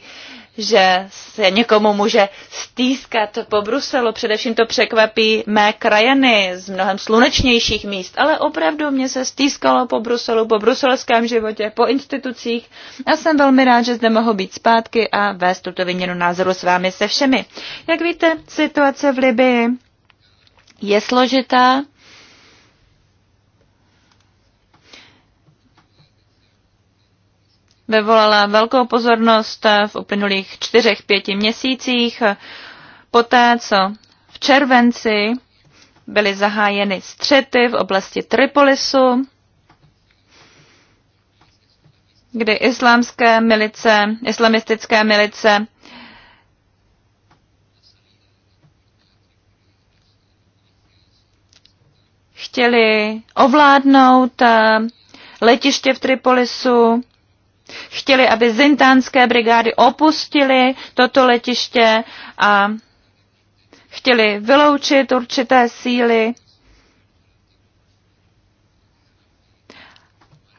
S3: že se někomu může stýskat po Bruselu. Především to překvapí mé krajany z mnohem slunečnějších míst, ale opravdu mě se stýskalo po Bruselu, po bruselském životě, po institucích a jsem velmi rád, že zde mohu být zpátky a vést tuto vyměnu názoru s vámi se všemi. Jak víte, situace v Libii je složitá vyvolala velkou pozornost v uplynulých čtyřech, pěti měsících. Poté, co v červenci byly zahájeny střety v oblasti Tripolisu, kdy islámské milice, islamistické milice chtěli ovládnout eh, letiště v Tripolisu, chtěli, aby zintánské brigády opustily toto letiště a chtěli vyloučit určité síly.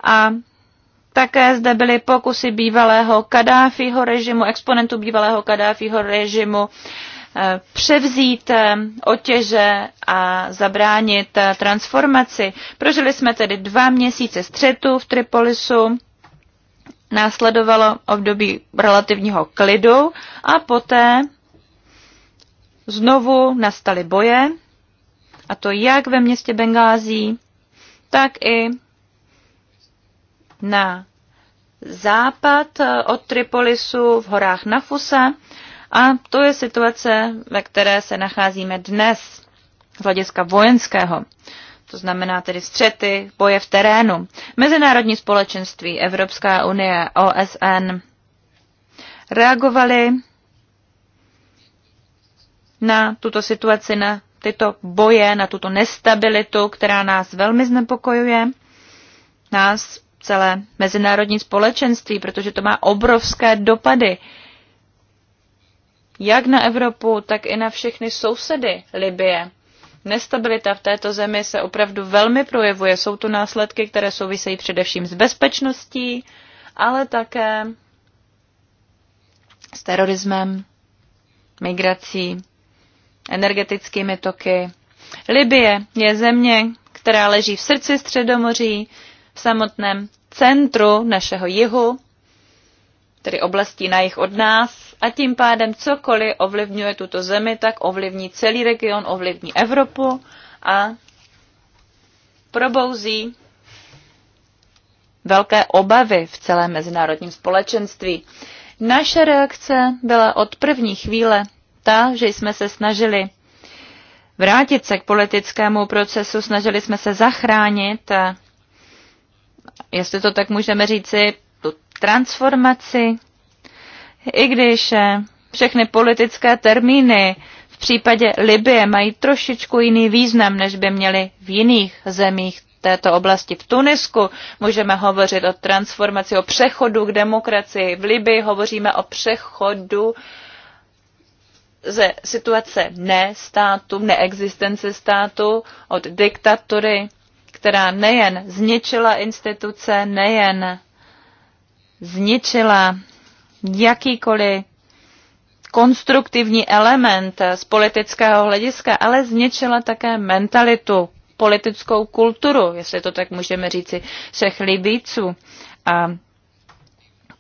S3: A také zde byly pokusy bývalého Kadáfího režimu, exponentů bývalého Kadáfího režimu, eh, převzít eh, otěže a zabránit eh, transformaci. Prožili jsme tedy dva měsíce střetu v Tripolisu následovalo období relativního klidu a poté znovu nastaly boje, a to jak ve městě Bengází, tak i na západ od Tripolisu v horách Nafusa. A to je situace, ve které se nacházíme dnes z hlediska vojenského to znamená tedy střety, boje v terénu. Mezinárodní společenství, Evropská unie, OSN reagovali na tuto situaci, na tyto boje, na tuto nestabilitu, která nás velmi znepokojuje, nás celé mezinárodní společenství, protože to má obrovské dopady jak na Evropu, tak i na všechny sousedy Libie. Nestabilita v této zemi se opravdu velmi projevuje. Jsou tu následky, které souvisejí především s bezpečností, ale také s terorismem, migrací, energetickými toky. Libie je země, která leží v srdci Středomoří, v samotném centru našeho jihu, tedy oblastí na jih od nás, a tím pádem cokoliv ovlivňuje tuto zemi, tak ovlivní celý region, ovlivní Evropu a probouzí velké obavy v celém mezinárodním společenství. Naše reakce byla od první chvíle ta, že jsme se snažili vrátit se k politickému procesu, snažili jsme se zachránit, jestli to tak můžeme říci, tu transformaci i když eh, všechny politické termíny v případě Libie mají trošičku jiný význam, než by měly v jiných zemích této oblasti. V Tunisku můžeme hovořit o transformaci, o přechodu k demokracii. V Libii hovoříme o přechodu ze situace ne státu, neexistence státu, od diktatury, která nejen zničila instituce, nejen zničila jakýkoliv konstruktivní element z politického hlediska, ale zničila také mentalitu, politickou kulturu, jestli to tak můžeme říci, všech Libíců. A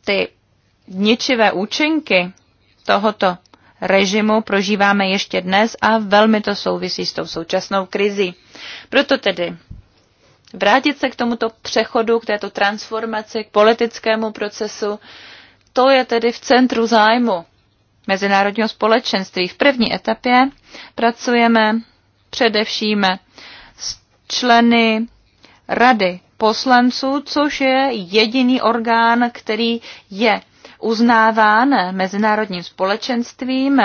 S3: ty ničivé účinky tohoto režimu prožíváme ještě dnes a velmi to souvisí s tou současnou krizí. Proto tedy vrátit se k tomuto přechodu, k této transformaci, k politickému procesu, to je tedy v centru zájmu mezinárodního společenství. V první etapě pracujeme především s členy Rady poslanců, což je jediný orgán, který je uznáván mezinárodním společenstvím.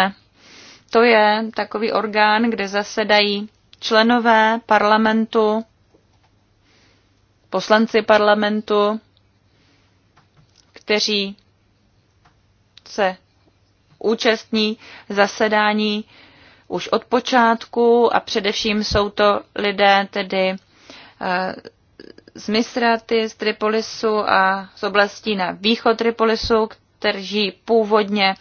S3: To je takový orgán, kde zasedají členové parlamentu, poslanci parlamentu, kteří se účastní zasedání už od počátku a především jsou to lidé tedy eh, z Misraty, z Tripolisu a z oblastí na východ Tripolisu, kteří původně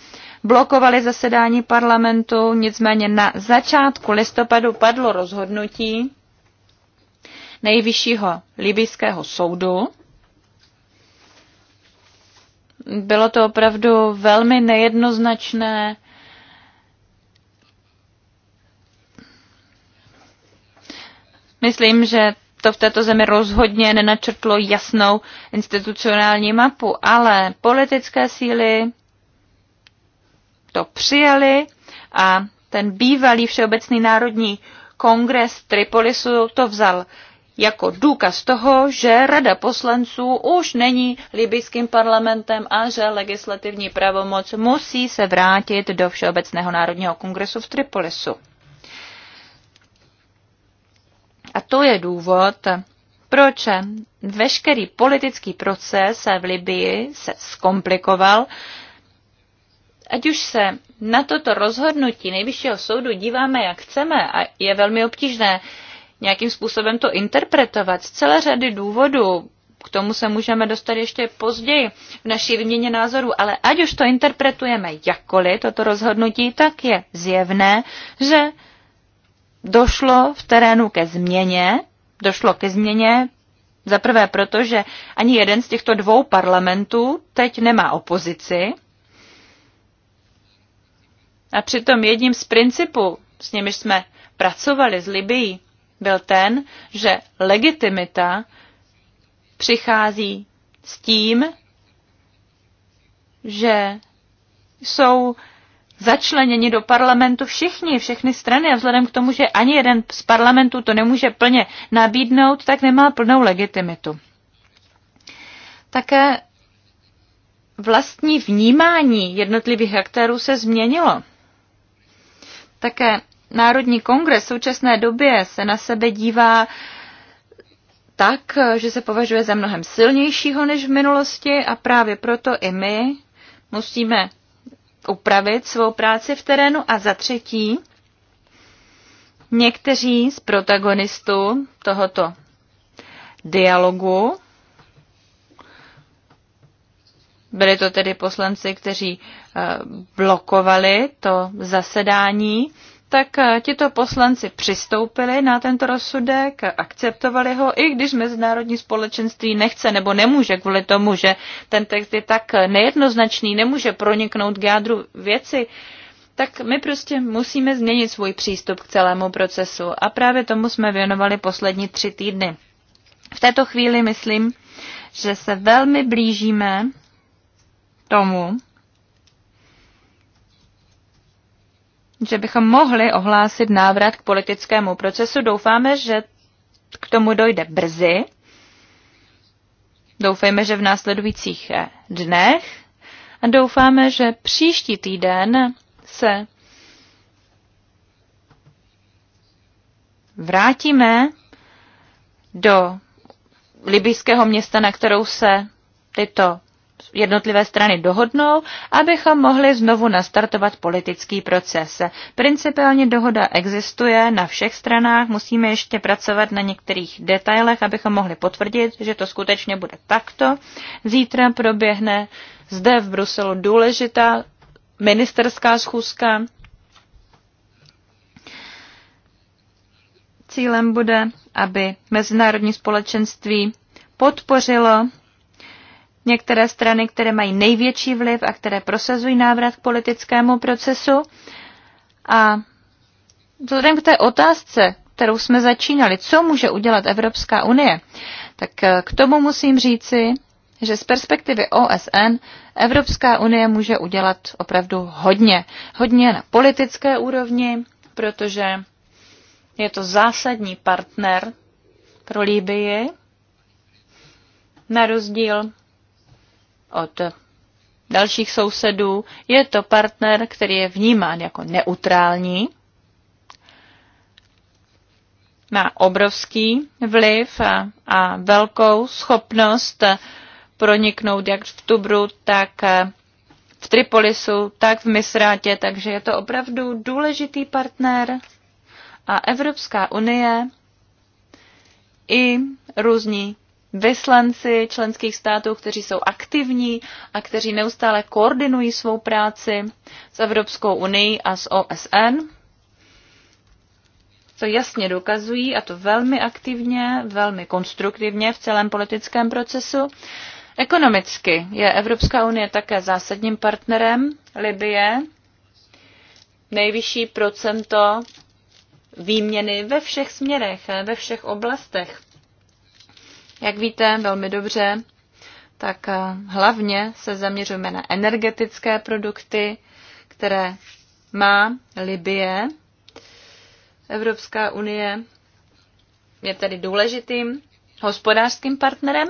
S3: blokovali zasedání parlamentu, nicméně na začátku listopadu padlo rozhodnutí nejvyššího libyského soudu, bylo to opravdu velmi nejednoznačné. Myslím, že to v této zemi rozhodně nenačrtlo jasnou institucionální mapu, ale politické síly to přijali a ten bývalý Všeobecný národní kongres Tripolisu to vzal jako důkaz toho, že Rada poslanců už není libyským parlamentem a že legislativní pravomoc musí se vrátit do Všeobecného národního kongresu v Tripolisu. A to je důvod, proč veškerý politický proces v Libii se zkomplikoval, ať už se na toto rozhodnutí nejvyššího soudu díváme, jak chceme, a je velmi obtížné nějakým způsobem to interpretovat. Z celé řady důvodů, k tomu se můžeme dostat ještě později v naší výměně názorů, ale ať už to interpretujeme jakkoliv, toto rozhodnutí, tak je zjevné, že došlo v terénu ke změně, došlo ke změně za prvé proto, že ani jeden z těchto dvou parlamentů teď nemá opozici. A přitom jedním z principů, s nimiž jsme pracovali z Libií, byl ten, že legitimita přichází s tím, že jsou začleněni do parlamentu všichni, všechny strany a vzhledem k tomu, že ani jeden z parlamentů to nemůže plně nabídnout, tak nemá plnou legitimitu. Také vlastní vnímání jednotlivých aktérů se změnilo. Také Národní kongres v současné době se na sebe dívá tak, že se považuje za mnohem silnějšího než v minulosti a právě proto i my musíme upravit svou práci v terénu. A za třetí, někteří z protagonistů tohoto dialogu, byli to tedy poslanci, kteří eh, blokovali to zasedání, tak eh, tito poslanci přistoupili na tento rozsudek, akceptovali ho, i když mezinárodní společenství nechce nebo nemůže kvůli tomu, že ten text je tak nejednoznačný, nemůže proniknout k jádru věci, tak my prostě musíme změnit svůj přístup k celému procesu a právě tomu jsme věnovali poslední tři týdny. V této chvíli myslím, že se velmi blížíme tomu, že bychom mohli ohlásit návrat k politickému procesu. Doufáme, že k tomu dojde brzy. Doufejme, že v následujících eh, dnech. A doufáme, že příští týden se vrátíme do libyského města, na kterou se tyto jednotlivé strany dohodnou, abychom mohli znovu nastartovat politický proces. Principiálně dohoda existuje na všech stranách, musíme ještě pracovat na některých detailech, abychom mohli potvrdit, že to skutečně bude takto. Zítra proběhne zde v Bruselu důležitá ministerská schůzka. Cílem bude, aby mezinárodní společenství podpořilo některé strany, které mají největší vliv a které prosazují návrat k politickému procesu. A vzhledem k té otázce, kterou jsme začínali, co může udělat Evropská unie, tak eh, k tomu musím říci, že z perspektivy OSN Evropská unie může udělat opravdu hodně. Hodně na politické úrovni, protože je to zásadní partner pro Líbii, na rozdíl od dalších sousedů. Je to partner, který je vnímán jako neutrální, má obrovský vliv a, a velkou schopnost proniknout jak v Tubru, tak eh, v Tripolisu, tak v Misrátě, takže je to opravdu důležitý partner. A Evropská unie i různí vyslanci členských států, kteří jsou aktivní a kteří neustále koordinují svou práci s Evropskou unii a s OSN. To jasně dokazují a to velmi aktivně, velmi konstruktivně v celém politickém procesu. Ekonomicky je Evropská unie také zásadním partnerem Libie. Nejvyšší procento výměny ve všech směrech, ve všech oblastech jak víte velmi dobře, tak eh, hlavně se zaměřujeme na energetické produkty, které má Libie. Evropská unie je tedy důležitým hospodářským partnerem,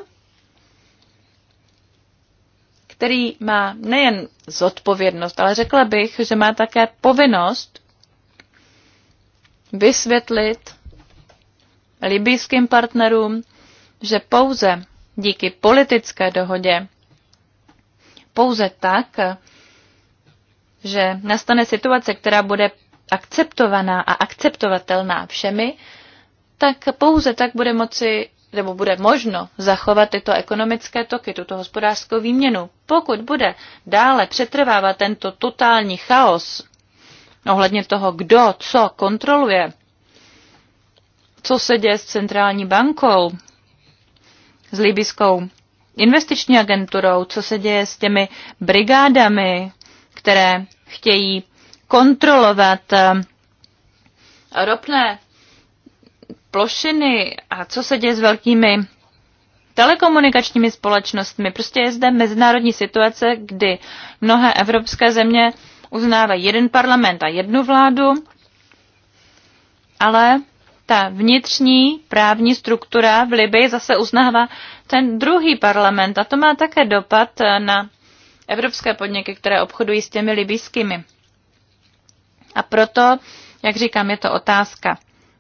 S3: který má nejen zodpovědnost, ale řekla bych, že má také povinnost vysvětlit libijským partnerům, že pouze díky politické dohodě, pouze tak, že nastane situace, která bude akceptovaná a akceptovatelná všemi, tak pouze tak bude moci nebo bude možno zachovat tyto ekonomické toky, tuto hospodářskou výměnu. Pokud bude dále přetrvávat tento totální chaos ohledně toho, kdo co kontroluje, co se děje s centrální bankou, s libyskou investiční agenturou, co se děje s těmi brigádami, které chtějí kontrolovat eh, ropné plošiny a co se děje s velkými telekomunikačními společnostmi. Prostě je zde mezinárodní situace, kdy mnohé evropské země uznávají jeden parlament a jednu vládu, ale ta vnitřní právní struktura v Libii zase uznává ten druhý parlament a to má také dopad eh, na evropské podniky, které obchodují s těmi libijskými. A proto, jak říkám, je to otázka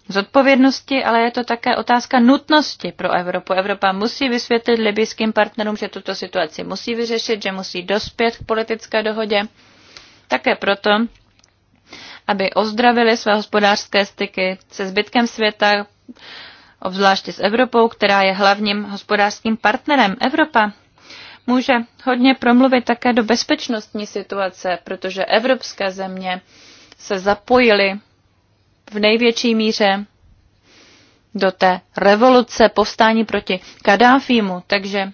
S3: zodpovědnosti, ale je to také otázka nutnosti pro Evropu. Evropa musí vysvětlit libijským partnerům, že tuto situaci musí vyřešit, že musí dospět k politické dohodě. Také proto, aby ozdravili své hospodářské styky se zbytkem světa, obzvláště s Evropou, která je hlavním hospodářským partnerem. Evropa může hodně promluvit také do bezpečnostní situace, protože evropské země se zapojily v největší míře do té revoluce, povstání proti Kadáfímu. Takže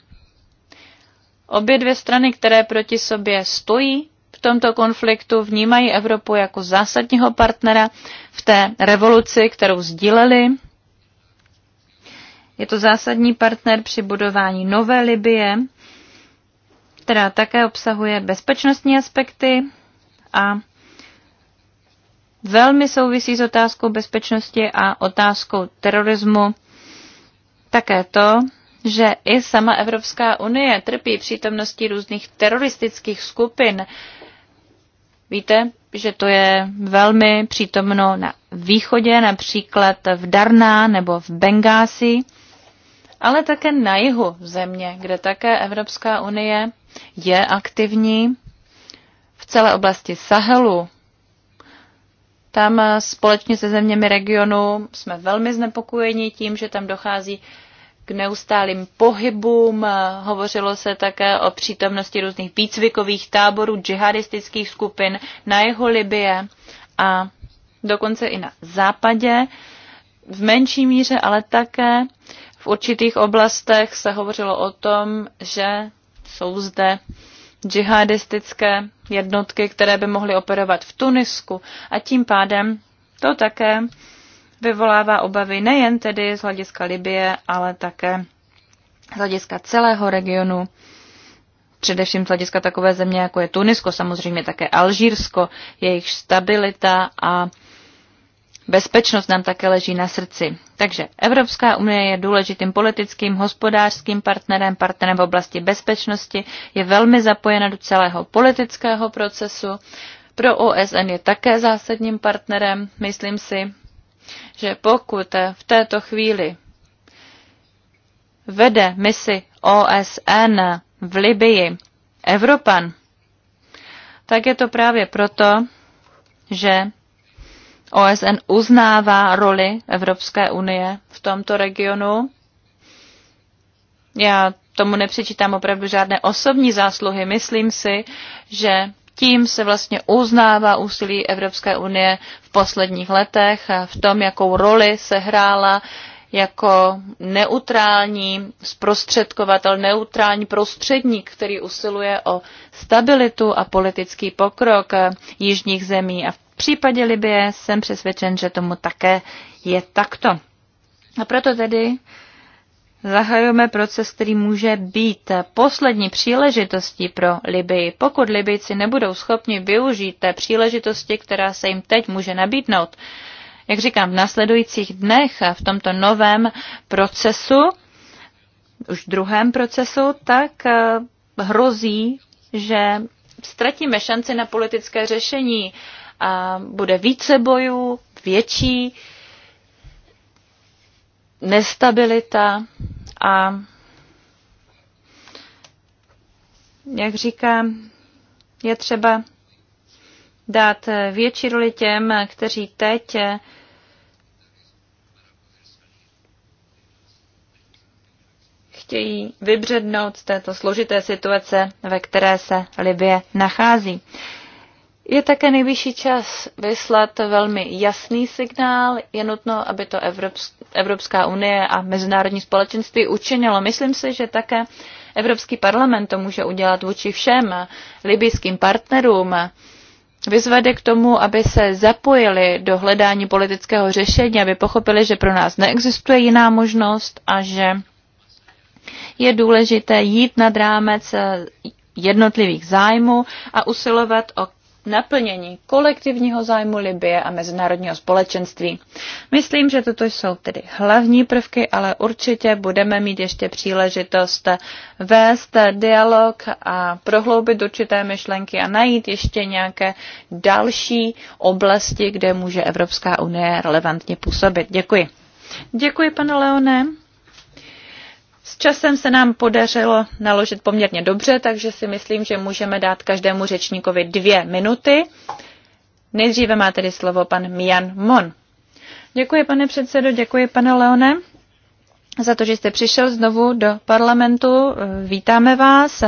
S3: obě dvě strany, které proti sobě stojí, tomto konfliktu, vnímají Evropu jako zásadního partnera v té revoluci, kterou sdíleli. Je to zásadní partner při budování nové Libie, která také obsahuje bezpečnostní aspekty a velmi souvisí s otázkou bezpečnosti a otázkou terorismu. Také to, že i sama Evropská unie trpí přítomností různých teroristických skupin, Víte, že to je velmi přítomno na východě, například v Darná nebo v Bengási, ale také na jihu země, kde také Evropská unie je aktivní v celé oblasti Sahelu. Tam společně se zeměmi regionu jsme velmi znepokojeni tím, že tam dochází k neustálým pohybům. Hovořilo se také o přítomnosti různých výcvikových táborů, džihadistických skupin na jeho Libie a dokonce i na západě. V menší míře, ale také v určitých oblastech se hovořilo o tom, že jsou zde džihadistické jednotky, které by mohly operovat v Tunisku a tím pádem to také vyvolává obavy nejen tedy z hlediska Libie, ale také z hlediska celého regionu, především z hlediska takové země, jako je Tunisko, samozřejmě také Alžírsko, jejich stabilita a Bezpečnost nám také leží na srdci. Takže Evropská unie je důležitým politickým, hospodářským partnerem, partnerem v oblasti bezpečnosti, je velmi zapojena do celého politického procesu. Pro OSN je také zásadním partnerem, myslím si, že pokud v této chvíli vede misi OSN v Libii Evropan, tak je to právě proto, že OSN uznává roli Evropské unie v tomto regionu. Já tomu nepřičítám opravdu žádné osobní zásluhy. Myslím si, že tím se vlastně uznává úsilí Evropské unie v posledních letech v tom, jakou roli se hrála jako neutrální zprostředkovatel, neutrální prostředník, který usiluje o stabilitu a politický pokrok jižních zemí. A v případě Libie jsem přesvědčen, že tomu také je takto. A proto tedy zahajujeme proces, který může být poslední příležitostí pro Libii. Pokud Libijci nebudou schopni využít té příležitosti, která se jim teď může nabídnout, jak říkám, v následujících dnech a v tomto novém procesu, už druhém procesu, tak eh, hrozí, že ztratíme šanci na politické řešení a bude více bojů, větší nestabilita a jak říkám, je třeba dát větší roli těm, kteří teď chtějí vybřednout z této složité situace, ve které se Libie nachází. Je také nejvyšší čas vyslat velmi jasný signál. Je nutno, aby to Evropsk- Evropská unie a mezinárodní společenství učinilo. Myslím si, že také Evropský parlament to může udělat vůči všem libijským partnerům. Vyzvede k tomu, aby se zapojili do hledání politického řešení, aby pochopili, že pro nás neexistuje jiná možnost a že je důležité jít nad rámec jednotlivých zájmů a usilovat o naplnění kolektivního zájmu Libie a mezinárodního společenství. Myslím, že toto jsou tedy hlavní prvky, ale určitě budeme mít ještě příležitost vést dialog a prohloubit určité myšlenky a najít ještě nějaké další oblasti, kde může Evropská unie relevantně působit. Děkuji. Děkuji, pane Leone. S časem se nám podařilo naložit poměrně dobře, takže si myslím, že můžeme dát každému řečníkovi dvě minuty. Nejdříve má tedy slovo pan Mian Mon. Děkuji, pane předsedo, děkuji, pane Leone, za to, že jste přišel znovu do parlamentu. Vítáme vás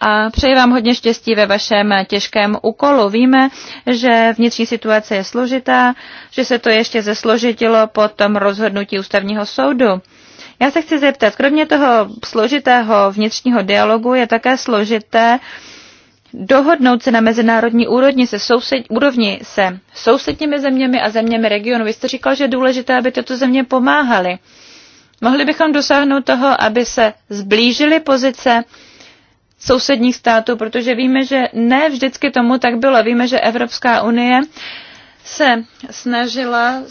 S3: a přeji vám hodně štěstí ve vašem těžkém úkolu. Víme, že vnitřní situace je složitá, že se to ještě zesložitilo po tom rozhodnutí ústavního soudu. Já se chci zeptat, kromě toho složitého vnitřního dialogu je také složité dohodnout se na mezinárodní úrovni se, soused, úrovni se sousedními zeměmi a zeměmi regionu. Vy jste říkal, že je důležité, aby tyto země pomáhaly. Mohli bychom dosáhnout toho, aby se zblížily pozice sousedních států, protože víme, že ne vždycky tomu tak bylo. Víme, že Evropská unie se snažila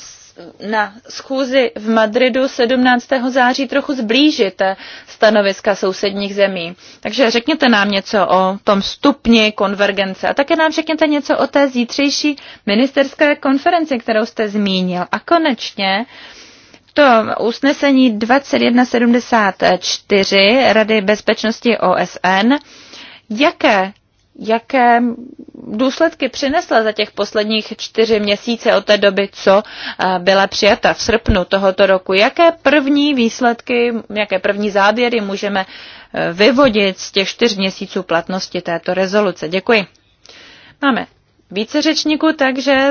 S3: na schůzi v Madridu 17. září trochu zblížit stanoviska sousedních zemí. Takže řekněte nám něco o tom stupni konvergence a také nám řekněte něco o té zítřejší ministerské konferenci, kterou jste zmínil. A konečně uh, to usnesení 2174 Rady bezpečnosti OSN, jaké jaké důsledky přinesla za těch posledních čtyři měsíce od té doby, co eh, byla přijata v srpnu tohoto roku. Jaké první výsledky, jaké první záběry můžeme eh, vyvodit z těch čtyř měsíců platnosti této rezoluce? Děkuji. Máme více řečníků, takže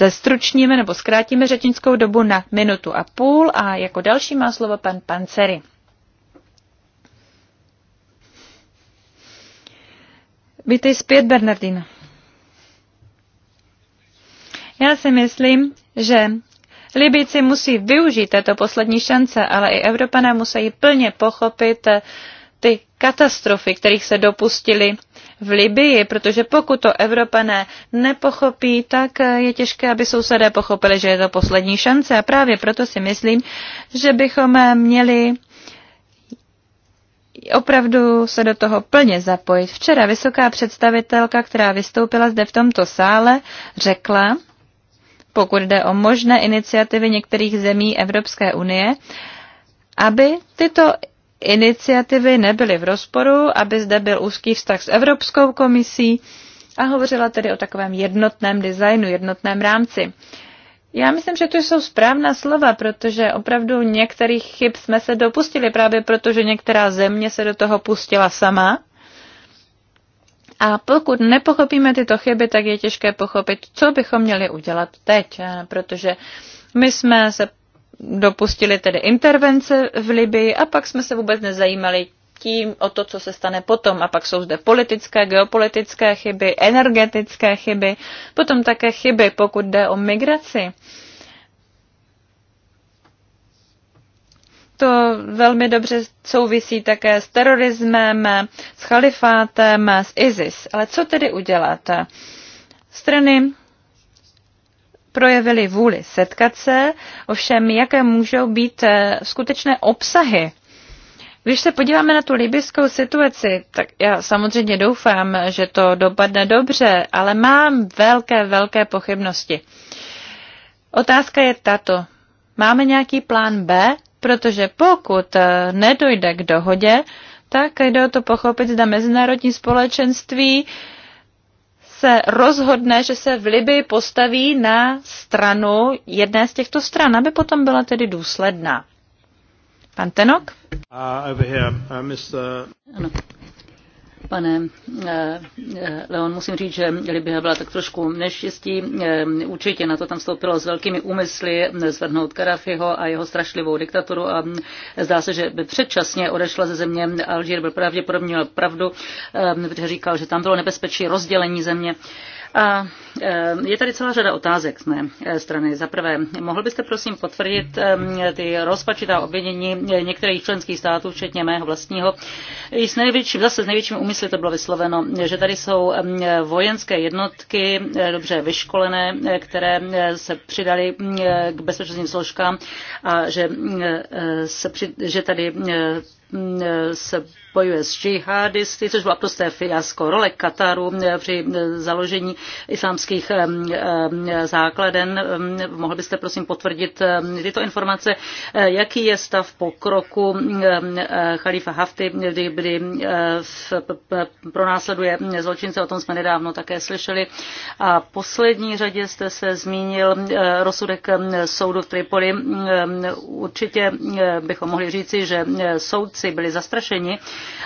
S3: zestručníme nebo zkrátíme řečnickou dobu na minutu a půl a jako další má slovo pan Pancery. Vítej zpět, Bernardino. Já si myslím, že Libíci musí využít této poslední šance, ale i Evropané musí plně pochopit ty katastrofy, kterých se dopustili v Libii, protože pokud to Evropané nepochopí, tak je těžké, aby sousedé pochopili, že je to poslední šance. A právě proto si myslím, že bychom měli opravdu se do toho plně zapojit. Včera vysoká představitelka, která vystoupila zde v tomto sále, řekla, pokud jde o možné iniciativy některých zemí Evropské unie, aby tyto iniciativy nebyly v rozporu, aby zde byl úzký vztah s Evropskou komisí a hovořila tedy o takovém jednotném designu, jednotném rámci. Já myslím, že to jsou správná slova, protože opravdu některých chyb jsme se dopustili právě proto, že některá země se do toho pustila sama. A pokud nepochopíme tyto chyby, tak je těžké pochopit, co bychom měli udělat teď, protože my jsme se dopustili tedy intervence v Libii a pak jsme se vůbec nezajímali tím o to, co se stane potom. A pak jsou zde politické, geopolitické chyby, energetické chyby, potom také chyby, pokud jde o migraci. To velmi dobře souvisí také s terorismem, s chalifátem, s ISIS. Ale co tedy udělat? Strany projevili vůli setkat se, ovšem jaké můžou být eh, skutečné obsahy. Když se podíváme na tu libyskou situaci, tak já samozřejmě doufám, že to dopadne dobře, ale mám velké, velké pochybnosti. Otázka je tato. Máme nějaký plán B? Protože pokud eh, nedojde k dohodě, tak jde o to pochopit, zda mezinárodní společenství uh, se rozhodne, že se v Libii postaví na stranu jedné z těchto stran, aby potom byla tedy důsledná. Pan Tenok? Uh, over here, uh, Mr... Ano. Pane
S2: eh, Leon, musím říct, že Libia byla tak trošku neštěstí. Eh, určitě na to tam stoupilo s velkými úmysly eh, zvrhnout Karafiho a jeho strašlivou diktaturu a zdá se, že by předčasně odešla ze země. Alžír byl pravděpodobně měl pravdu, protože říkal, že tam bylo nebezpečí rozdělení země. A eh, je tady celá řada otázek z mé eh, strany. Za prvé, mohl byste prosím potvrdit eh, ty rozpačitá obvinění některých členských států, včetně mého vlastního. I s největším, zase s největším úmysly to bylo vysloveno, že tady jsou vojenské jednotky, dobře vyškolené, které se přidali k bezpečnostním složkám a že, se při, že tady se bojuje s džihadisty, což bylo prosté fiasko. Role Kataru eh, při eh, založení islámských eh, základen. Mohl byste prosím potvrdit tyto informace? Jaký je stav pokroku Khalifa Hafty, kdy, kdy pronásleduje zločince? O tom jsme nedávno také slyšeli. A poslední řadě jste se zmínil rozsudek soudu v Tripoli. Určitě bychom mohli říci, že soudci byli zastrašeni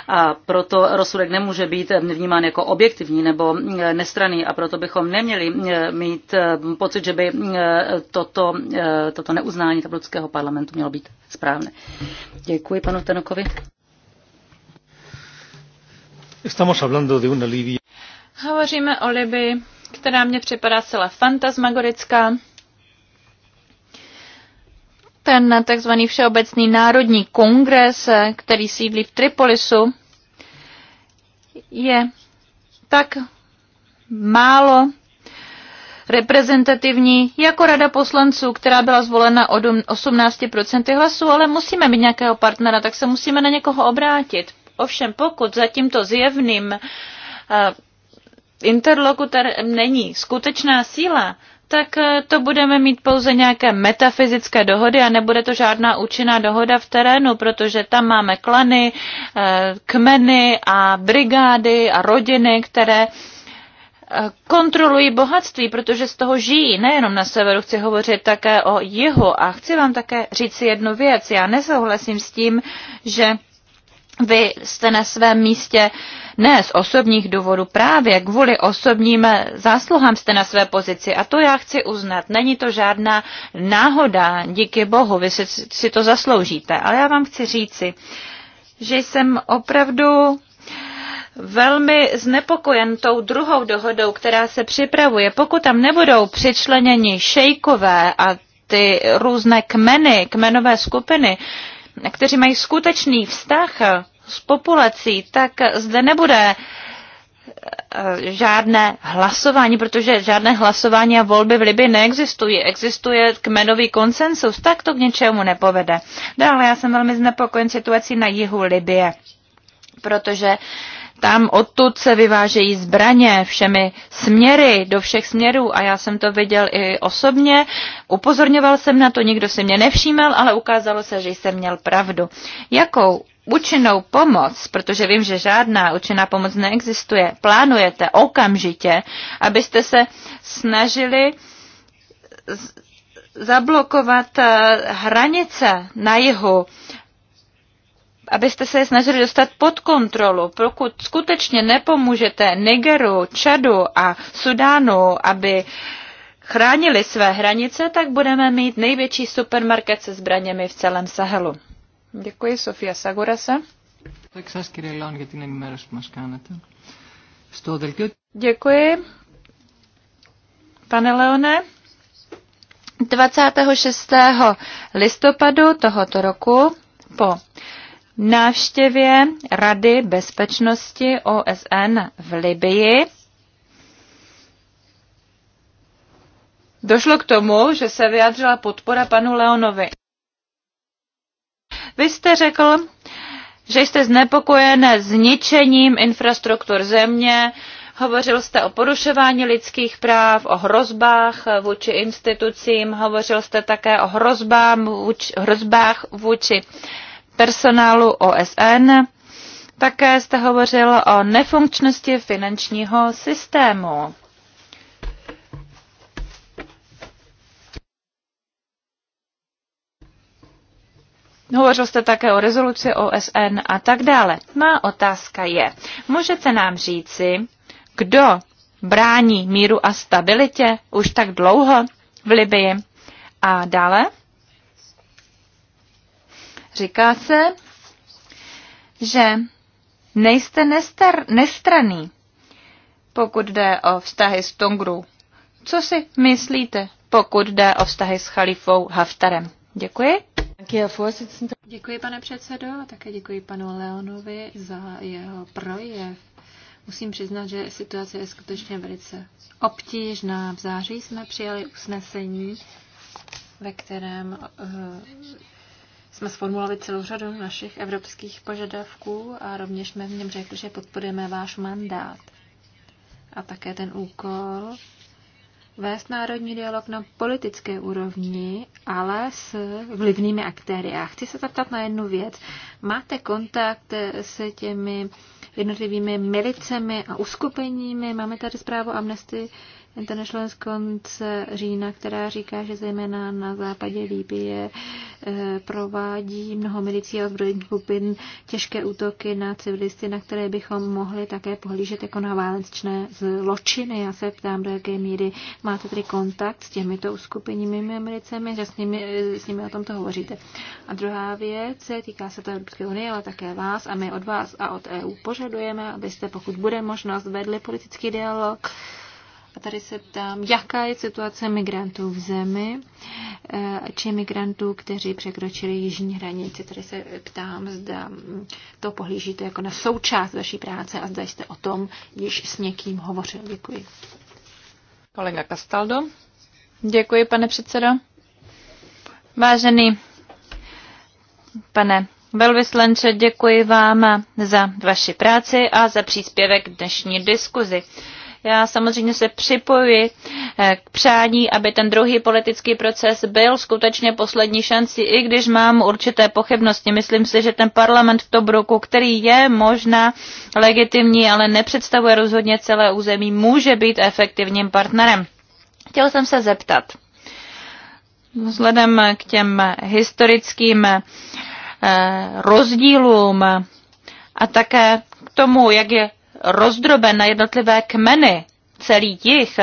S2: a proto rozsudek nemůže být vnímán jako objektivní nebo eh, nestraný a proto bychom neměli eh, mít eh, pocit, že by toto, toto neuznání Evropského parlamentu mělo být správné. Děkuji panu Tenokovi.
S3: Hovoříme o Libii, která mě připadá celá fantasmagorická ten tzv. Všeobecný národní kongres, který sídlí v Tripolisu, je tak málo reprezentativní jako rada poslanců, která byla zvolena o 18% um- hlasů, ale musíme mít nějakého partnera, tak se musíme na někoho obrátit. Ovšem pokud za tímto zjevným eh, interlokutorem není skutečná síla, tak eh, to budeme mít pouze nějaké metafyzické dohody a nebude to žádná účinná dohoda v terénu, protože tam máme klany, eh, kmeny a brigády a rodiny, které eh, kontrolují bohatství, protože z toho žijí. Nejenom na severu chci hovořit také o jihu. A chci vám také říct si jednu věc. Já nesouhlasím s tím, že vy jste na svém místě ne z osobních důvodů, právě kvůli osobním zásluhám jste na své pozici. A to já chci uznat. Není to žádná náhoda, díky bohu, vy si, si to zasloužíte. Ale já vám chci říci, že jsem opravdu velmi znepokojen tou druhou dohodou, která se připravuje. Pokud tam nebudou přičleněni šejkové a ty různé kmeny, kmenové skupiny, kteří mají skutečný vztah s populací, tak zde nebude eh, žádné hlasování, protože žádné hlasování a volby v Libii neexistují. Existuje kmenový konsensus, tak to k něčemu nepovede. Dále já jsem velmi znepokojen situací na jihu Libie, protože tam odtud se vyvážejí zbraně všemi směry, do všech směrů a já jsem to viděl i osobně. Upozorňoval jsem na to, nikdo si mě nevšímal, ale ukázalo se, že jsem měl pravdu. Jakou účinnou pomoc, protože vím, že žádná účinná pomoc neexistuje, plánujete okamžitě, abyste se snažili zablokovat eh, hranice na jihu abyste se je snažili dostat pod kontrolu. Pokud skutečně nepomůžete Nigeru, Čadu a Sudánu, aby chránili své hranice, tak budeme mít největší supermarket se zbraněmi v celém Sahelu. Děkuji, Sofia Sagurasa. Tak σας Děkuji. Pane Leone, 26. listopadu tohoto roku po návštěvě Rady bezpečnosti OSN v Libii. Došlo k tomu, že se vyjádřila podpora panu Leonovi. Vy jste řekl, že jste znepokojen zničením infrastruktur země, hovořil jste o porušování lidských práv, o hrozbách vůči institucím, hovořil jste také o hrozbách vůči, hrozbách vůči personálu OSN. Také jste hovořil o nefunkčnosti finančního systému. Hovořil jste také o rezoluci OSN a tak dále. Má otázka je, můžete nám říci, kdo brání míru a stabilitě už tak dlouho v Libii? A dále? Říká se, že nejste nestar, nestraný, pokud jde o vztahy s Tongru. Co si myslíte, pokud jde o vztahy s chalifou Haftarem? Děkuji.
S1: Děkuji, pane předsedo, a také děkuji panu Leonovi za jeho projev. Musím přiznat, že situace je skutečně velice obtížná. V září jsme přijali usnesení, ve kterém eh, jsme sformulovali celou řadu našich evropských požadavků a rovněž jsme v něm řekli, že podporujeme váš mandát a také ten úkol vést národní dialog na politické úrovni, ale s vlivnými aktéry. A chci se zeptat na jednu věc. Máte kontakt s těmi jednotlivými milicemi a uskupeními? Máme tady zprávu Amnesty International z konce října, která říká, že zejména na západě Líbie eh, provádí mnoho milicí a ozbrojených skupin těžké útoky na civilisty, na které bychom mohli také pohlížet jako na válečné zločiny. Já se ptám, do jaké míry máte tedy kontakt s těmito uskupeními milicemi, že s nimi, eh, s nimi o tomto hovoříte. A druhá věc, týká se to Evropské unie, ale také vás a my od vás a od EU požadujeme, abyste, pokud bude možnost, vedli politický dialog a tady se ptám, jaká je situace migrantů v zemi, eh, či migrantů, kteří překročili jižní hranici. Tady se ptám, zda to pohlížíte jako na součást vaší práce a zda jste o tom již
S3: s někým hovořil. Děkuji. Kolega Castaldo. Děkuji, pane předsedo. Vážený pane velvyslanče, děkuji vám za vaši práci a za příspěvek dnešní diskuzi. Já samozřejmě se připojuji eh, k přání, aby ten druhý politický proces byl skutečně poslední šanci, i když mám určité pochybnosti. Myslím si, že ten parlament v Tobruku, který je možná legitimní, ale nepředstavuje rozhodně celé území, může být efektivním partnerem. Chtěl jsem se zeptat, vzhledem k těm historickým eh, rozdílům a také k tomu, jak je rozdroben na jednotlivé kmeny, celý jich,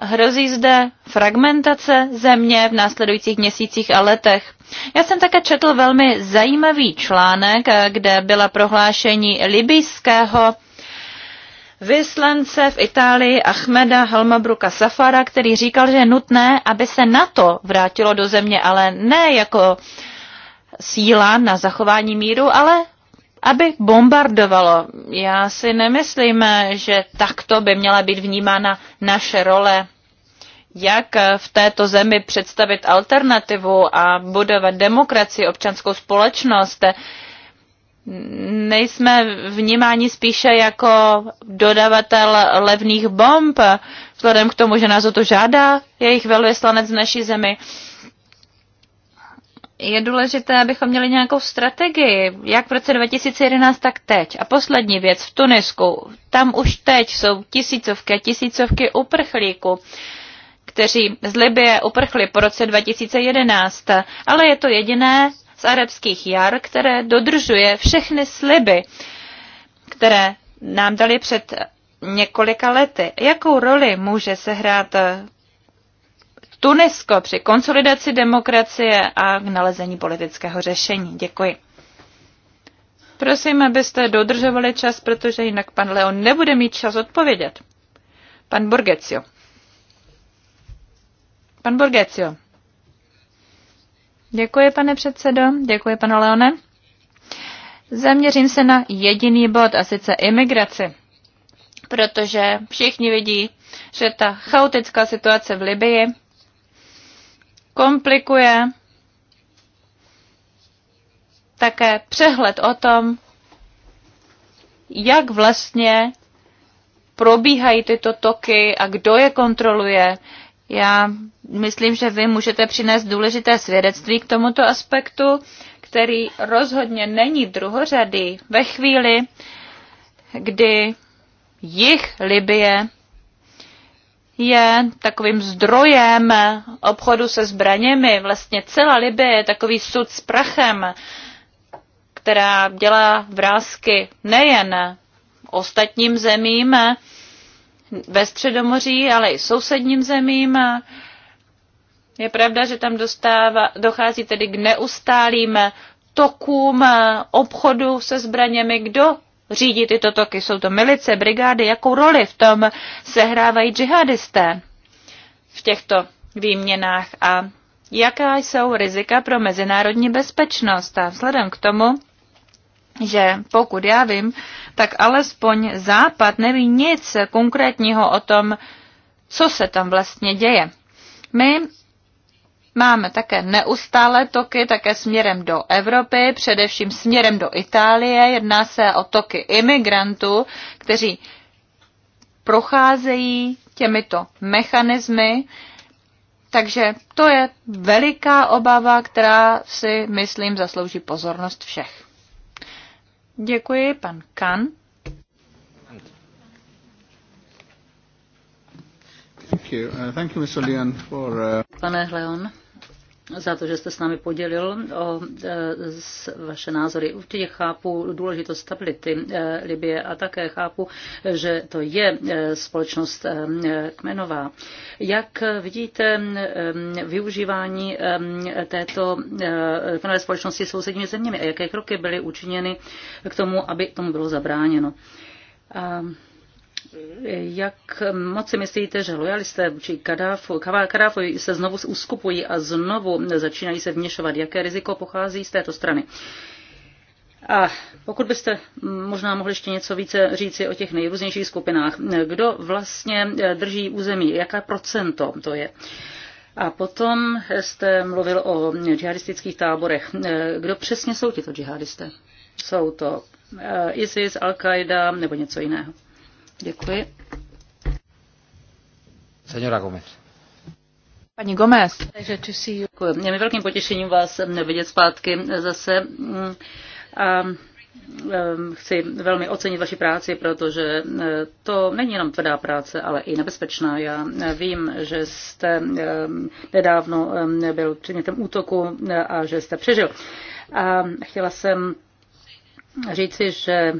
S3: Hrozí zde fragmentace země v následujících měsících a letech. Já jsem také četl velmi zajímavý článek, kde byla prohlášení libijského vyslance v Itálii Ahmeda Halmabruka Safara, který říkal, že je nutné, aby se NATO vrátilo do země, ale ne jako síla na zachování míru, ale aby bombardovalo. Já si nemyslím, že takto by měla být vnímána naše role, jak v této zemi představit alternativu a budovat demokracii, občanskou společnost. Nejsme vnímáni spíše jako dodavatel levných bomb, vzhledem k tomu, že nás o to žádá jejich velvyslanec z naší zemi je důležité, abychom měli nějakou strategii, jak v roce 2011, tak teď. A poslední věc, v Tunisku, tam už teď jsou tisícovky a tisícovky uprchlíků, kteří z Libie uprchli po roce 2011, ale je to jediné z arabských jar, které dodržuje všechny sliby, které nám dali před několika lety. Jakou roli může sehrát Tunisko při konsolidaci demokracie a k nalezení politického řešení. Děkuji. Prosím, abyste dodržovali čas, protože jinak pan Leon nebude mít čas odpovědět. Pan Borgecio. Pan Borgecio. Děkuji, pane předsedo. Děkuji, pane Leone. Zaměřím se na jediný bod, a sice imigraci. Protože všichni vidí, že ta chaotická situace v Libii komplikuje také přehled o tom, jak vlastně probíhají tyto toky a kdo je kontroluje. Já myslím, že vy můžete přinést důležité svědectví k tomuto aspektu, který rozhodně není druhořady ve chvíli, kdy jich Libie je takovým zdrojem obchodu se zbraněmi. Vlastně celá Libie je takový sud s prachem, která dělá vrázky nejen ostatním zemím ve Středomoří, ale i sousedním zemím. Je pravda, že tam dostává, dochází tedy k neustálým tokům obchodu se zbraněmi. Kdo řídí tyto toky? Jsou to milice, brigády? Jakou roli v tom sehrávají džihadisté v těchto výměnách? A jaká jsou rizika pro mezinárodní bezpečnost? A vzhledem k tomu, že pokud já vím, tak alespoň Západ neví nic konkrétního o tom, co se tam vlastně děje. My Máme také neustále toky, také směrem do Evropy, především směrem do Itálie. Jedná se o toky imigrantů, kteří procházejí těmito mechanismy. Takže to je veliká obava, která si, myslím, zaslouží pozornost všech. Děkuji, pan Kan.
S1: Thank you. Uh, thank you, Mr. Leon, for, uh...
S2: Pane Leon, za to, že jste s námi podělil o e, s vaše názory. Určitě chápu důležitost stability e, Libie a také chápu, že to je e, společnost kmenová. Jak vidíte využívání této kmenové společnosti sousedními zeměmi a jaké kroky byly učiněny k tomu, aby tomu bylo zabráněno? jak moc si myslíte, že lojalisté vůči Kadáfu, Kadáfu se znovu uskupují a znovu začínají se vněšovat? Jaké riziko pochází z této strany? A pokud byste možná mohli ještě něco více říci o těch nejrůznějších skupinách, kdo vlastně drží území, jaké procento to je? A potom jste mluvil o džihadistických táborech. Kdo přesně jsou tito džihadisté? Jsou to eh, ISIS, Al-Qaida nebo něco jiného? Děkuji. Senora Gomez. Paní Gomez. Děkuji. Je mi velkým potěšením vás vidět zpátky zase. A chci velmi ocenit vaši práci, protože to není jenom tvrdá práce, ale i nebezpečná. Já vím, že jste nedávno byl předmětem útoku a že jste přežil. A chtěla jsem říci, že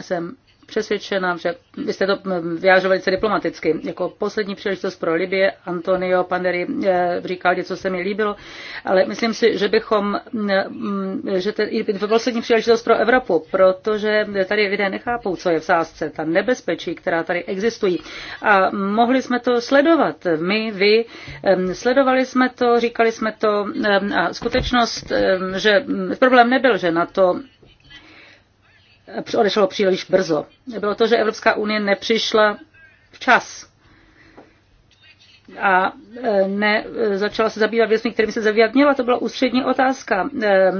S2: jsem přesvědčena, že vy jste to vyjádřil velice diplomaticky. Jako poslední příležitost pro Libie Antonio Paneri eh, říkal něco, se mi líbilo, ale myslím si, že bychom, že to je poslední příležitost pro Evropu, protože tady lidé nechápou, co je v sázce, ta nebezpečí, která tady existují. A mohli jsme to sledovat, my, vy, sledovali jsme to, říkali jsme to a skutečnost, že problém nebyl, že na to odešlo příliš brzo. Bylo to, že Evropská unie nepřišla včas a e, ne, e, začala se zabývat věcmi, kterými se zabývat měla. To byla ústřední otázka, e,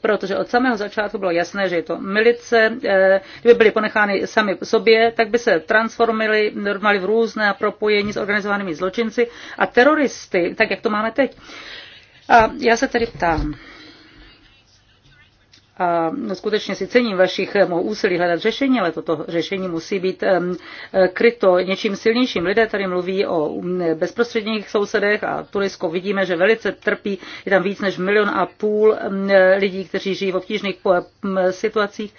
S2: protože od samého začátku bylo jasné, že je to milice. Kdyby byly ponechány sami sobě, tak by se transformily, normali v různé propojení s organizovanými zločinci a teroristy, tak jak to máme teď. A já se tedy ptám, a skutečně si cením vašich eh, úsilí hledat řešení, ale toto řešení musí být eh, kryto něčím silnějším. Lidé tady mluví o mm, bezprostředních sousedech a Tulisko vidíme, že velice trpí. Je tam víc než milion a půl lidí, kteří žijí v obtížných situacích.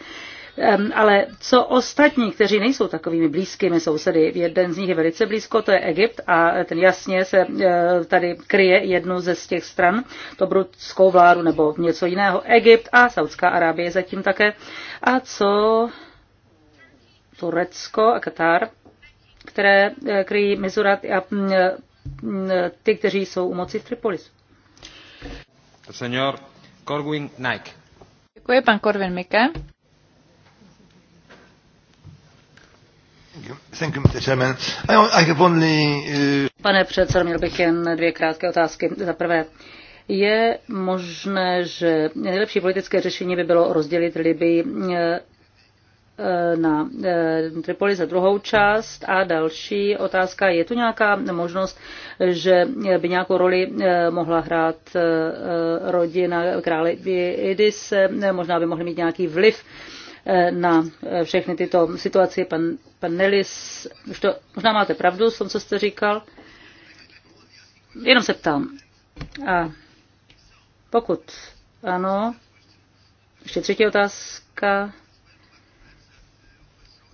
S2: Ale co ostatní, kteří nejsou takovými blízkými sousedy, jeden z nich je velice blízko, to je Egypt a ten jasně se eh, tady kryje jednu ze z těch stran, to brudskou vládu nebo něco jiného, Egypt a Saudská Arábie zatím také. A co Turecko a Katar, které eh, kryjí Mizurat a mm, eh, mm, ty, kteří jsou u moci v Tripolisu.
S1: Senior Corwin Nike.
S3: Děkuji, pan Corwin Mike. Uh, Pane předsedo, měl bych
S2: jen dvě krátké otázky. Za prvé, je možné, že nejlepší politické řešení by bylo rozdělit Libii eh, eh, na eh, Tripoli za druhou část. A další otázka, je tu nějaká možnost, že by nějakou roli mohla hrát rodina krále Idis, možná by mohly mít nějaký vliv Eh, na eh, všechny tyto situaci. Pan, pan Nelis, už to, možná máte pravdu s tom, co jste říkal. Jenom se ptám. A pokud ano, ještě třetí otázka.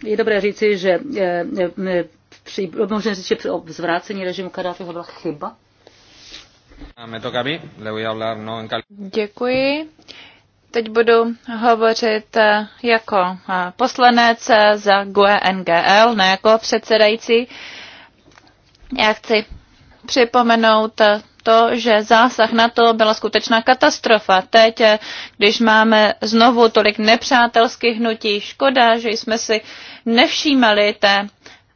S2: Je dobré říci, že eh, možná říct, že o zvrácení režimu Kadáfiho byla chyba?
S1: No,
S3: Děkuji. Teď budu hovořit eh, jako eh, poslanec eh, za GUE NGL, ne jako předsedající. Já chci připomenout to, že zásah na to byla skutečná katastrofa. Teď, když máme znovu tolik nepřátelských hnutí, škoda, že jsme si nevšímali té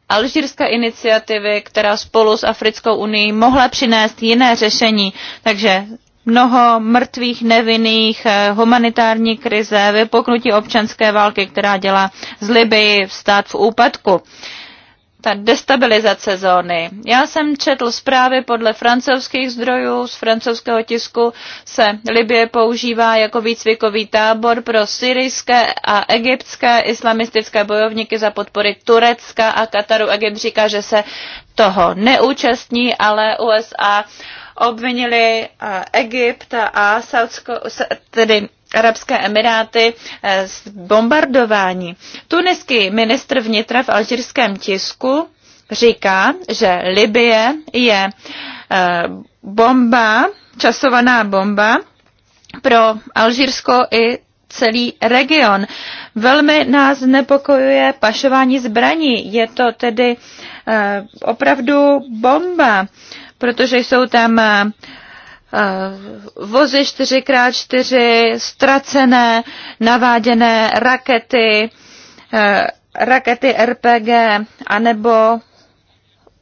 S3: alžírské iniciativy, která spolu s Africkou unii mohla přinést jiné řešení. Takže mnoho mrtvých nevinných, eh, humanitární krize, vypoknutí občanské války, která dělá z Libii stát v úpadku. Ta destabilizace zóny. Já jsem četl zprávy podle francouzských zdrojů, z francouzského tisku se Libie používá jako výcvikový tábor pro syrijské a egyptské islamistické bojovníky za podpory Turecka a Kataru. Egypt říká, že se toho neúčastní, ale USA uh, obvinili eh, Egypt a Saudsko, tedy Arabské Emiráty eh, z bombardování. Tuniský ministr vnitra v alžírském tisku říká, že Libie je eh, bomba, časovaná bomba pro Alžírsko i celý region. Velmi nás znepokojuje pašování zbraní. Je to tedy opravdu bomba protože jsou tam eh, eh, vozy 4x4, ztracené, naváděné rakety, eh, rakety RPG, anebo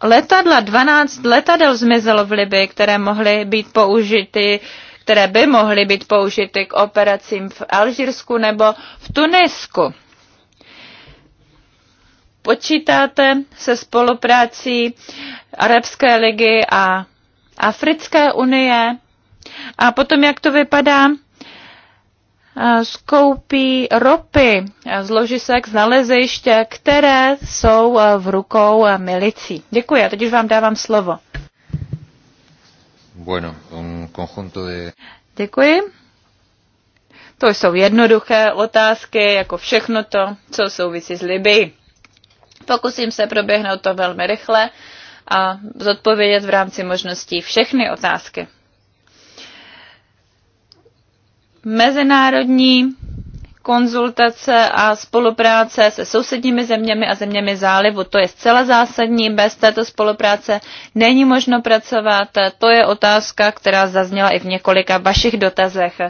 S3: letadla, 12 letadel zmizelo v Libii, které mohly být použity které by mohly být použity k operacím v Alžírsku nebo v Tunisku. Počítáte se spoluprácí Arabské ligy a Africké unie? A potom, jak to vypadá eh, skoupí ropy eh, z ložisek, z nalezejště, které jsou eh, v rukou milicí? Děkuji a teď už vám dávám slovo.
S2: Bueno, un conjunto de...
S3: Děkuji. To jsou jednoduché otázky, jako všechno to, co souvisí s Liby. Pokusím se proběhnout to velmi rychle a zodpovědět v rámci možností všechny otázky. Mezinárodní konzultace a spolupráce se sousedními zeměmi a zeměmi zálivu. To je zcela zásadní. Bez této spolupráce není možno pracovat. To je otázka, která zazněla i v několika vašich dotazech.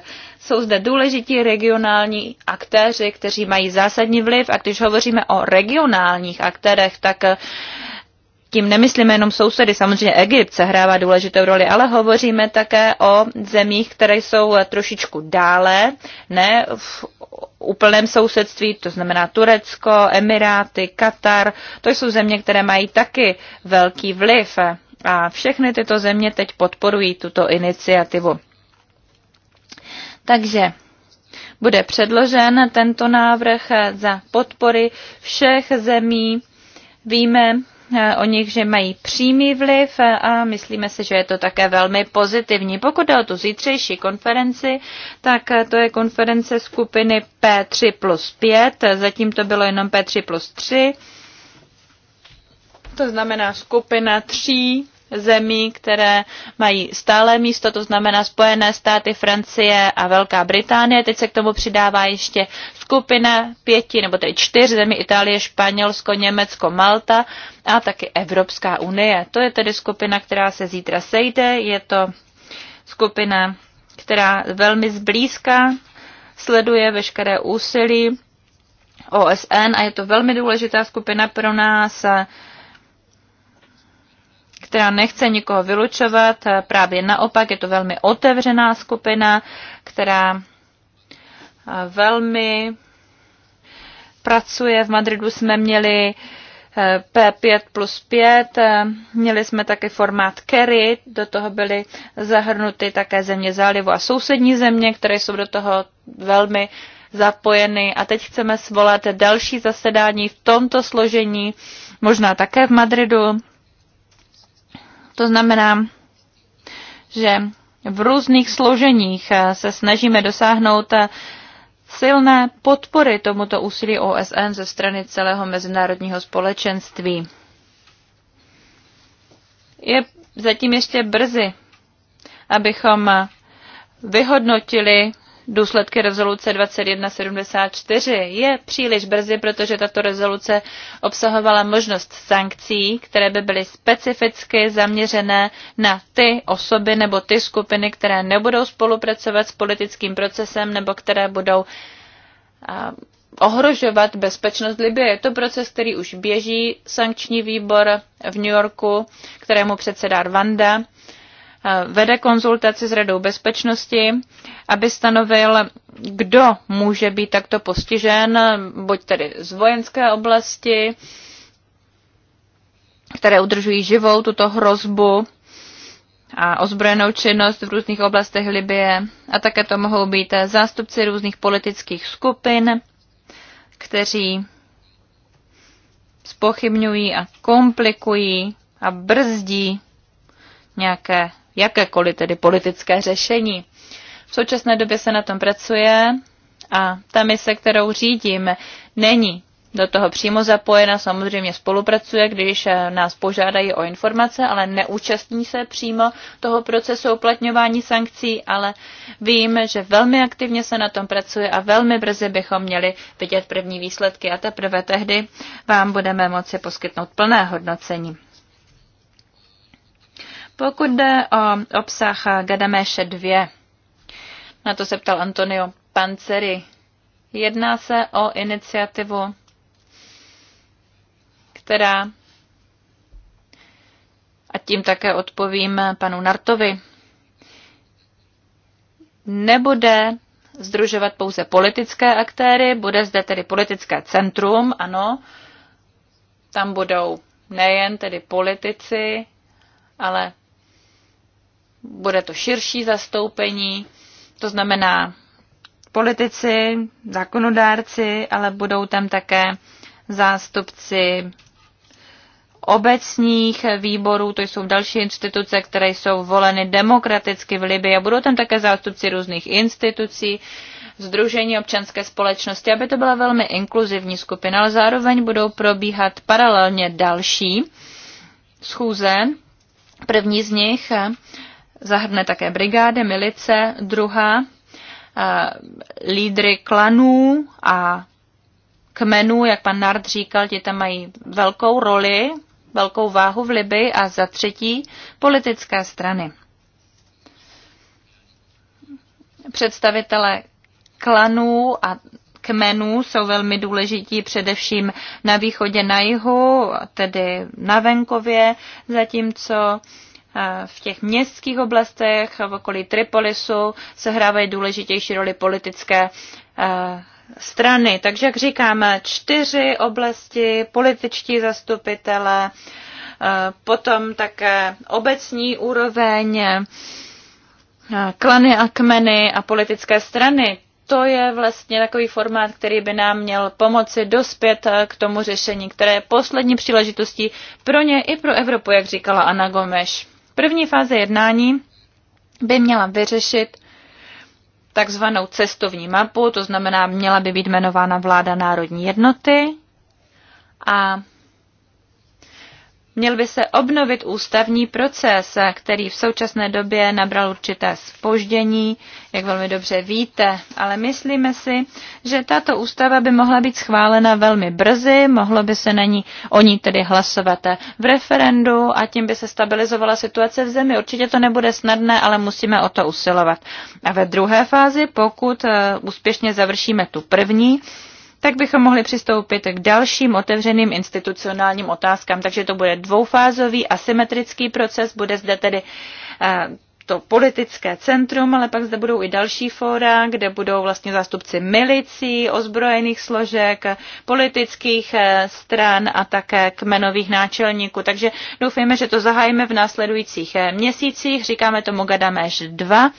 S3: Jsou zde důležití regionální aktéři, kteří mají zásadní vliv a když hovoříme o regionálních aktérech, tak eh, tím nemyslíme jenom sousedy, samozřejmě Egypt se hrává důležitou roli, ale hovoříme také o zemích, které jsou eh, trošičku dále, ne v úplném sousedství, to znamená Turecko, Emiráty, Katar, to jsou země, které mají taky velký vliv eh, a všechny tyto země teď podporují tuto iniciativu. Takže bude předložen tento návrh za podpory všech zemí. Víme eh, o nich, že mají přímý vliv eh, a myslíme si, že je to také velmi pozitivní. Pokud jde o tu zítřejší konferenci, tak eh, to je konference skupiny P3 plus 5, zatím to bylo jenom P3 plus 3, to znamená skupina tří zemí, které mají stále místo, to znamená Spojené státy, Francie a Velká Británie. Teď se k tomu přidává ještě skupina pěti, nebo tedy čtyř zemí, Itálie, Španělsko, Německo, Malta a taky Evropská unie. To je tedy skupina, která se zítra sejde. Je to skupina, která velmi zblízka sleduje veškeré úsilí OSN a je to velmi důležitá skupina pro nás která nechce nikoho vylučovat, eh, právě naopak je to velmi otevřená skupina, která eh, velmi pracuje. V Madridu jsme měli eh, P5 plus 5, měli jsme také formát Kerry, do toho byly zahrnuty také země zálivu a sousední země, které jsou do toho velmi zapojeny. A teď chceme svolat další zasedání v tomto složení, možná také v Madridu, to znamená, že v různých složeních eh, se snažíme dosáhnout eh, silné podpory tomuto úsilí OSN ze strany celého mezinárodního společenství. Je zatím ještě brzy, abychom eh, vyhodnotili důsledky rezoluce 2174. Je příliš brzy, protože tato rezoluce obsahovala možnost sankcí, které by byly specificky zaměřené na ty osoby nebo ty skupiny, které nebudou spolupracovat s politickým procesem nebo které budou ohrožovat bezpečnost Libie. Je to proces, který už běží, sankční výbor v New Yorku, kterému předsedá Rwanda vede konzultaci s Radou bezpečnosti, aby stanovil, kdo může být takto postižen, buď tedy z vojenské oblasti, které udržují živou tuto hrozbu a ozbrojenou činnost v různých oblastech Libie. A také to mohou být zástupci různých politických skupin, kteří spochybňují a komplikují a brzdí nějaké jakékoliv tedy politické řešení. V současné době se na tom pracuje a ta mise, kterou řídím, není do toho přímo zapojena, samozřejmě spolupracuje, když eh, nás požádají o informace, ale neúčastní se přímo toho procesu uplatňování sankcí, ale vím, že velmi aktivně se na tom pracuje a velmi brzy bychom měli vidět první výsledky a teprve tehdy vám budeme moci poskytnout plné hodnocení. Pokud jde o obsah Gadameše 2, na to se ptal Antonio Panceri, jedná se o iniciativu, která, a tím také odpovím panu Nartovi, nebude združovat pouze politické aktéry, bude zde tedy politické centrum, ano, tam budou nejen tedy politici, ale bude to širší zastoupení, to znamená politici, zákonodárci, ale budou tam také zástupci obecních výborů, to jsou další instituce, které jsou voleny demokraticky v Libii a budou tam také zástupci různých institucí, Združení občanské společnosti, aby to byla velmi inkluzivní skupina, ale zároveň budou probíhat paralelně další schůze. První z nich zahrne také brigády, milice, druhá, lídry klanů a kmenů, jak pan Nard říkal, ti tam mají velkou roli, velkou váhu v Libii a za třetí politické strany. Představitele klanů a kmenů jsou velmi důležití především na východě, na jihu, tedy na venkově, zatímco Eh, v těch městských oblastech v okolí Tripolisu sehrávají důležitější roli politické eh, strany. Takže, jak říkáme, čtyři oblasti, političtí zastupitele, eh, potom také obecní úroveň, klany a kmeny a politické strany. To je vlastně takový formát, který by nám měl pomoci dospět k tomu řešení, které je poslední příležitostí pro ně i pro Evropu, jak říkala Ana Gomeš. První fáze jednání by měla vyřešit takzvanou cestovní mapu, to znamená, měla by být jmenována vláda národní jednoty a Měl by se obnovit ústavní proces, který v současné době nabral určité spoždění, jak velmi dobře víte, ale myslíme si, že tato ústava by mohla být schválena velmi brzy, mohlo by se na ní, o ní tedy hlasovat v referendu a tím by se stabilizovala situace v zemi. Určitě to nebude snadné, ale musíme o to usilovat. A ve druhé fázi, pokud eh, úspěšně završíme tu první, tak bychom mohli přistoupit k dalším otevřeným institucionálním otázkám. Takže to bude dvoufázový asymetrický proces, bude zde tedy eh, to politické centrum, ale pak zde budou i další fóra, kde budou vlastně zástupci milicí, ozbrojených složek, politických eh, stran a také kmenových náčelníků. Takže doufejme, že to zahájíme v následujících eh, měsících. Říkáme tomu Gadameš 2,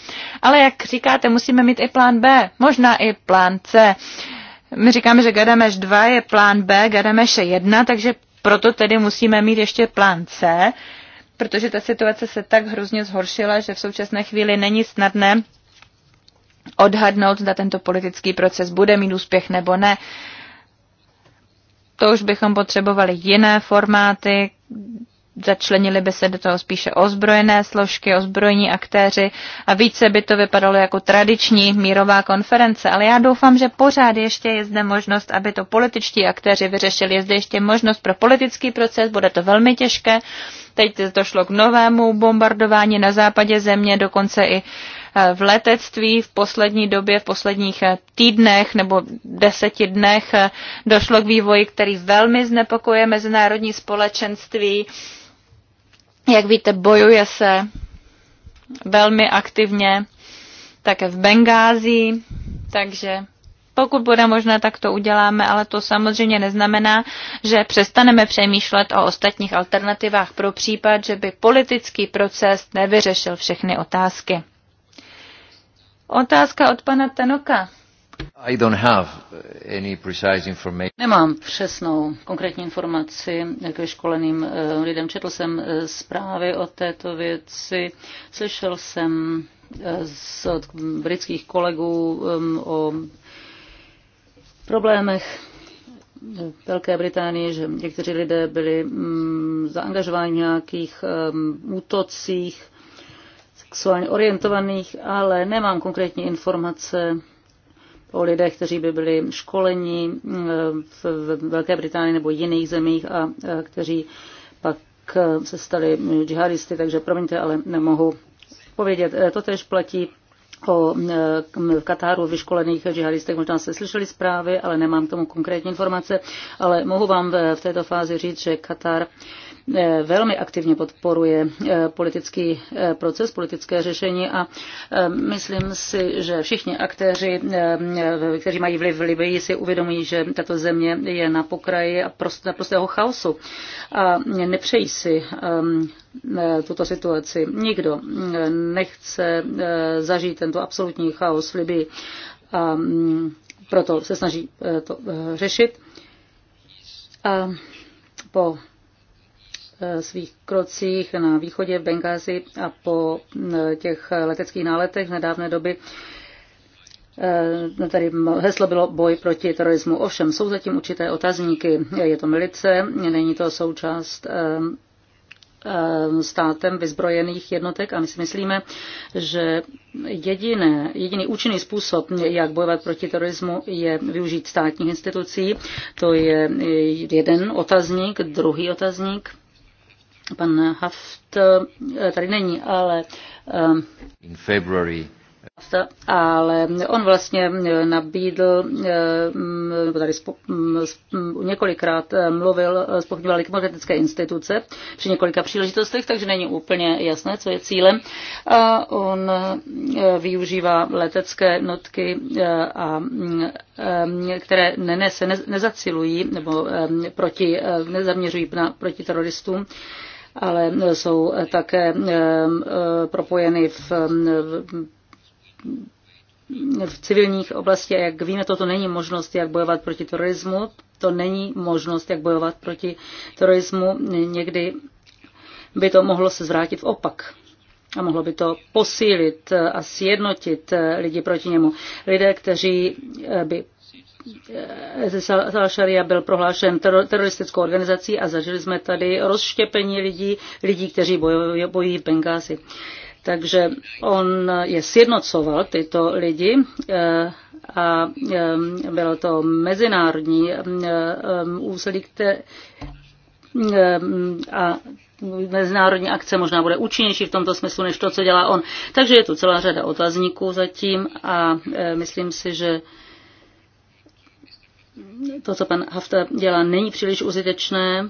S3: ale jak říkáte, musíme mít i plán B, možná i plán C. My říkáme, že Gadameš 2 je plán B, Gadameše 1, takže proto tedy musíme mít ještě plán C, protože ta situace se tak hrozně zhoršila, že v současné chvíli není snadné odhadnout, zda tento politický proces bude mít úspěch nebo ne. To už bychom potřebovali jiné formáty, začlenili by se do toho spíše ozbrojené složky, ozbrojení aktéři a více by to vypadalo jako tradiční mírová konference. Ale já doufám, že pořád ještě je zde možnost, aby to političtí aktéři vyřešili. Je zde ještě možnost pro politický proces, bude to velmi těžké. Teď došlo k novému bombardování na západě země, dokonce i eh, v letectví v poslední době, v posledních eh, týdnech nebo deseti dnech eh, došlo k vývoji, který velmi znepokuje mezinárodní společenství. Jak víte, bojuje se velmi aktivně také v Bengází, takže pokud bude možné, tak to uděláme, ale to samozřejmě neznamená, že přestaneme přemýšlet o ostatních alternativách pro případ, že by politický proces nevyřešil všechny otázky. Otázka od pana Tenoka.
S1: I don't have any precise information. Nemám
S3: přesnou konkrétní informaci
S2: k školeným eh, lidem. Četl jsem eh, zprávy o této věci, slyšel jsem eh, z britských kolegů o problémech Velké Británie, že někteří lidé byli mm, zaangažováni v nějakých útocích sexuálně orientovaných, ale nemám konkrétní informace o lidech, kteří by byli školeni eh, v Velké Británii nebo jiných zemích a eh, kteří pak eh, se stali džihadisty, takže promiňte, ale nemohu povědět. To tež platí o v Katáru vyškolených džihadistech. Možná jste slyšeli zprávy, ale nemám k tomu konkrétní informace, ale mohu vám v této fázi říct, že Katar E, velmi aktivně podporuje e, politický e, proces, politické řešení a myslím si, že všichni aktéři, kteří mají vliv v Libii, si uvědomují, že tato země je na pokraji naprostého chaosu a nepřejí si tuto situaci. Nikdo nechce zažít tento absolutní chaos v Libii a mm, proto se snaží to řešit. A po Eh, svých krocích na východě v Bengázi a po eh, těch leteckých náletech v nedávné doby eh, Tady heslo bylo boj proti terorismu. Ovšem, jsou zatím určité otazníky. Je to milice, není to součást státem vyzbrojených jednotek a my si myslíme, že jediné, jediný účinný způsob, jak bojovat proti terorismu, je využít státních institucí. To je jeden otazník, druhý otazník Pan Haft eh, tady není, ale eh,
S1: in February
S2: ale on vlastně eh, nabídl, mm, nebo tady mm, mm, několikrát mluvil, spochybňoval demokratické instituce při několika příležitostech, takže není úplně jasné, co je cílem. A on využívá letecké notky, a, které ne, nezacilují nebo proti, nezaměřují na, proti teroristům ale jsou také eh, eh, propojeny v eh, v civilních oblasti a jak víme, toto není možnost, jak bojovat proti terorismu, to není možnost, jak bojovat proti terorismu. Někdy by to mohlo se zvrátit v opak a mohlo by to posílit a sjednotit lidi proti němu. Lidé, kteří by Zesal eh, sharia byl prohlášen teroristickou organizací a zažili jsme tady rozštěpení lidí, lidí, kteří bojují, bojují v Bengázi. Takže on je sjednocoval tyto lidi eh, a eh, bylo to mezinárodní úsilí, které a mezinárodní akce možná bude účinnější v tomto smyslu, než to, co dělá on. Takže je tu celá řada otazníků zatím a myslím si, že to, co pan Hafta dělá, není příliš užitečné.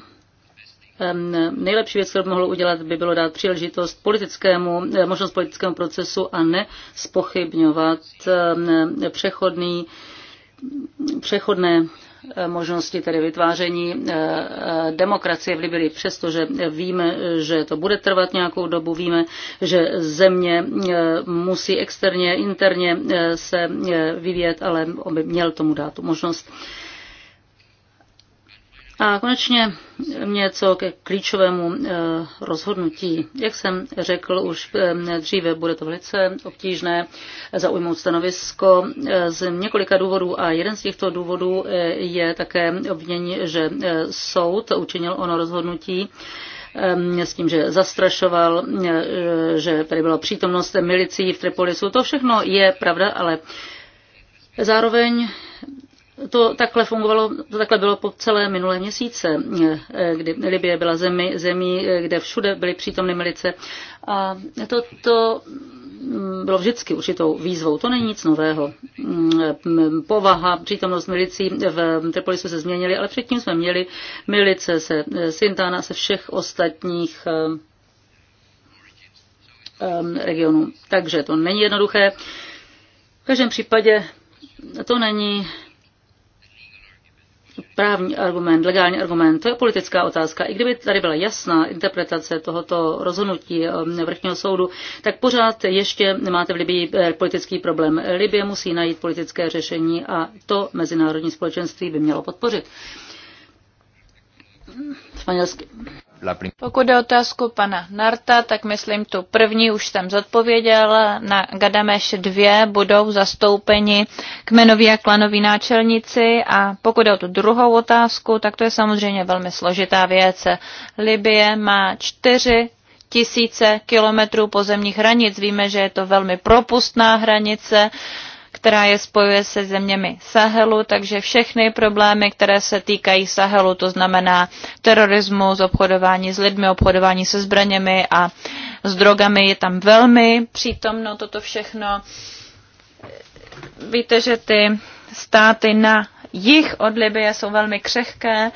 S2: Nejlepší věc, kterou by mohlo udělat, by bylo dát příležitost politickému, eh, možnost politickému procesu a ne spochybňovat přechodný, přechodné eh, možnosti tedy vytváření eh, demokracie v Libii, přestože víme, že to bude trvat nějakou dobu, víme, že země musí externě, interně se vyvíjet, ale on by měl tomu dát tu možnost. A konečně něco ke klíčovému eh, rozhodnutí. Jak jsem řekl už eh, dříve, bude to velice obtížné zaujmout stanovisko eh, z několika důvodů a jeden z těchto důvodů je také obvinění, že soud učinil ono rozhodnutí s tím, že zastrašoval, že tady byla přítomnost milicí v Tripolisu. To všechno je pravda, ale zároveň to takhle fungovalo, to takhle bylo po celé minulé měsíce, eh, kdy Libie byla zemi, zemí, eh, kde všude byly přítomny milice. A to, to mm, bylo vždycky určitou výzvou. To není nic nového. Mm, eh, mm, povaha, přítomnost milicí v Tripolisu se změnily, ale předtím jsme měli milice se Sintana se všech ostatních regionů. Takže to není jednoduché. V každém případě to není právní argument, legální argument, to je politická otázka. I kdyby tady byla jasná interpretace tohoto rozhodnutí um, vrchního soudu, tak pořád ještě máte v Libii eh, politický problém. Libie musí najít politické řešení a to mezinárodní společenství by mělo podpořit. Španělsky.
S3: Pokud je otázku pana Narta, tak myslím tu první už jsem zodpověděl. Na Gadameš 2 budou zastoupeni kmenoví a klanoví náčelníci a pokud je o tu druhou otázku, tak to je samozřejmě velmi složitá věc. Libie má čtyři tisíce kilometrů pozemních hranic. Víme, že je to velmi propustná hranice. Uh, která je spojuje se zeměmi Sahelu, takže všechny problémy, které se týkají Sahelu, to znamená terorismus, obchodování s lidmi, obchodování se zbraněmi a s drogami, je tam velmi přítomno toto všechno. Víte, že ty státy na jich od Libie jsou velmi křehké,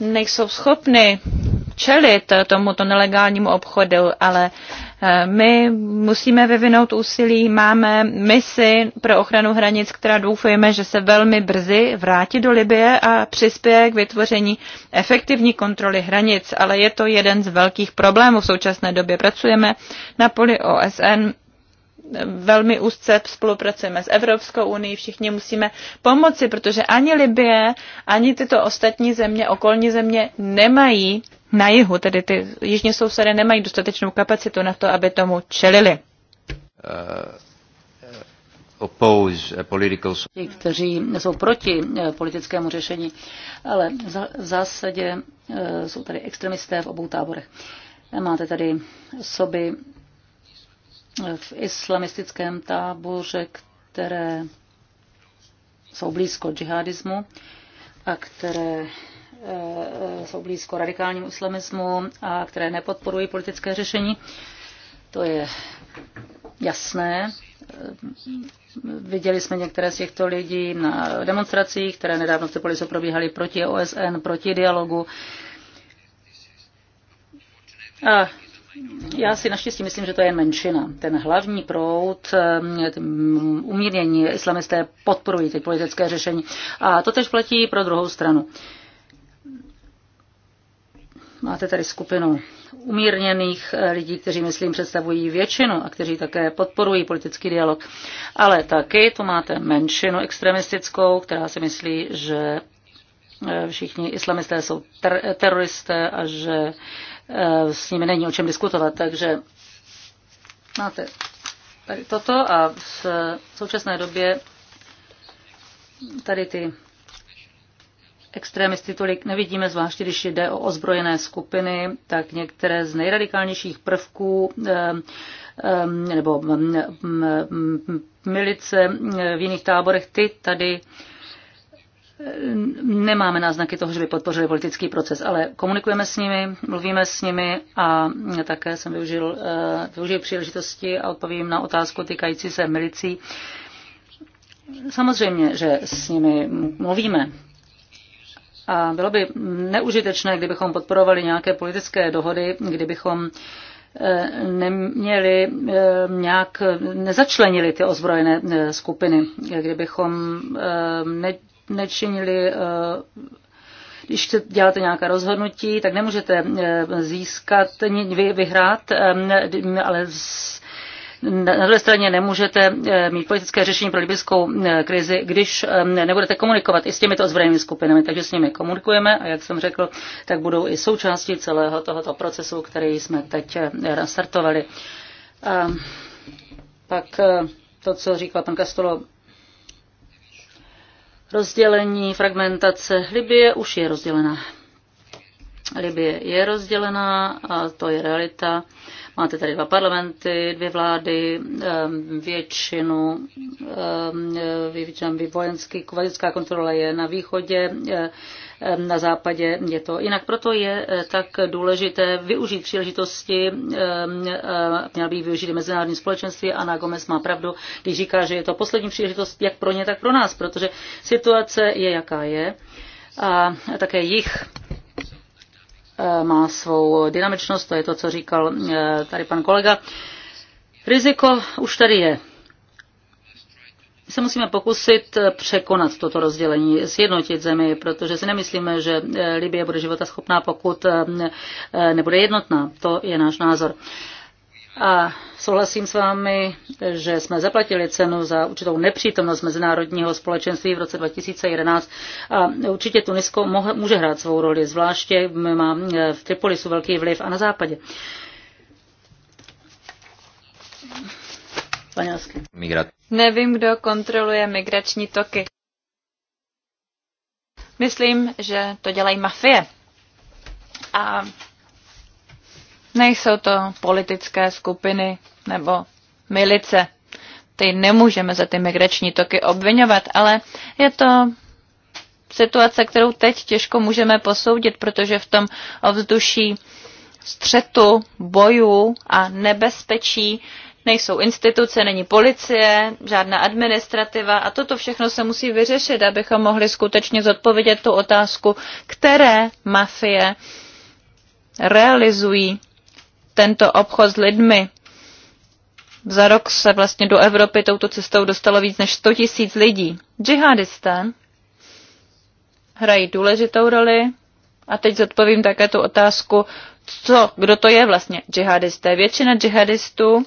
S3: nejsou schopny čelit tomuto nelegálnímu obchodu, ale my musíme vyvinout úsilí, máme misi pro ochranu hranic, která doufujeme, že se velmi brzy vrátí do Libie a přispěje k vytvoření efektivní kontroly hranic, ale je to jeden z velkých problémů v současné době. Pracujeme na poli OSN, velmi úzce spolupracujeme s Evropskou unii, všichni musíme pomoci, protože ani Libie, ani tyto ostatní země, okolní země nemají na jihu, tedy ty jižní sousedy nemají dostatečnou kapacitu na to, aby tomu čelili. Uh, uh, uh, Ti, kteří
S2: jsou proti politickému řešení, ale v zásadě jsou tady extremisté v obou táborech. Máte tady osoby v islamistickém táboře, které jsou blízko džihadismu a které Eh, jsou blízko radikálnímu islamismu a které nepodporují politické řešení. To je jasné. Viděli jsme některé z těchto lidí na demonstracích, které nedávno v Tripolisu probíhaly proti OSN, proti dialogu. A já si naštěstí myslím, že to je menšina. Ten hlavní proud, eh, umírnění islamisté podporují ty politické řešení. A to tež platí pro druhou stranu. Máte tady skupinu umírněných eh, lidí, kteří, myslím, představují většinu a kteří také podporují politický dialog. Ale taky tu máte menšinu extremistickou, která si myslí, že eh, všichni islamisté jsou ter- teroristé a že eh, s nimi není o čem diskutovat. Takže máte tady toto a v současné době tady ty extremisty tolik nevidíme, zvláště když jde o ozbrojené skupiny, tak některé z nejradikálnějších prvků nebo milice v jiných táborech, ty tady nemáme náznaky toho, že by podpořili politický proces, ale komunikujeme s nimi, mluvíme s nimi a také jsem využil, eh, využil příležitosti a odpovím na otázku týkající se milicí. Samozřejmě, že s nimi mluvíme, a bylo by neužitečné, kdybychom podporovali nějaké politické dohody, kdybychom eh, neměli eh, nějak, nezačlenili ty ozbrojené eh, skupiny, kdybychom ne, nečinili když děláte nějaká rozhodnutí, tak nemůžete získat, vyhrát, ale z na druhé straně nemůžete eh, mít politické řešení pro libyskou eh, krizi, když eh, nebudete komunikovat i s těmito ozbrojenými skupinami. Takže s nimi komunikujeme a jak jsem řekl, tak budou i součástí celého tohoto procesu, který jsme teď nastartovali. A pak to, co říkal pan Kastolo, rozdělení, fragmentace Libie už je rozdělená. Libie je rozdělená a to je realita. Máte tady dva parlamenty, dvě vlády, většinu, e, většinu vojenský, vojenská kontrola je na východě, e, na západě je to jinak. Proto je e, tak důležité využít příležitosti, měl bych využít mezinárodní společenství. Ana Gomez má pravdu, když říká, že je to poslední příležitost jak pro ně, tak pro nás, protože situace je jaká je. A také jich Eh, má svou dynamičnost, to je to, co říkal eh, tady pan kolega. Riziko už tady je. My se musíme pokusit eh, překonat toto rozdělení, sjednotit zemi, protože si nemyslíme, že Libie bude života schopná, pokud nebude jednotná. To je náš názor. A souhlasím s vámi, že jsme zaplatili cenu za určitou nepřítomnost mezinárodního společenství v roce 2011 a určitě Tunisko může hrát svou roli, zvláště má e, v Tripolisu velký vliv a na západě.
S1: Migrat.
S3: Nevím, kdo kontroluje migrační toky. Myslím, že to dělají mafie. A Nejsou to politické skupiny nebo milice. Ty nemůžeme za ty migrační toky obvinovat, ale je to situace, kterou teď těžko můžeme posoudit, protože v tom ovzduší střetu, bojů a nebezpečí nejsou instituce, není policie, žádná administrativa a toto všechno se musí vyřešit, abychom mohli skutečně zodpovědět tu otázku, které mafie realizují tento obchod s lidmi. Za rok se vlastně do Evropy touto cestou dostalo víc než 100 tisíc lidí. Džihadisté hrají důležitou roli. A teď zodpovím také tu otázku, co, kdo to je vlastně džihadisté. Většina džihadistů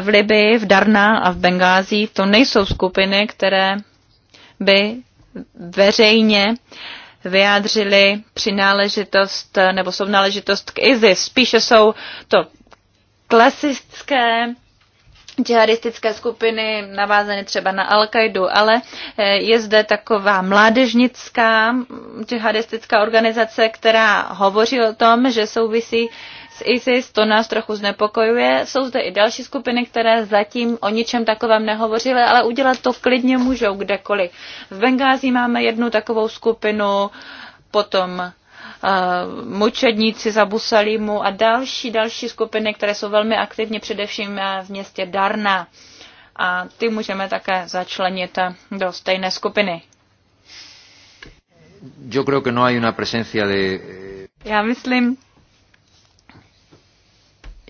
S3: v Libii, v Darna a v Bengází to nejsou skupiny, které by veřejně uh, vyjádřili přináležitost eh, nebo náležitost k ISIS. Spíše jsou to klasické džihadistické skupiny navázané třeba na Al-Kaidu, ale eh, je zde taková mládežnická džihadistická organizace, která hovoří o tom, že souvisí s ISIS, to nás trochu znepokojuje. Jsou zde i další skupiny, které zatím o ničem takovém nehovořily, ale udělat to klidně můžou kdekoliv. V Bengází máme jednu takovou skupinu, potom uh, mučedníci za Busalímu a další, další skupiny, které jsou velmi aktivní především eh, v městě Darna. A ty můžeme také začlenit eh, do stejné skupiny.
S1: Yo creo que no hay una presencia de...
S3: Já myslím,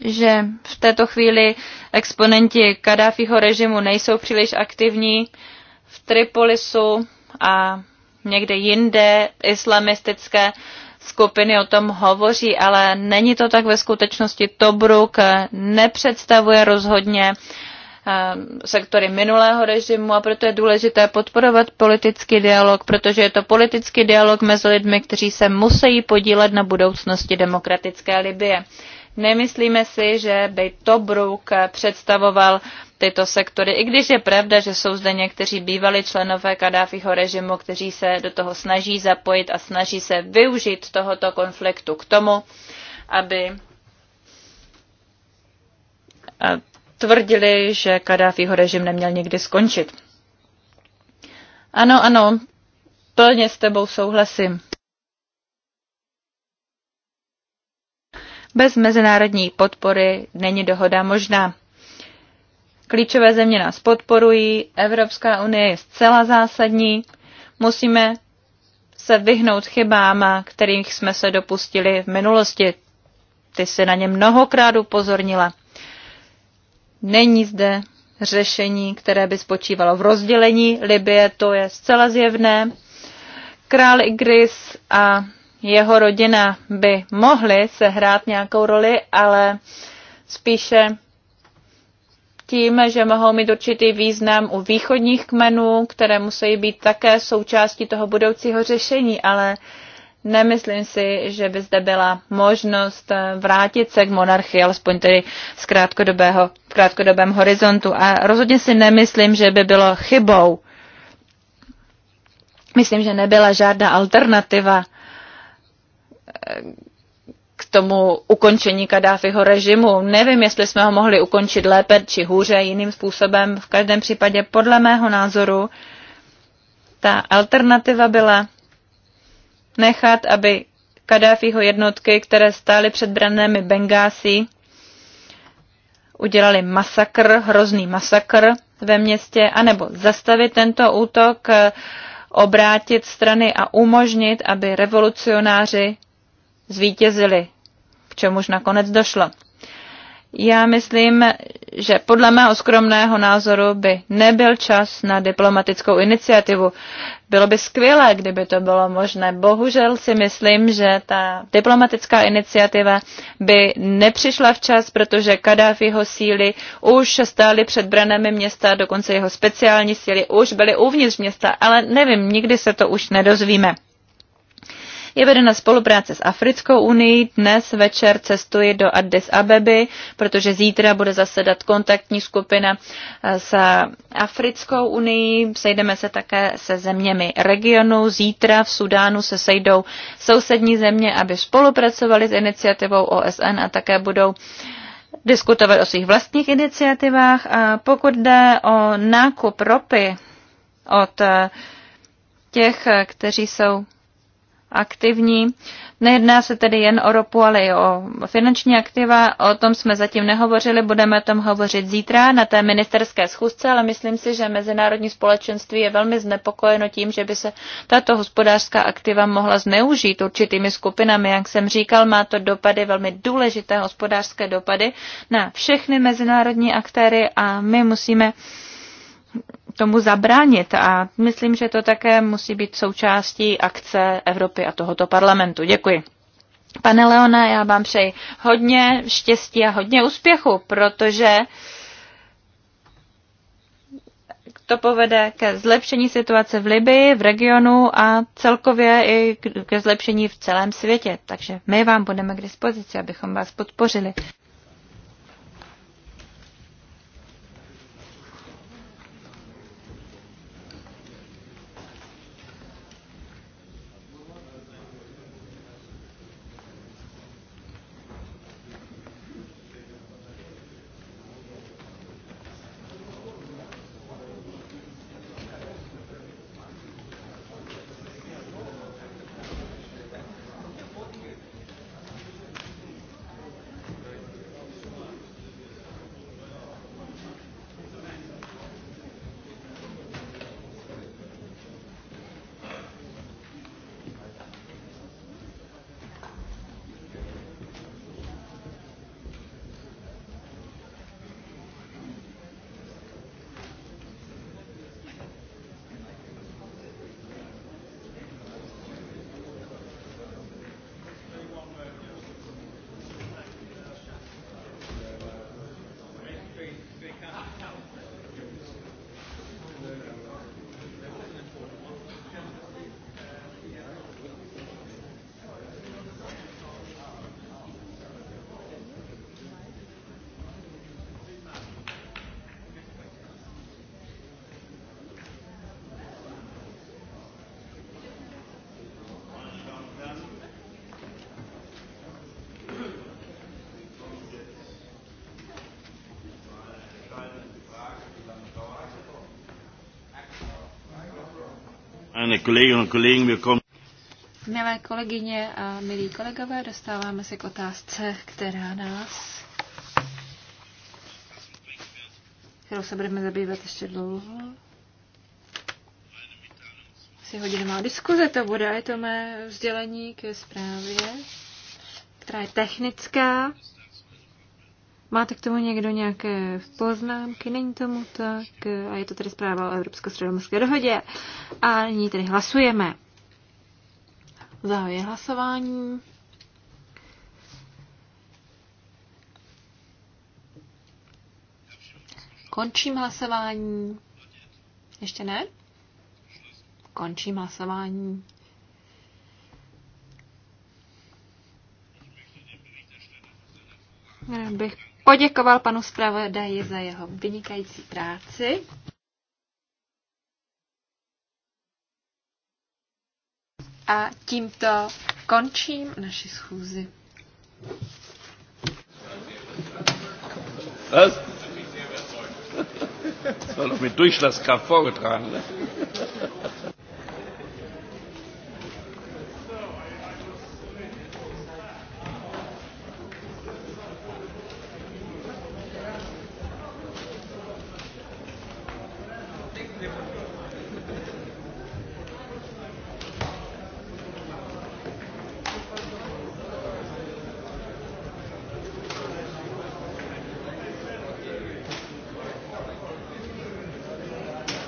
S3: že v této chvíli exponenti Kadáfího režimu nejsou příliš aktivní. V Tripolisu a někde jinde islamistické skupiny o tom hovoří, ale není to tak ve skutečnosti. Tobruk nepředstavuje rozhodně eh, sektory minulého režimu a proto je důležité podporovat politický dialog, protože je to politický dialog mezi lidmi, kteří se musí podílet na budoucnosti demokratické Libie. Nemyslíme si, že by Tobruk představoval tyto sektory, i když je pravda, že jsou zde někteří bývalí členové Kadáfiho režimu, kteří se do toho snaží zapojit a snaží se využít tohoto konfliktu k tomu, aby tvrdili, že Kadáfiho režim neměl nikdy skončit. Ano, ano, plně s tebou souhlasím. Bez mezinárodní podpory není dohoda možná. Klíčové země nás podporují, Evropská unie je zcela zásadní, musíme se vyhnout chybám, kterých jsme se dopustili v minulosti. Ty se na ně mnohokrát upozornila. Není zde řešení, které by spočívalo v rozdělení Libie, to je zcela zjevné. Král Igris a jeho rodina by mohly sehrát nějakou roli, ale spíše tím, že mohou mít určitý význam u východních kmenů, které musí být také součástí toho budoucího řešení, ale nemyslím si, že by zde byla možnost vrátit se k monarchii, alespoň tedy z krátkodobého, v krátkodobém horizontu. A rozhodně si nemyslím, že by bylo chybou. Myslím, že nebyla žádná alternativa k tomu ukončení Kadáfiho režimu. Nevím, jestli jsme ho mohli ukončit lépe či hůře jiným způsobem. V každém případě, podle mého názoru, ta alternativa byla nechat, aby Kadáfiho jednotky, které stály před branami Bengásí, udělali masakr, hrozný masakr ve městě, anebo zastavit tento útok, obrátit strany a umožnit, aby revolucionáři zvítězili, k čemuž nakonec došlo. Já myslím, že podle mého skromného názoru by nebyl čas na diplomatickou iniciativu. Bylo by skvělé, kdyby to bylo možné. Bohužel si myslím, že ta diplomatická iniciativa by nepřišla včas, protože Kadáfiho síly už stály před branami města, dokonce jeho speciální síly už byly uvnitř města, ale nevím, nikdy se to už nedozvíme. Je vedena spolupráce s Africkou unii. Dnes večer cestuji do Addis Abeby, protože zítra bude zasedat kontaktní skupina eh, s Africkou unii. Sejdeme se také se zeměmi regionu. Zítra v Sudánu se sejdou sousední země, aby spolupracovali s iniciativou OSN a také budou diskutovat o svých vlastních iniciativách. A pokud jde o nákup ropy od eh, těch, eh, kteří jsou aktivní. Nejedná se tedy jen o ropu, ale i o finanční aktiva. O tom jsme zatím nehovořili, budeme o tom hovořit zítra na té ministerské schůzce, ale myslím si, že mezinárodní společenství je velmi znepokojeno tím, že by se tato hospodářská aktiva mohla zneužít určitými skupinami. Jak jsem říkal, má to dopady, velmi důležité hospodářské dopady na všechny mezinárodní aktéry a my musíme tomu zabránit a myslím, že to také musí být součástí akce Evropy a tohoto parlamentu. Děkuji. Pane Leona, já vám přeji hodně štěstí a hodně úspěchu, protože to povede ke zlepšení situace v Libii, v regionu a celkově i ke zlepšení v celém světě. Takže my vám budeme k dispozici, abychom vás podpořili.
S1: Milé kolegyně a milí kolegové, dostáváme se k otázce, která nás, kterou se budeme zabývat ještě dlouho. Asi má diskuze to bude, je to mé vzdělení ke zprávě, která je technická. Máte k tomu někdo nějaké poznámky? Není tomu tak. A je to tedy zpráva o Evropsko-středomorské dohodě. A nyní tedy hlasujeme. Zahajuji hlasování. Končím hlasování. Ještě ne? Končím hlasování. bych poděkoval panu zpravodaji za jeho vynikající práci. A tímto končím naši schůzi. Was?
S3: Das war doch mit Durchlasskraft vorgetragen. Ne?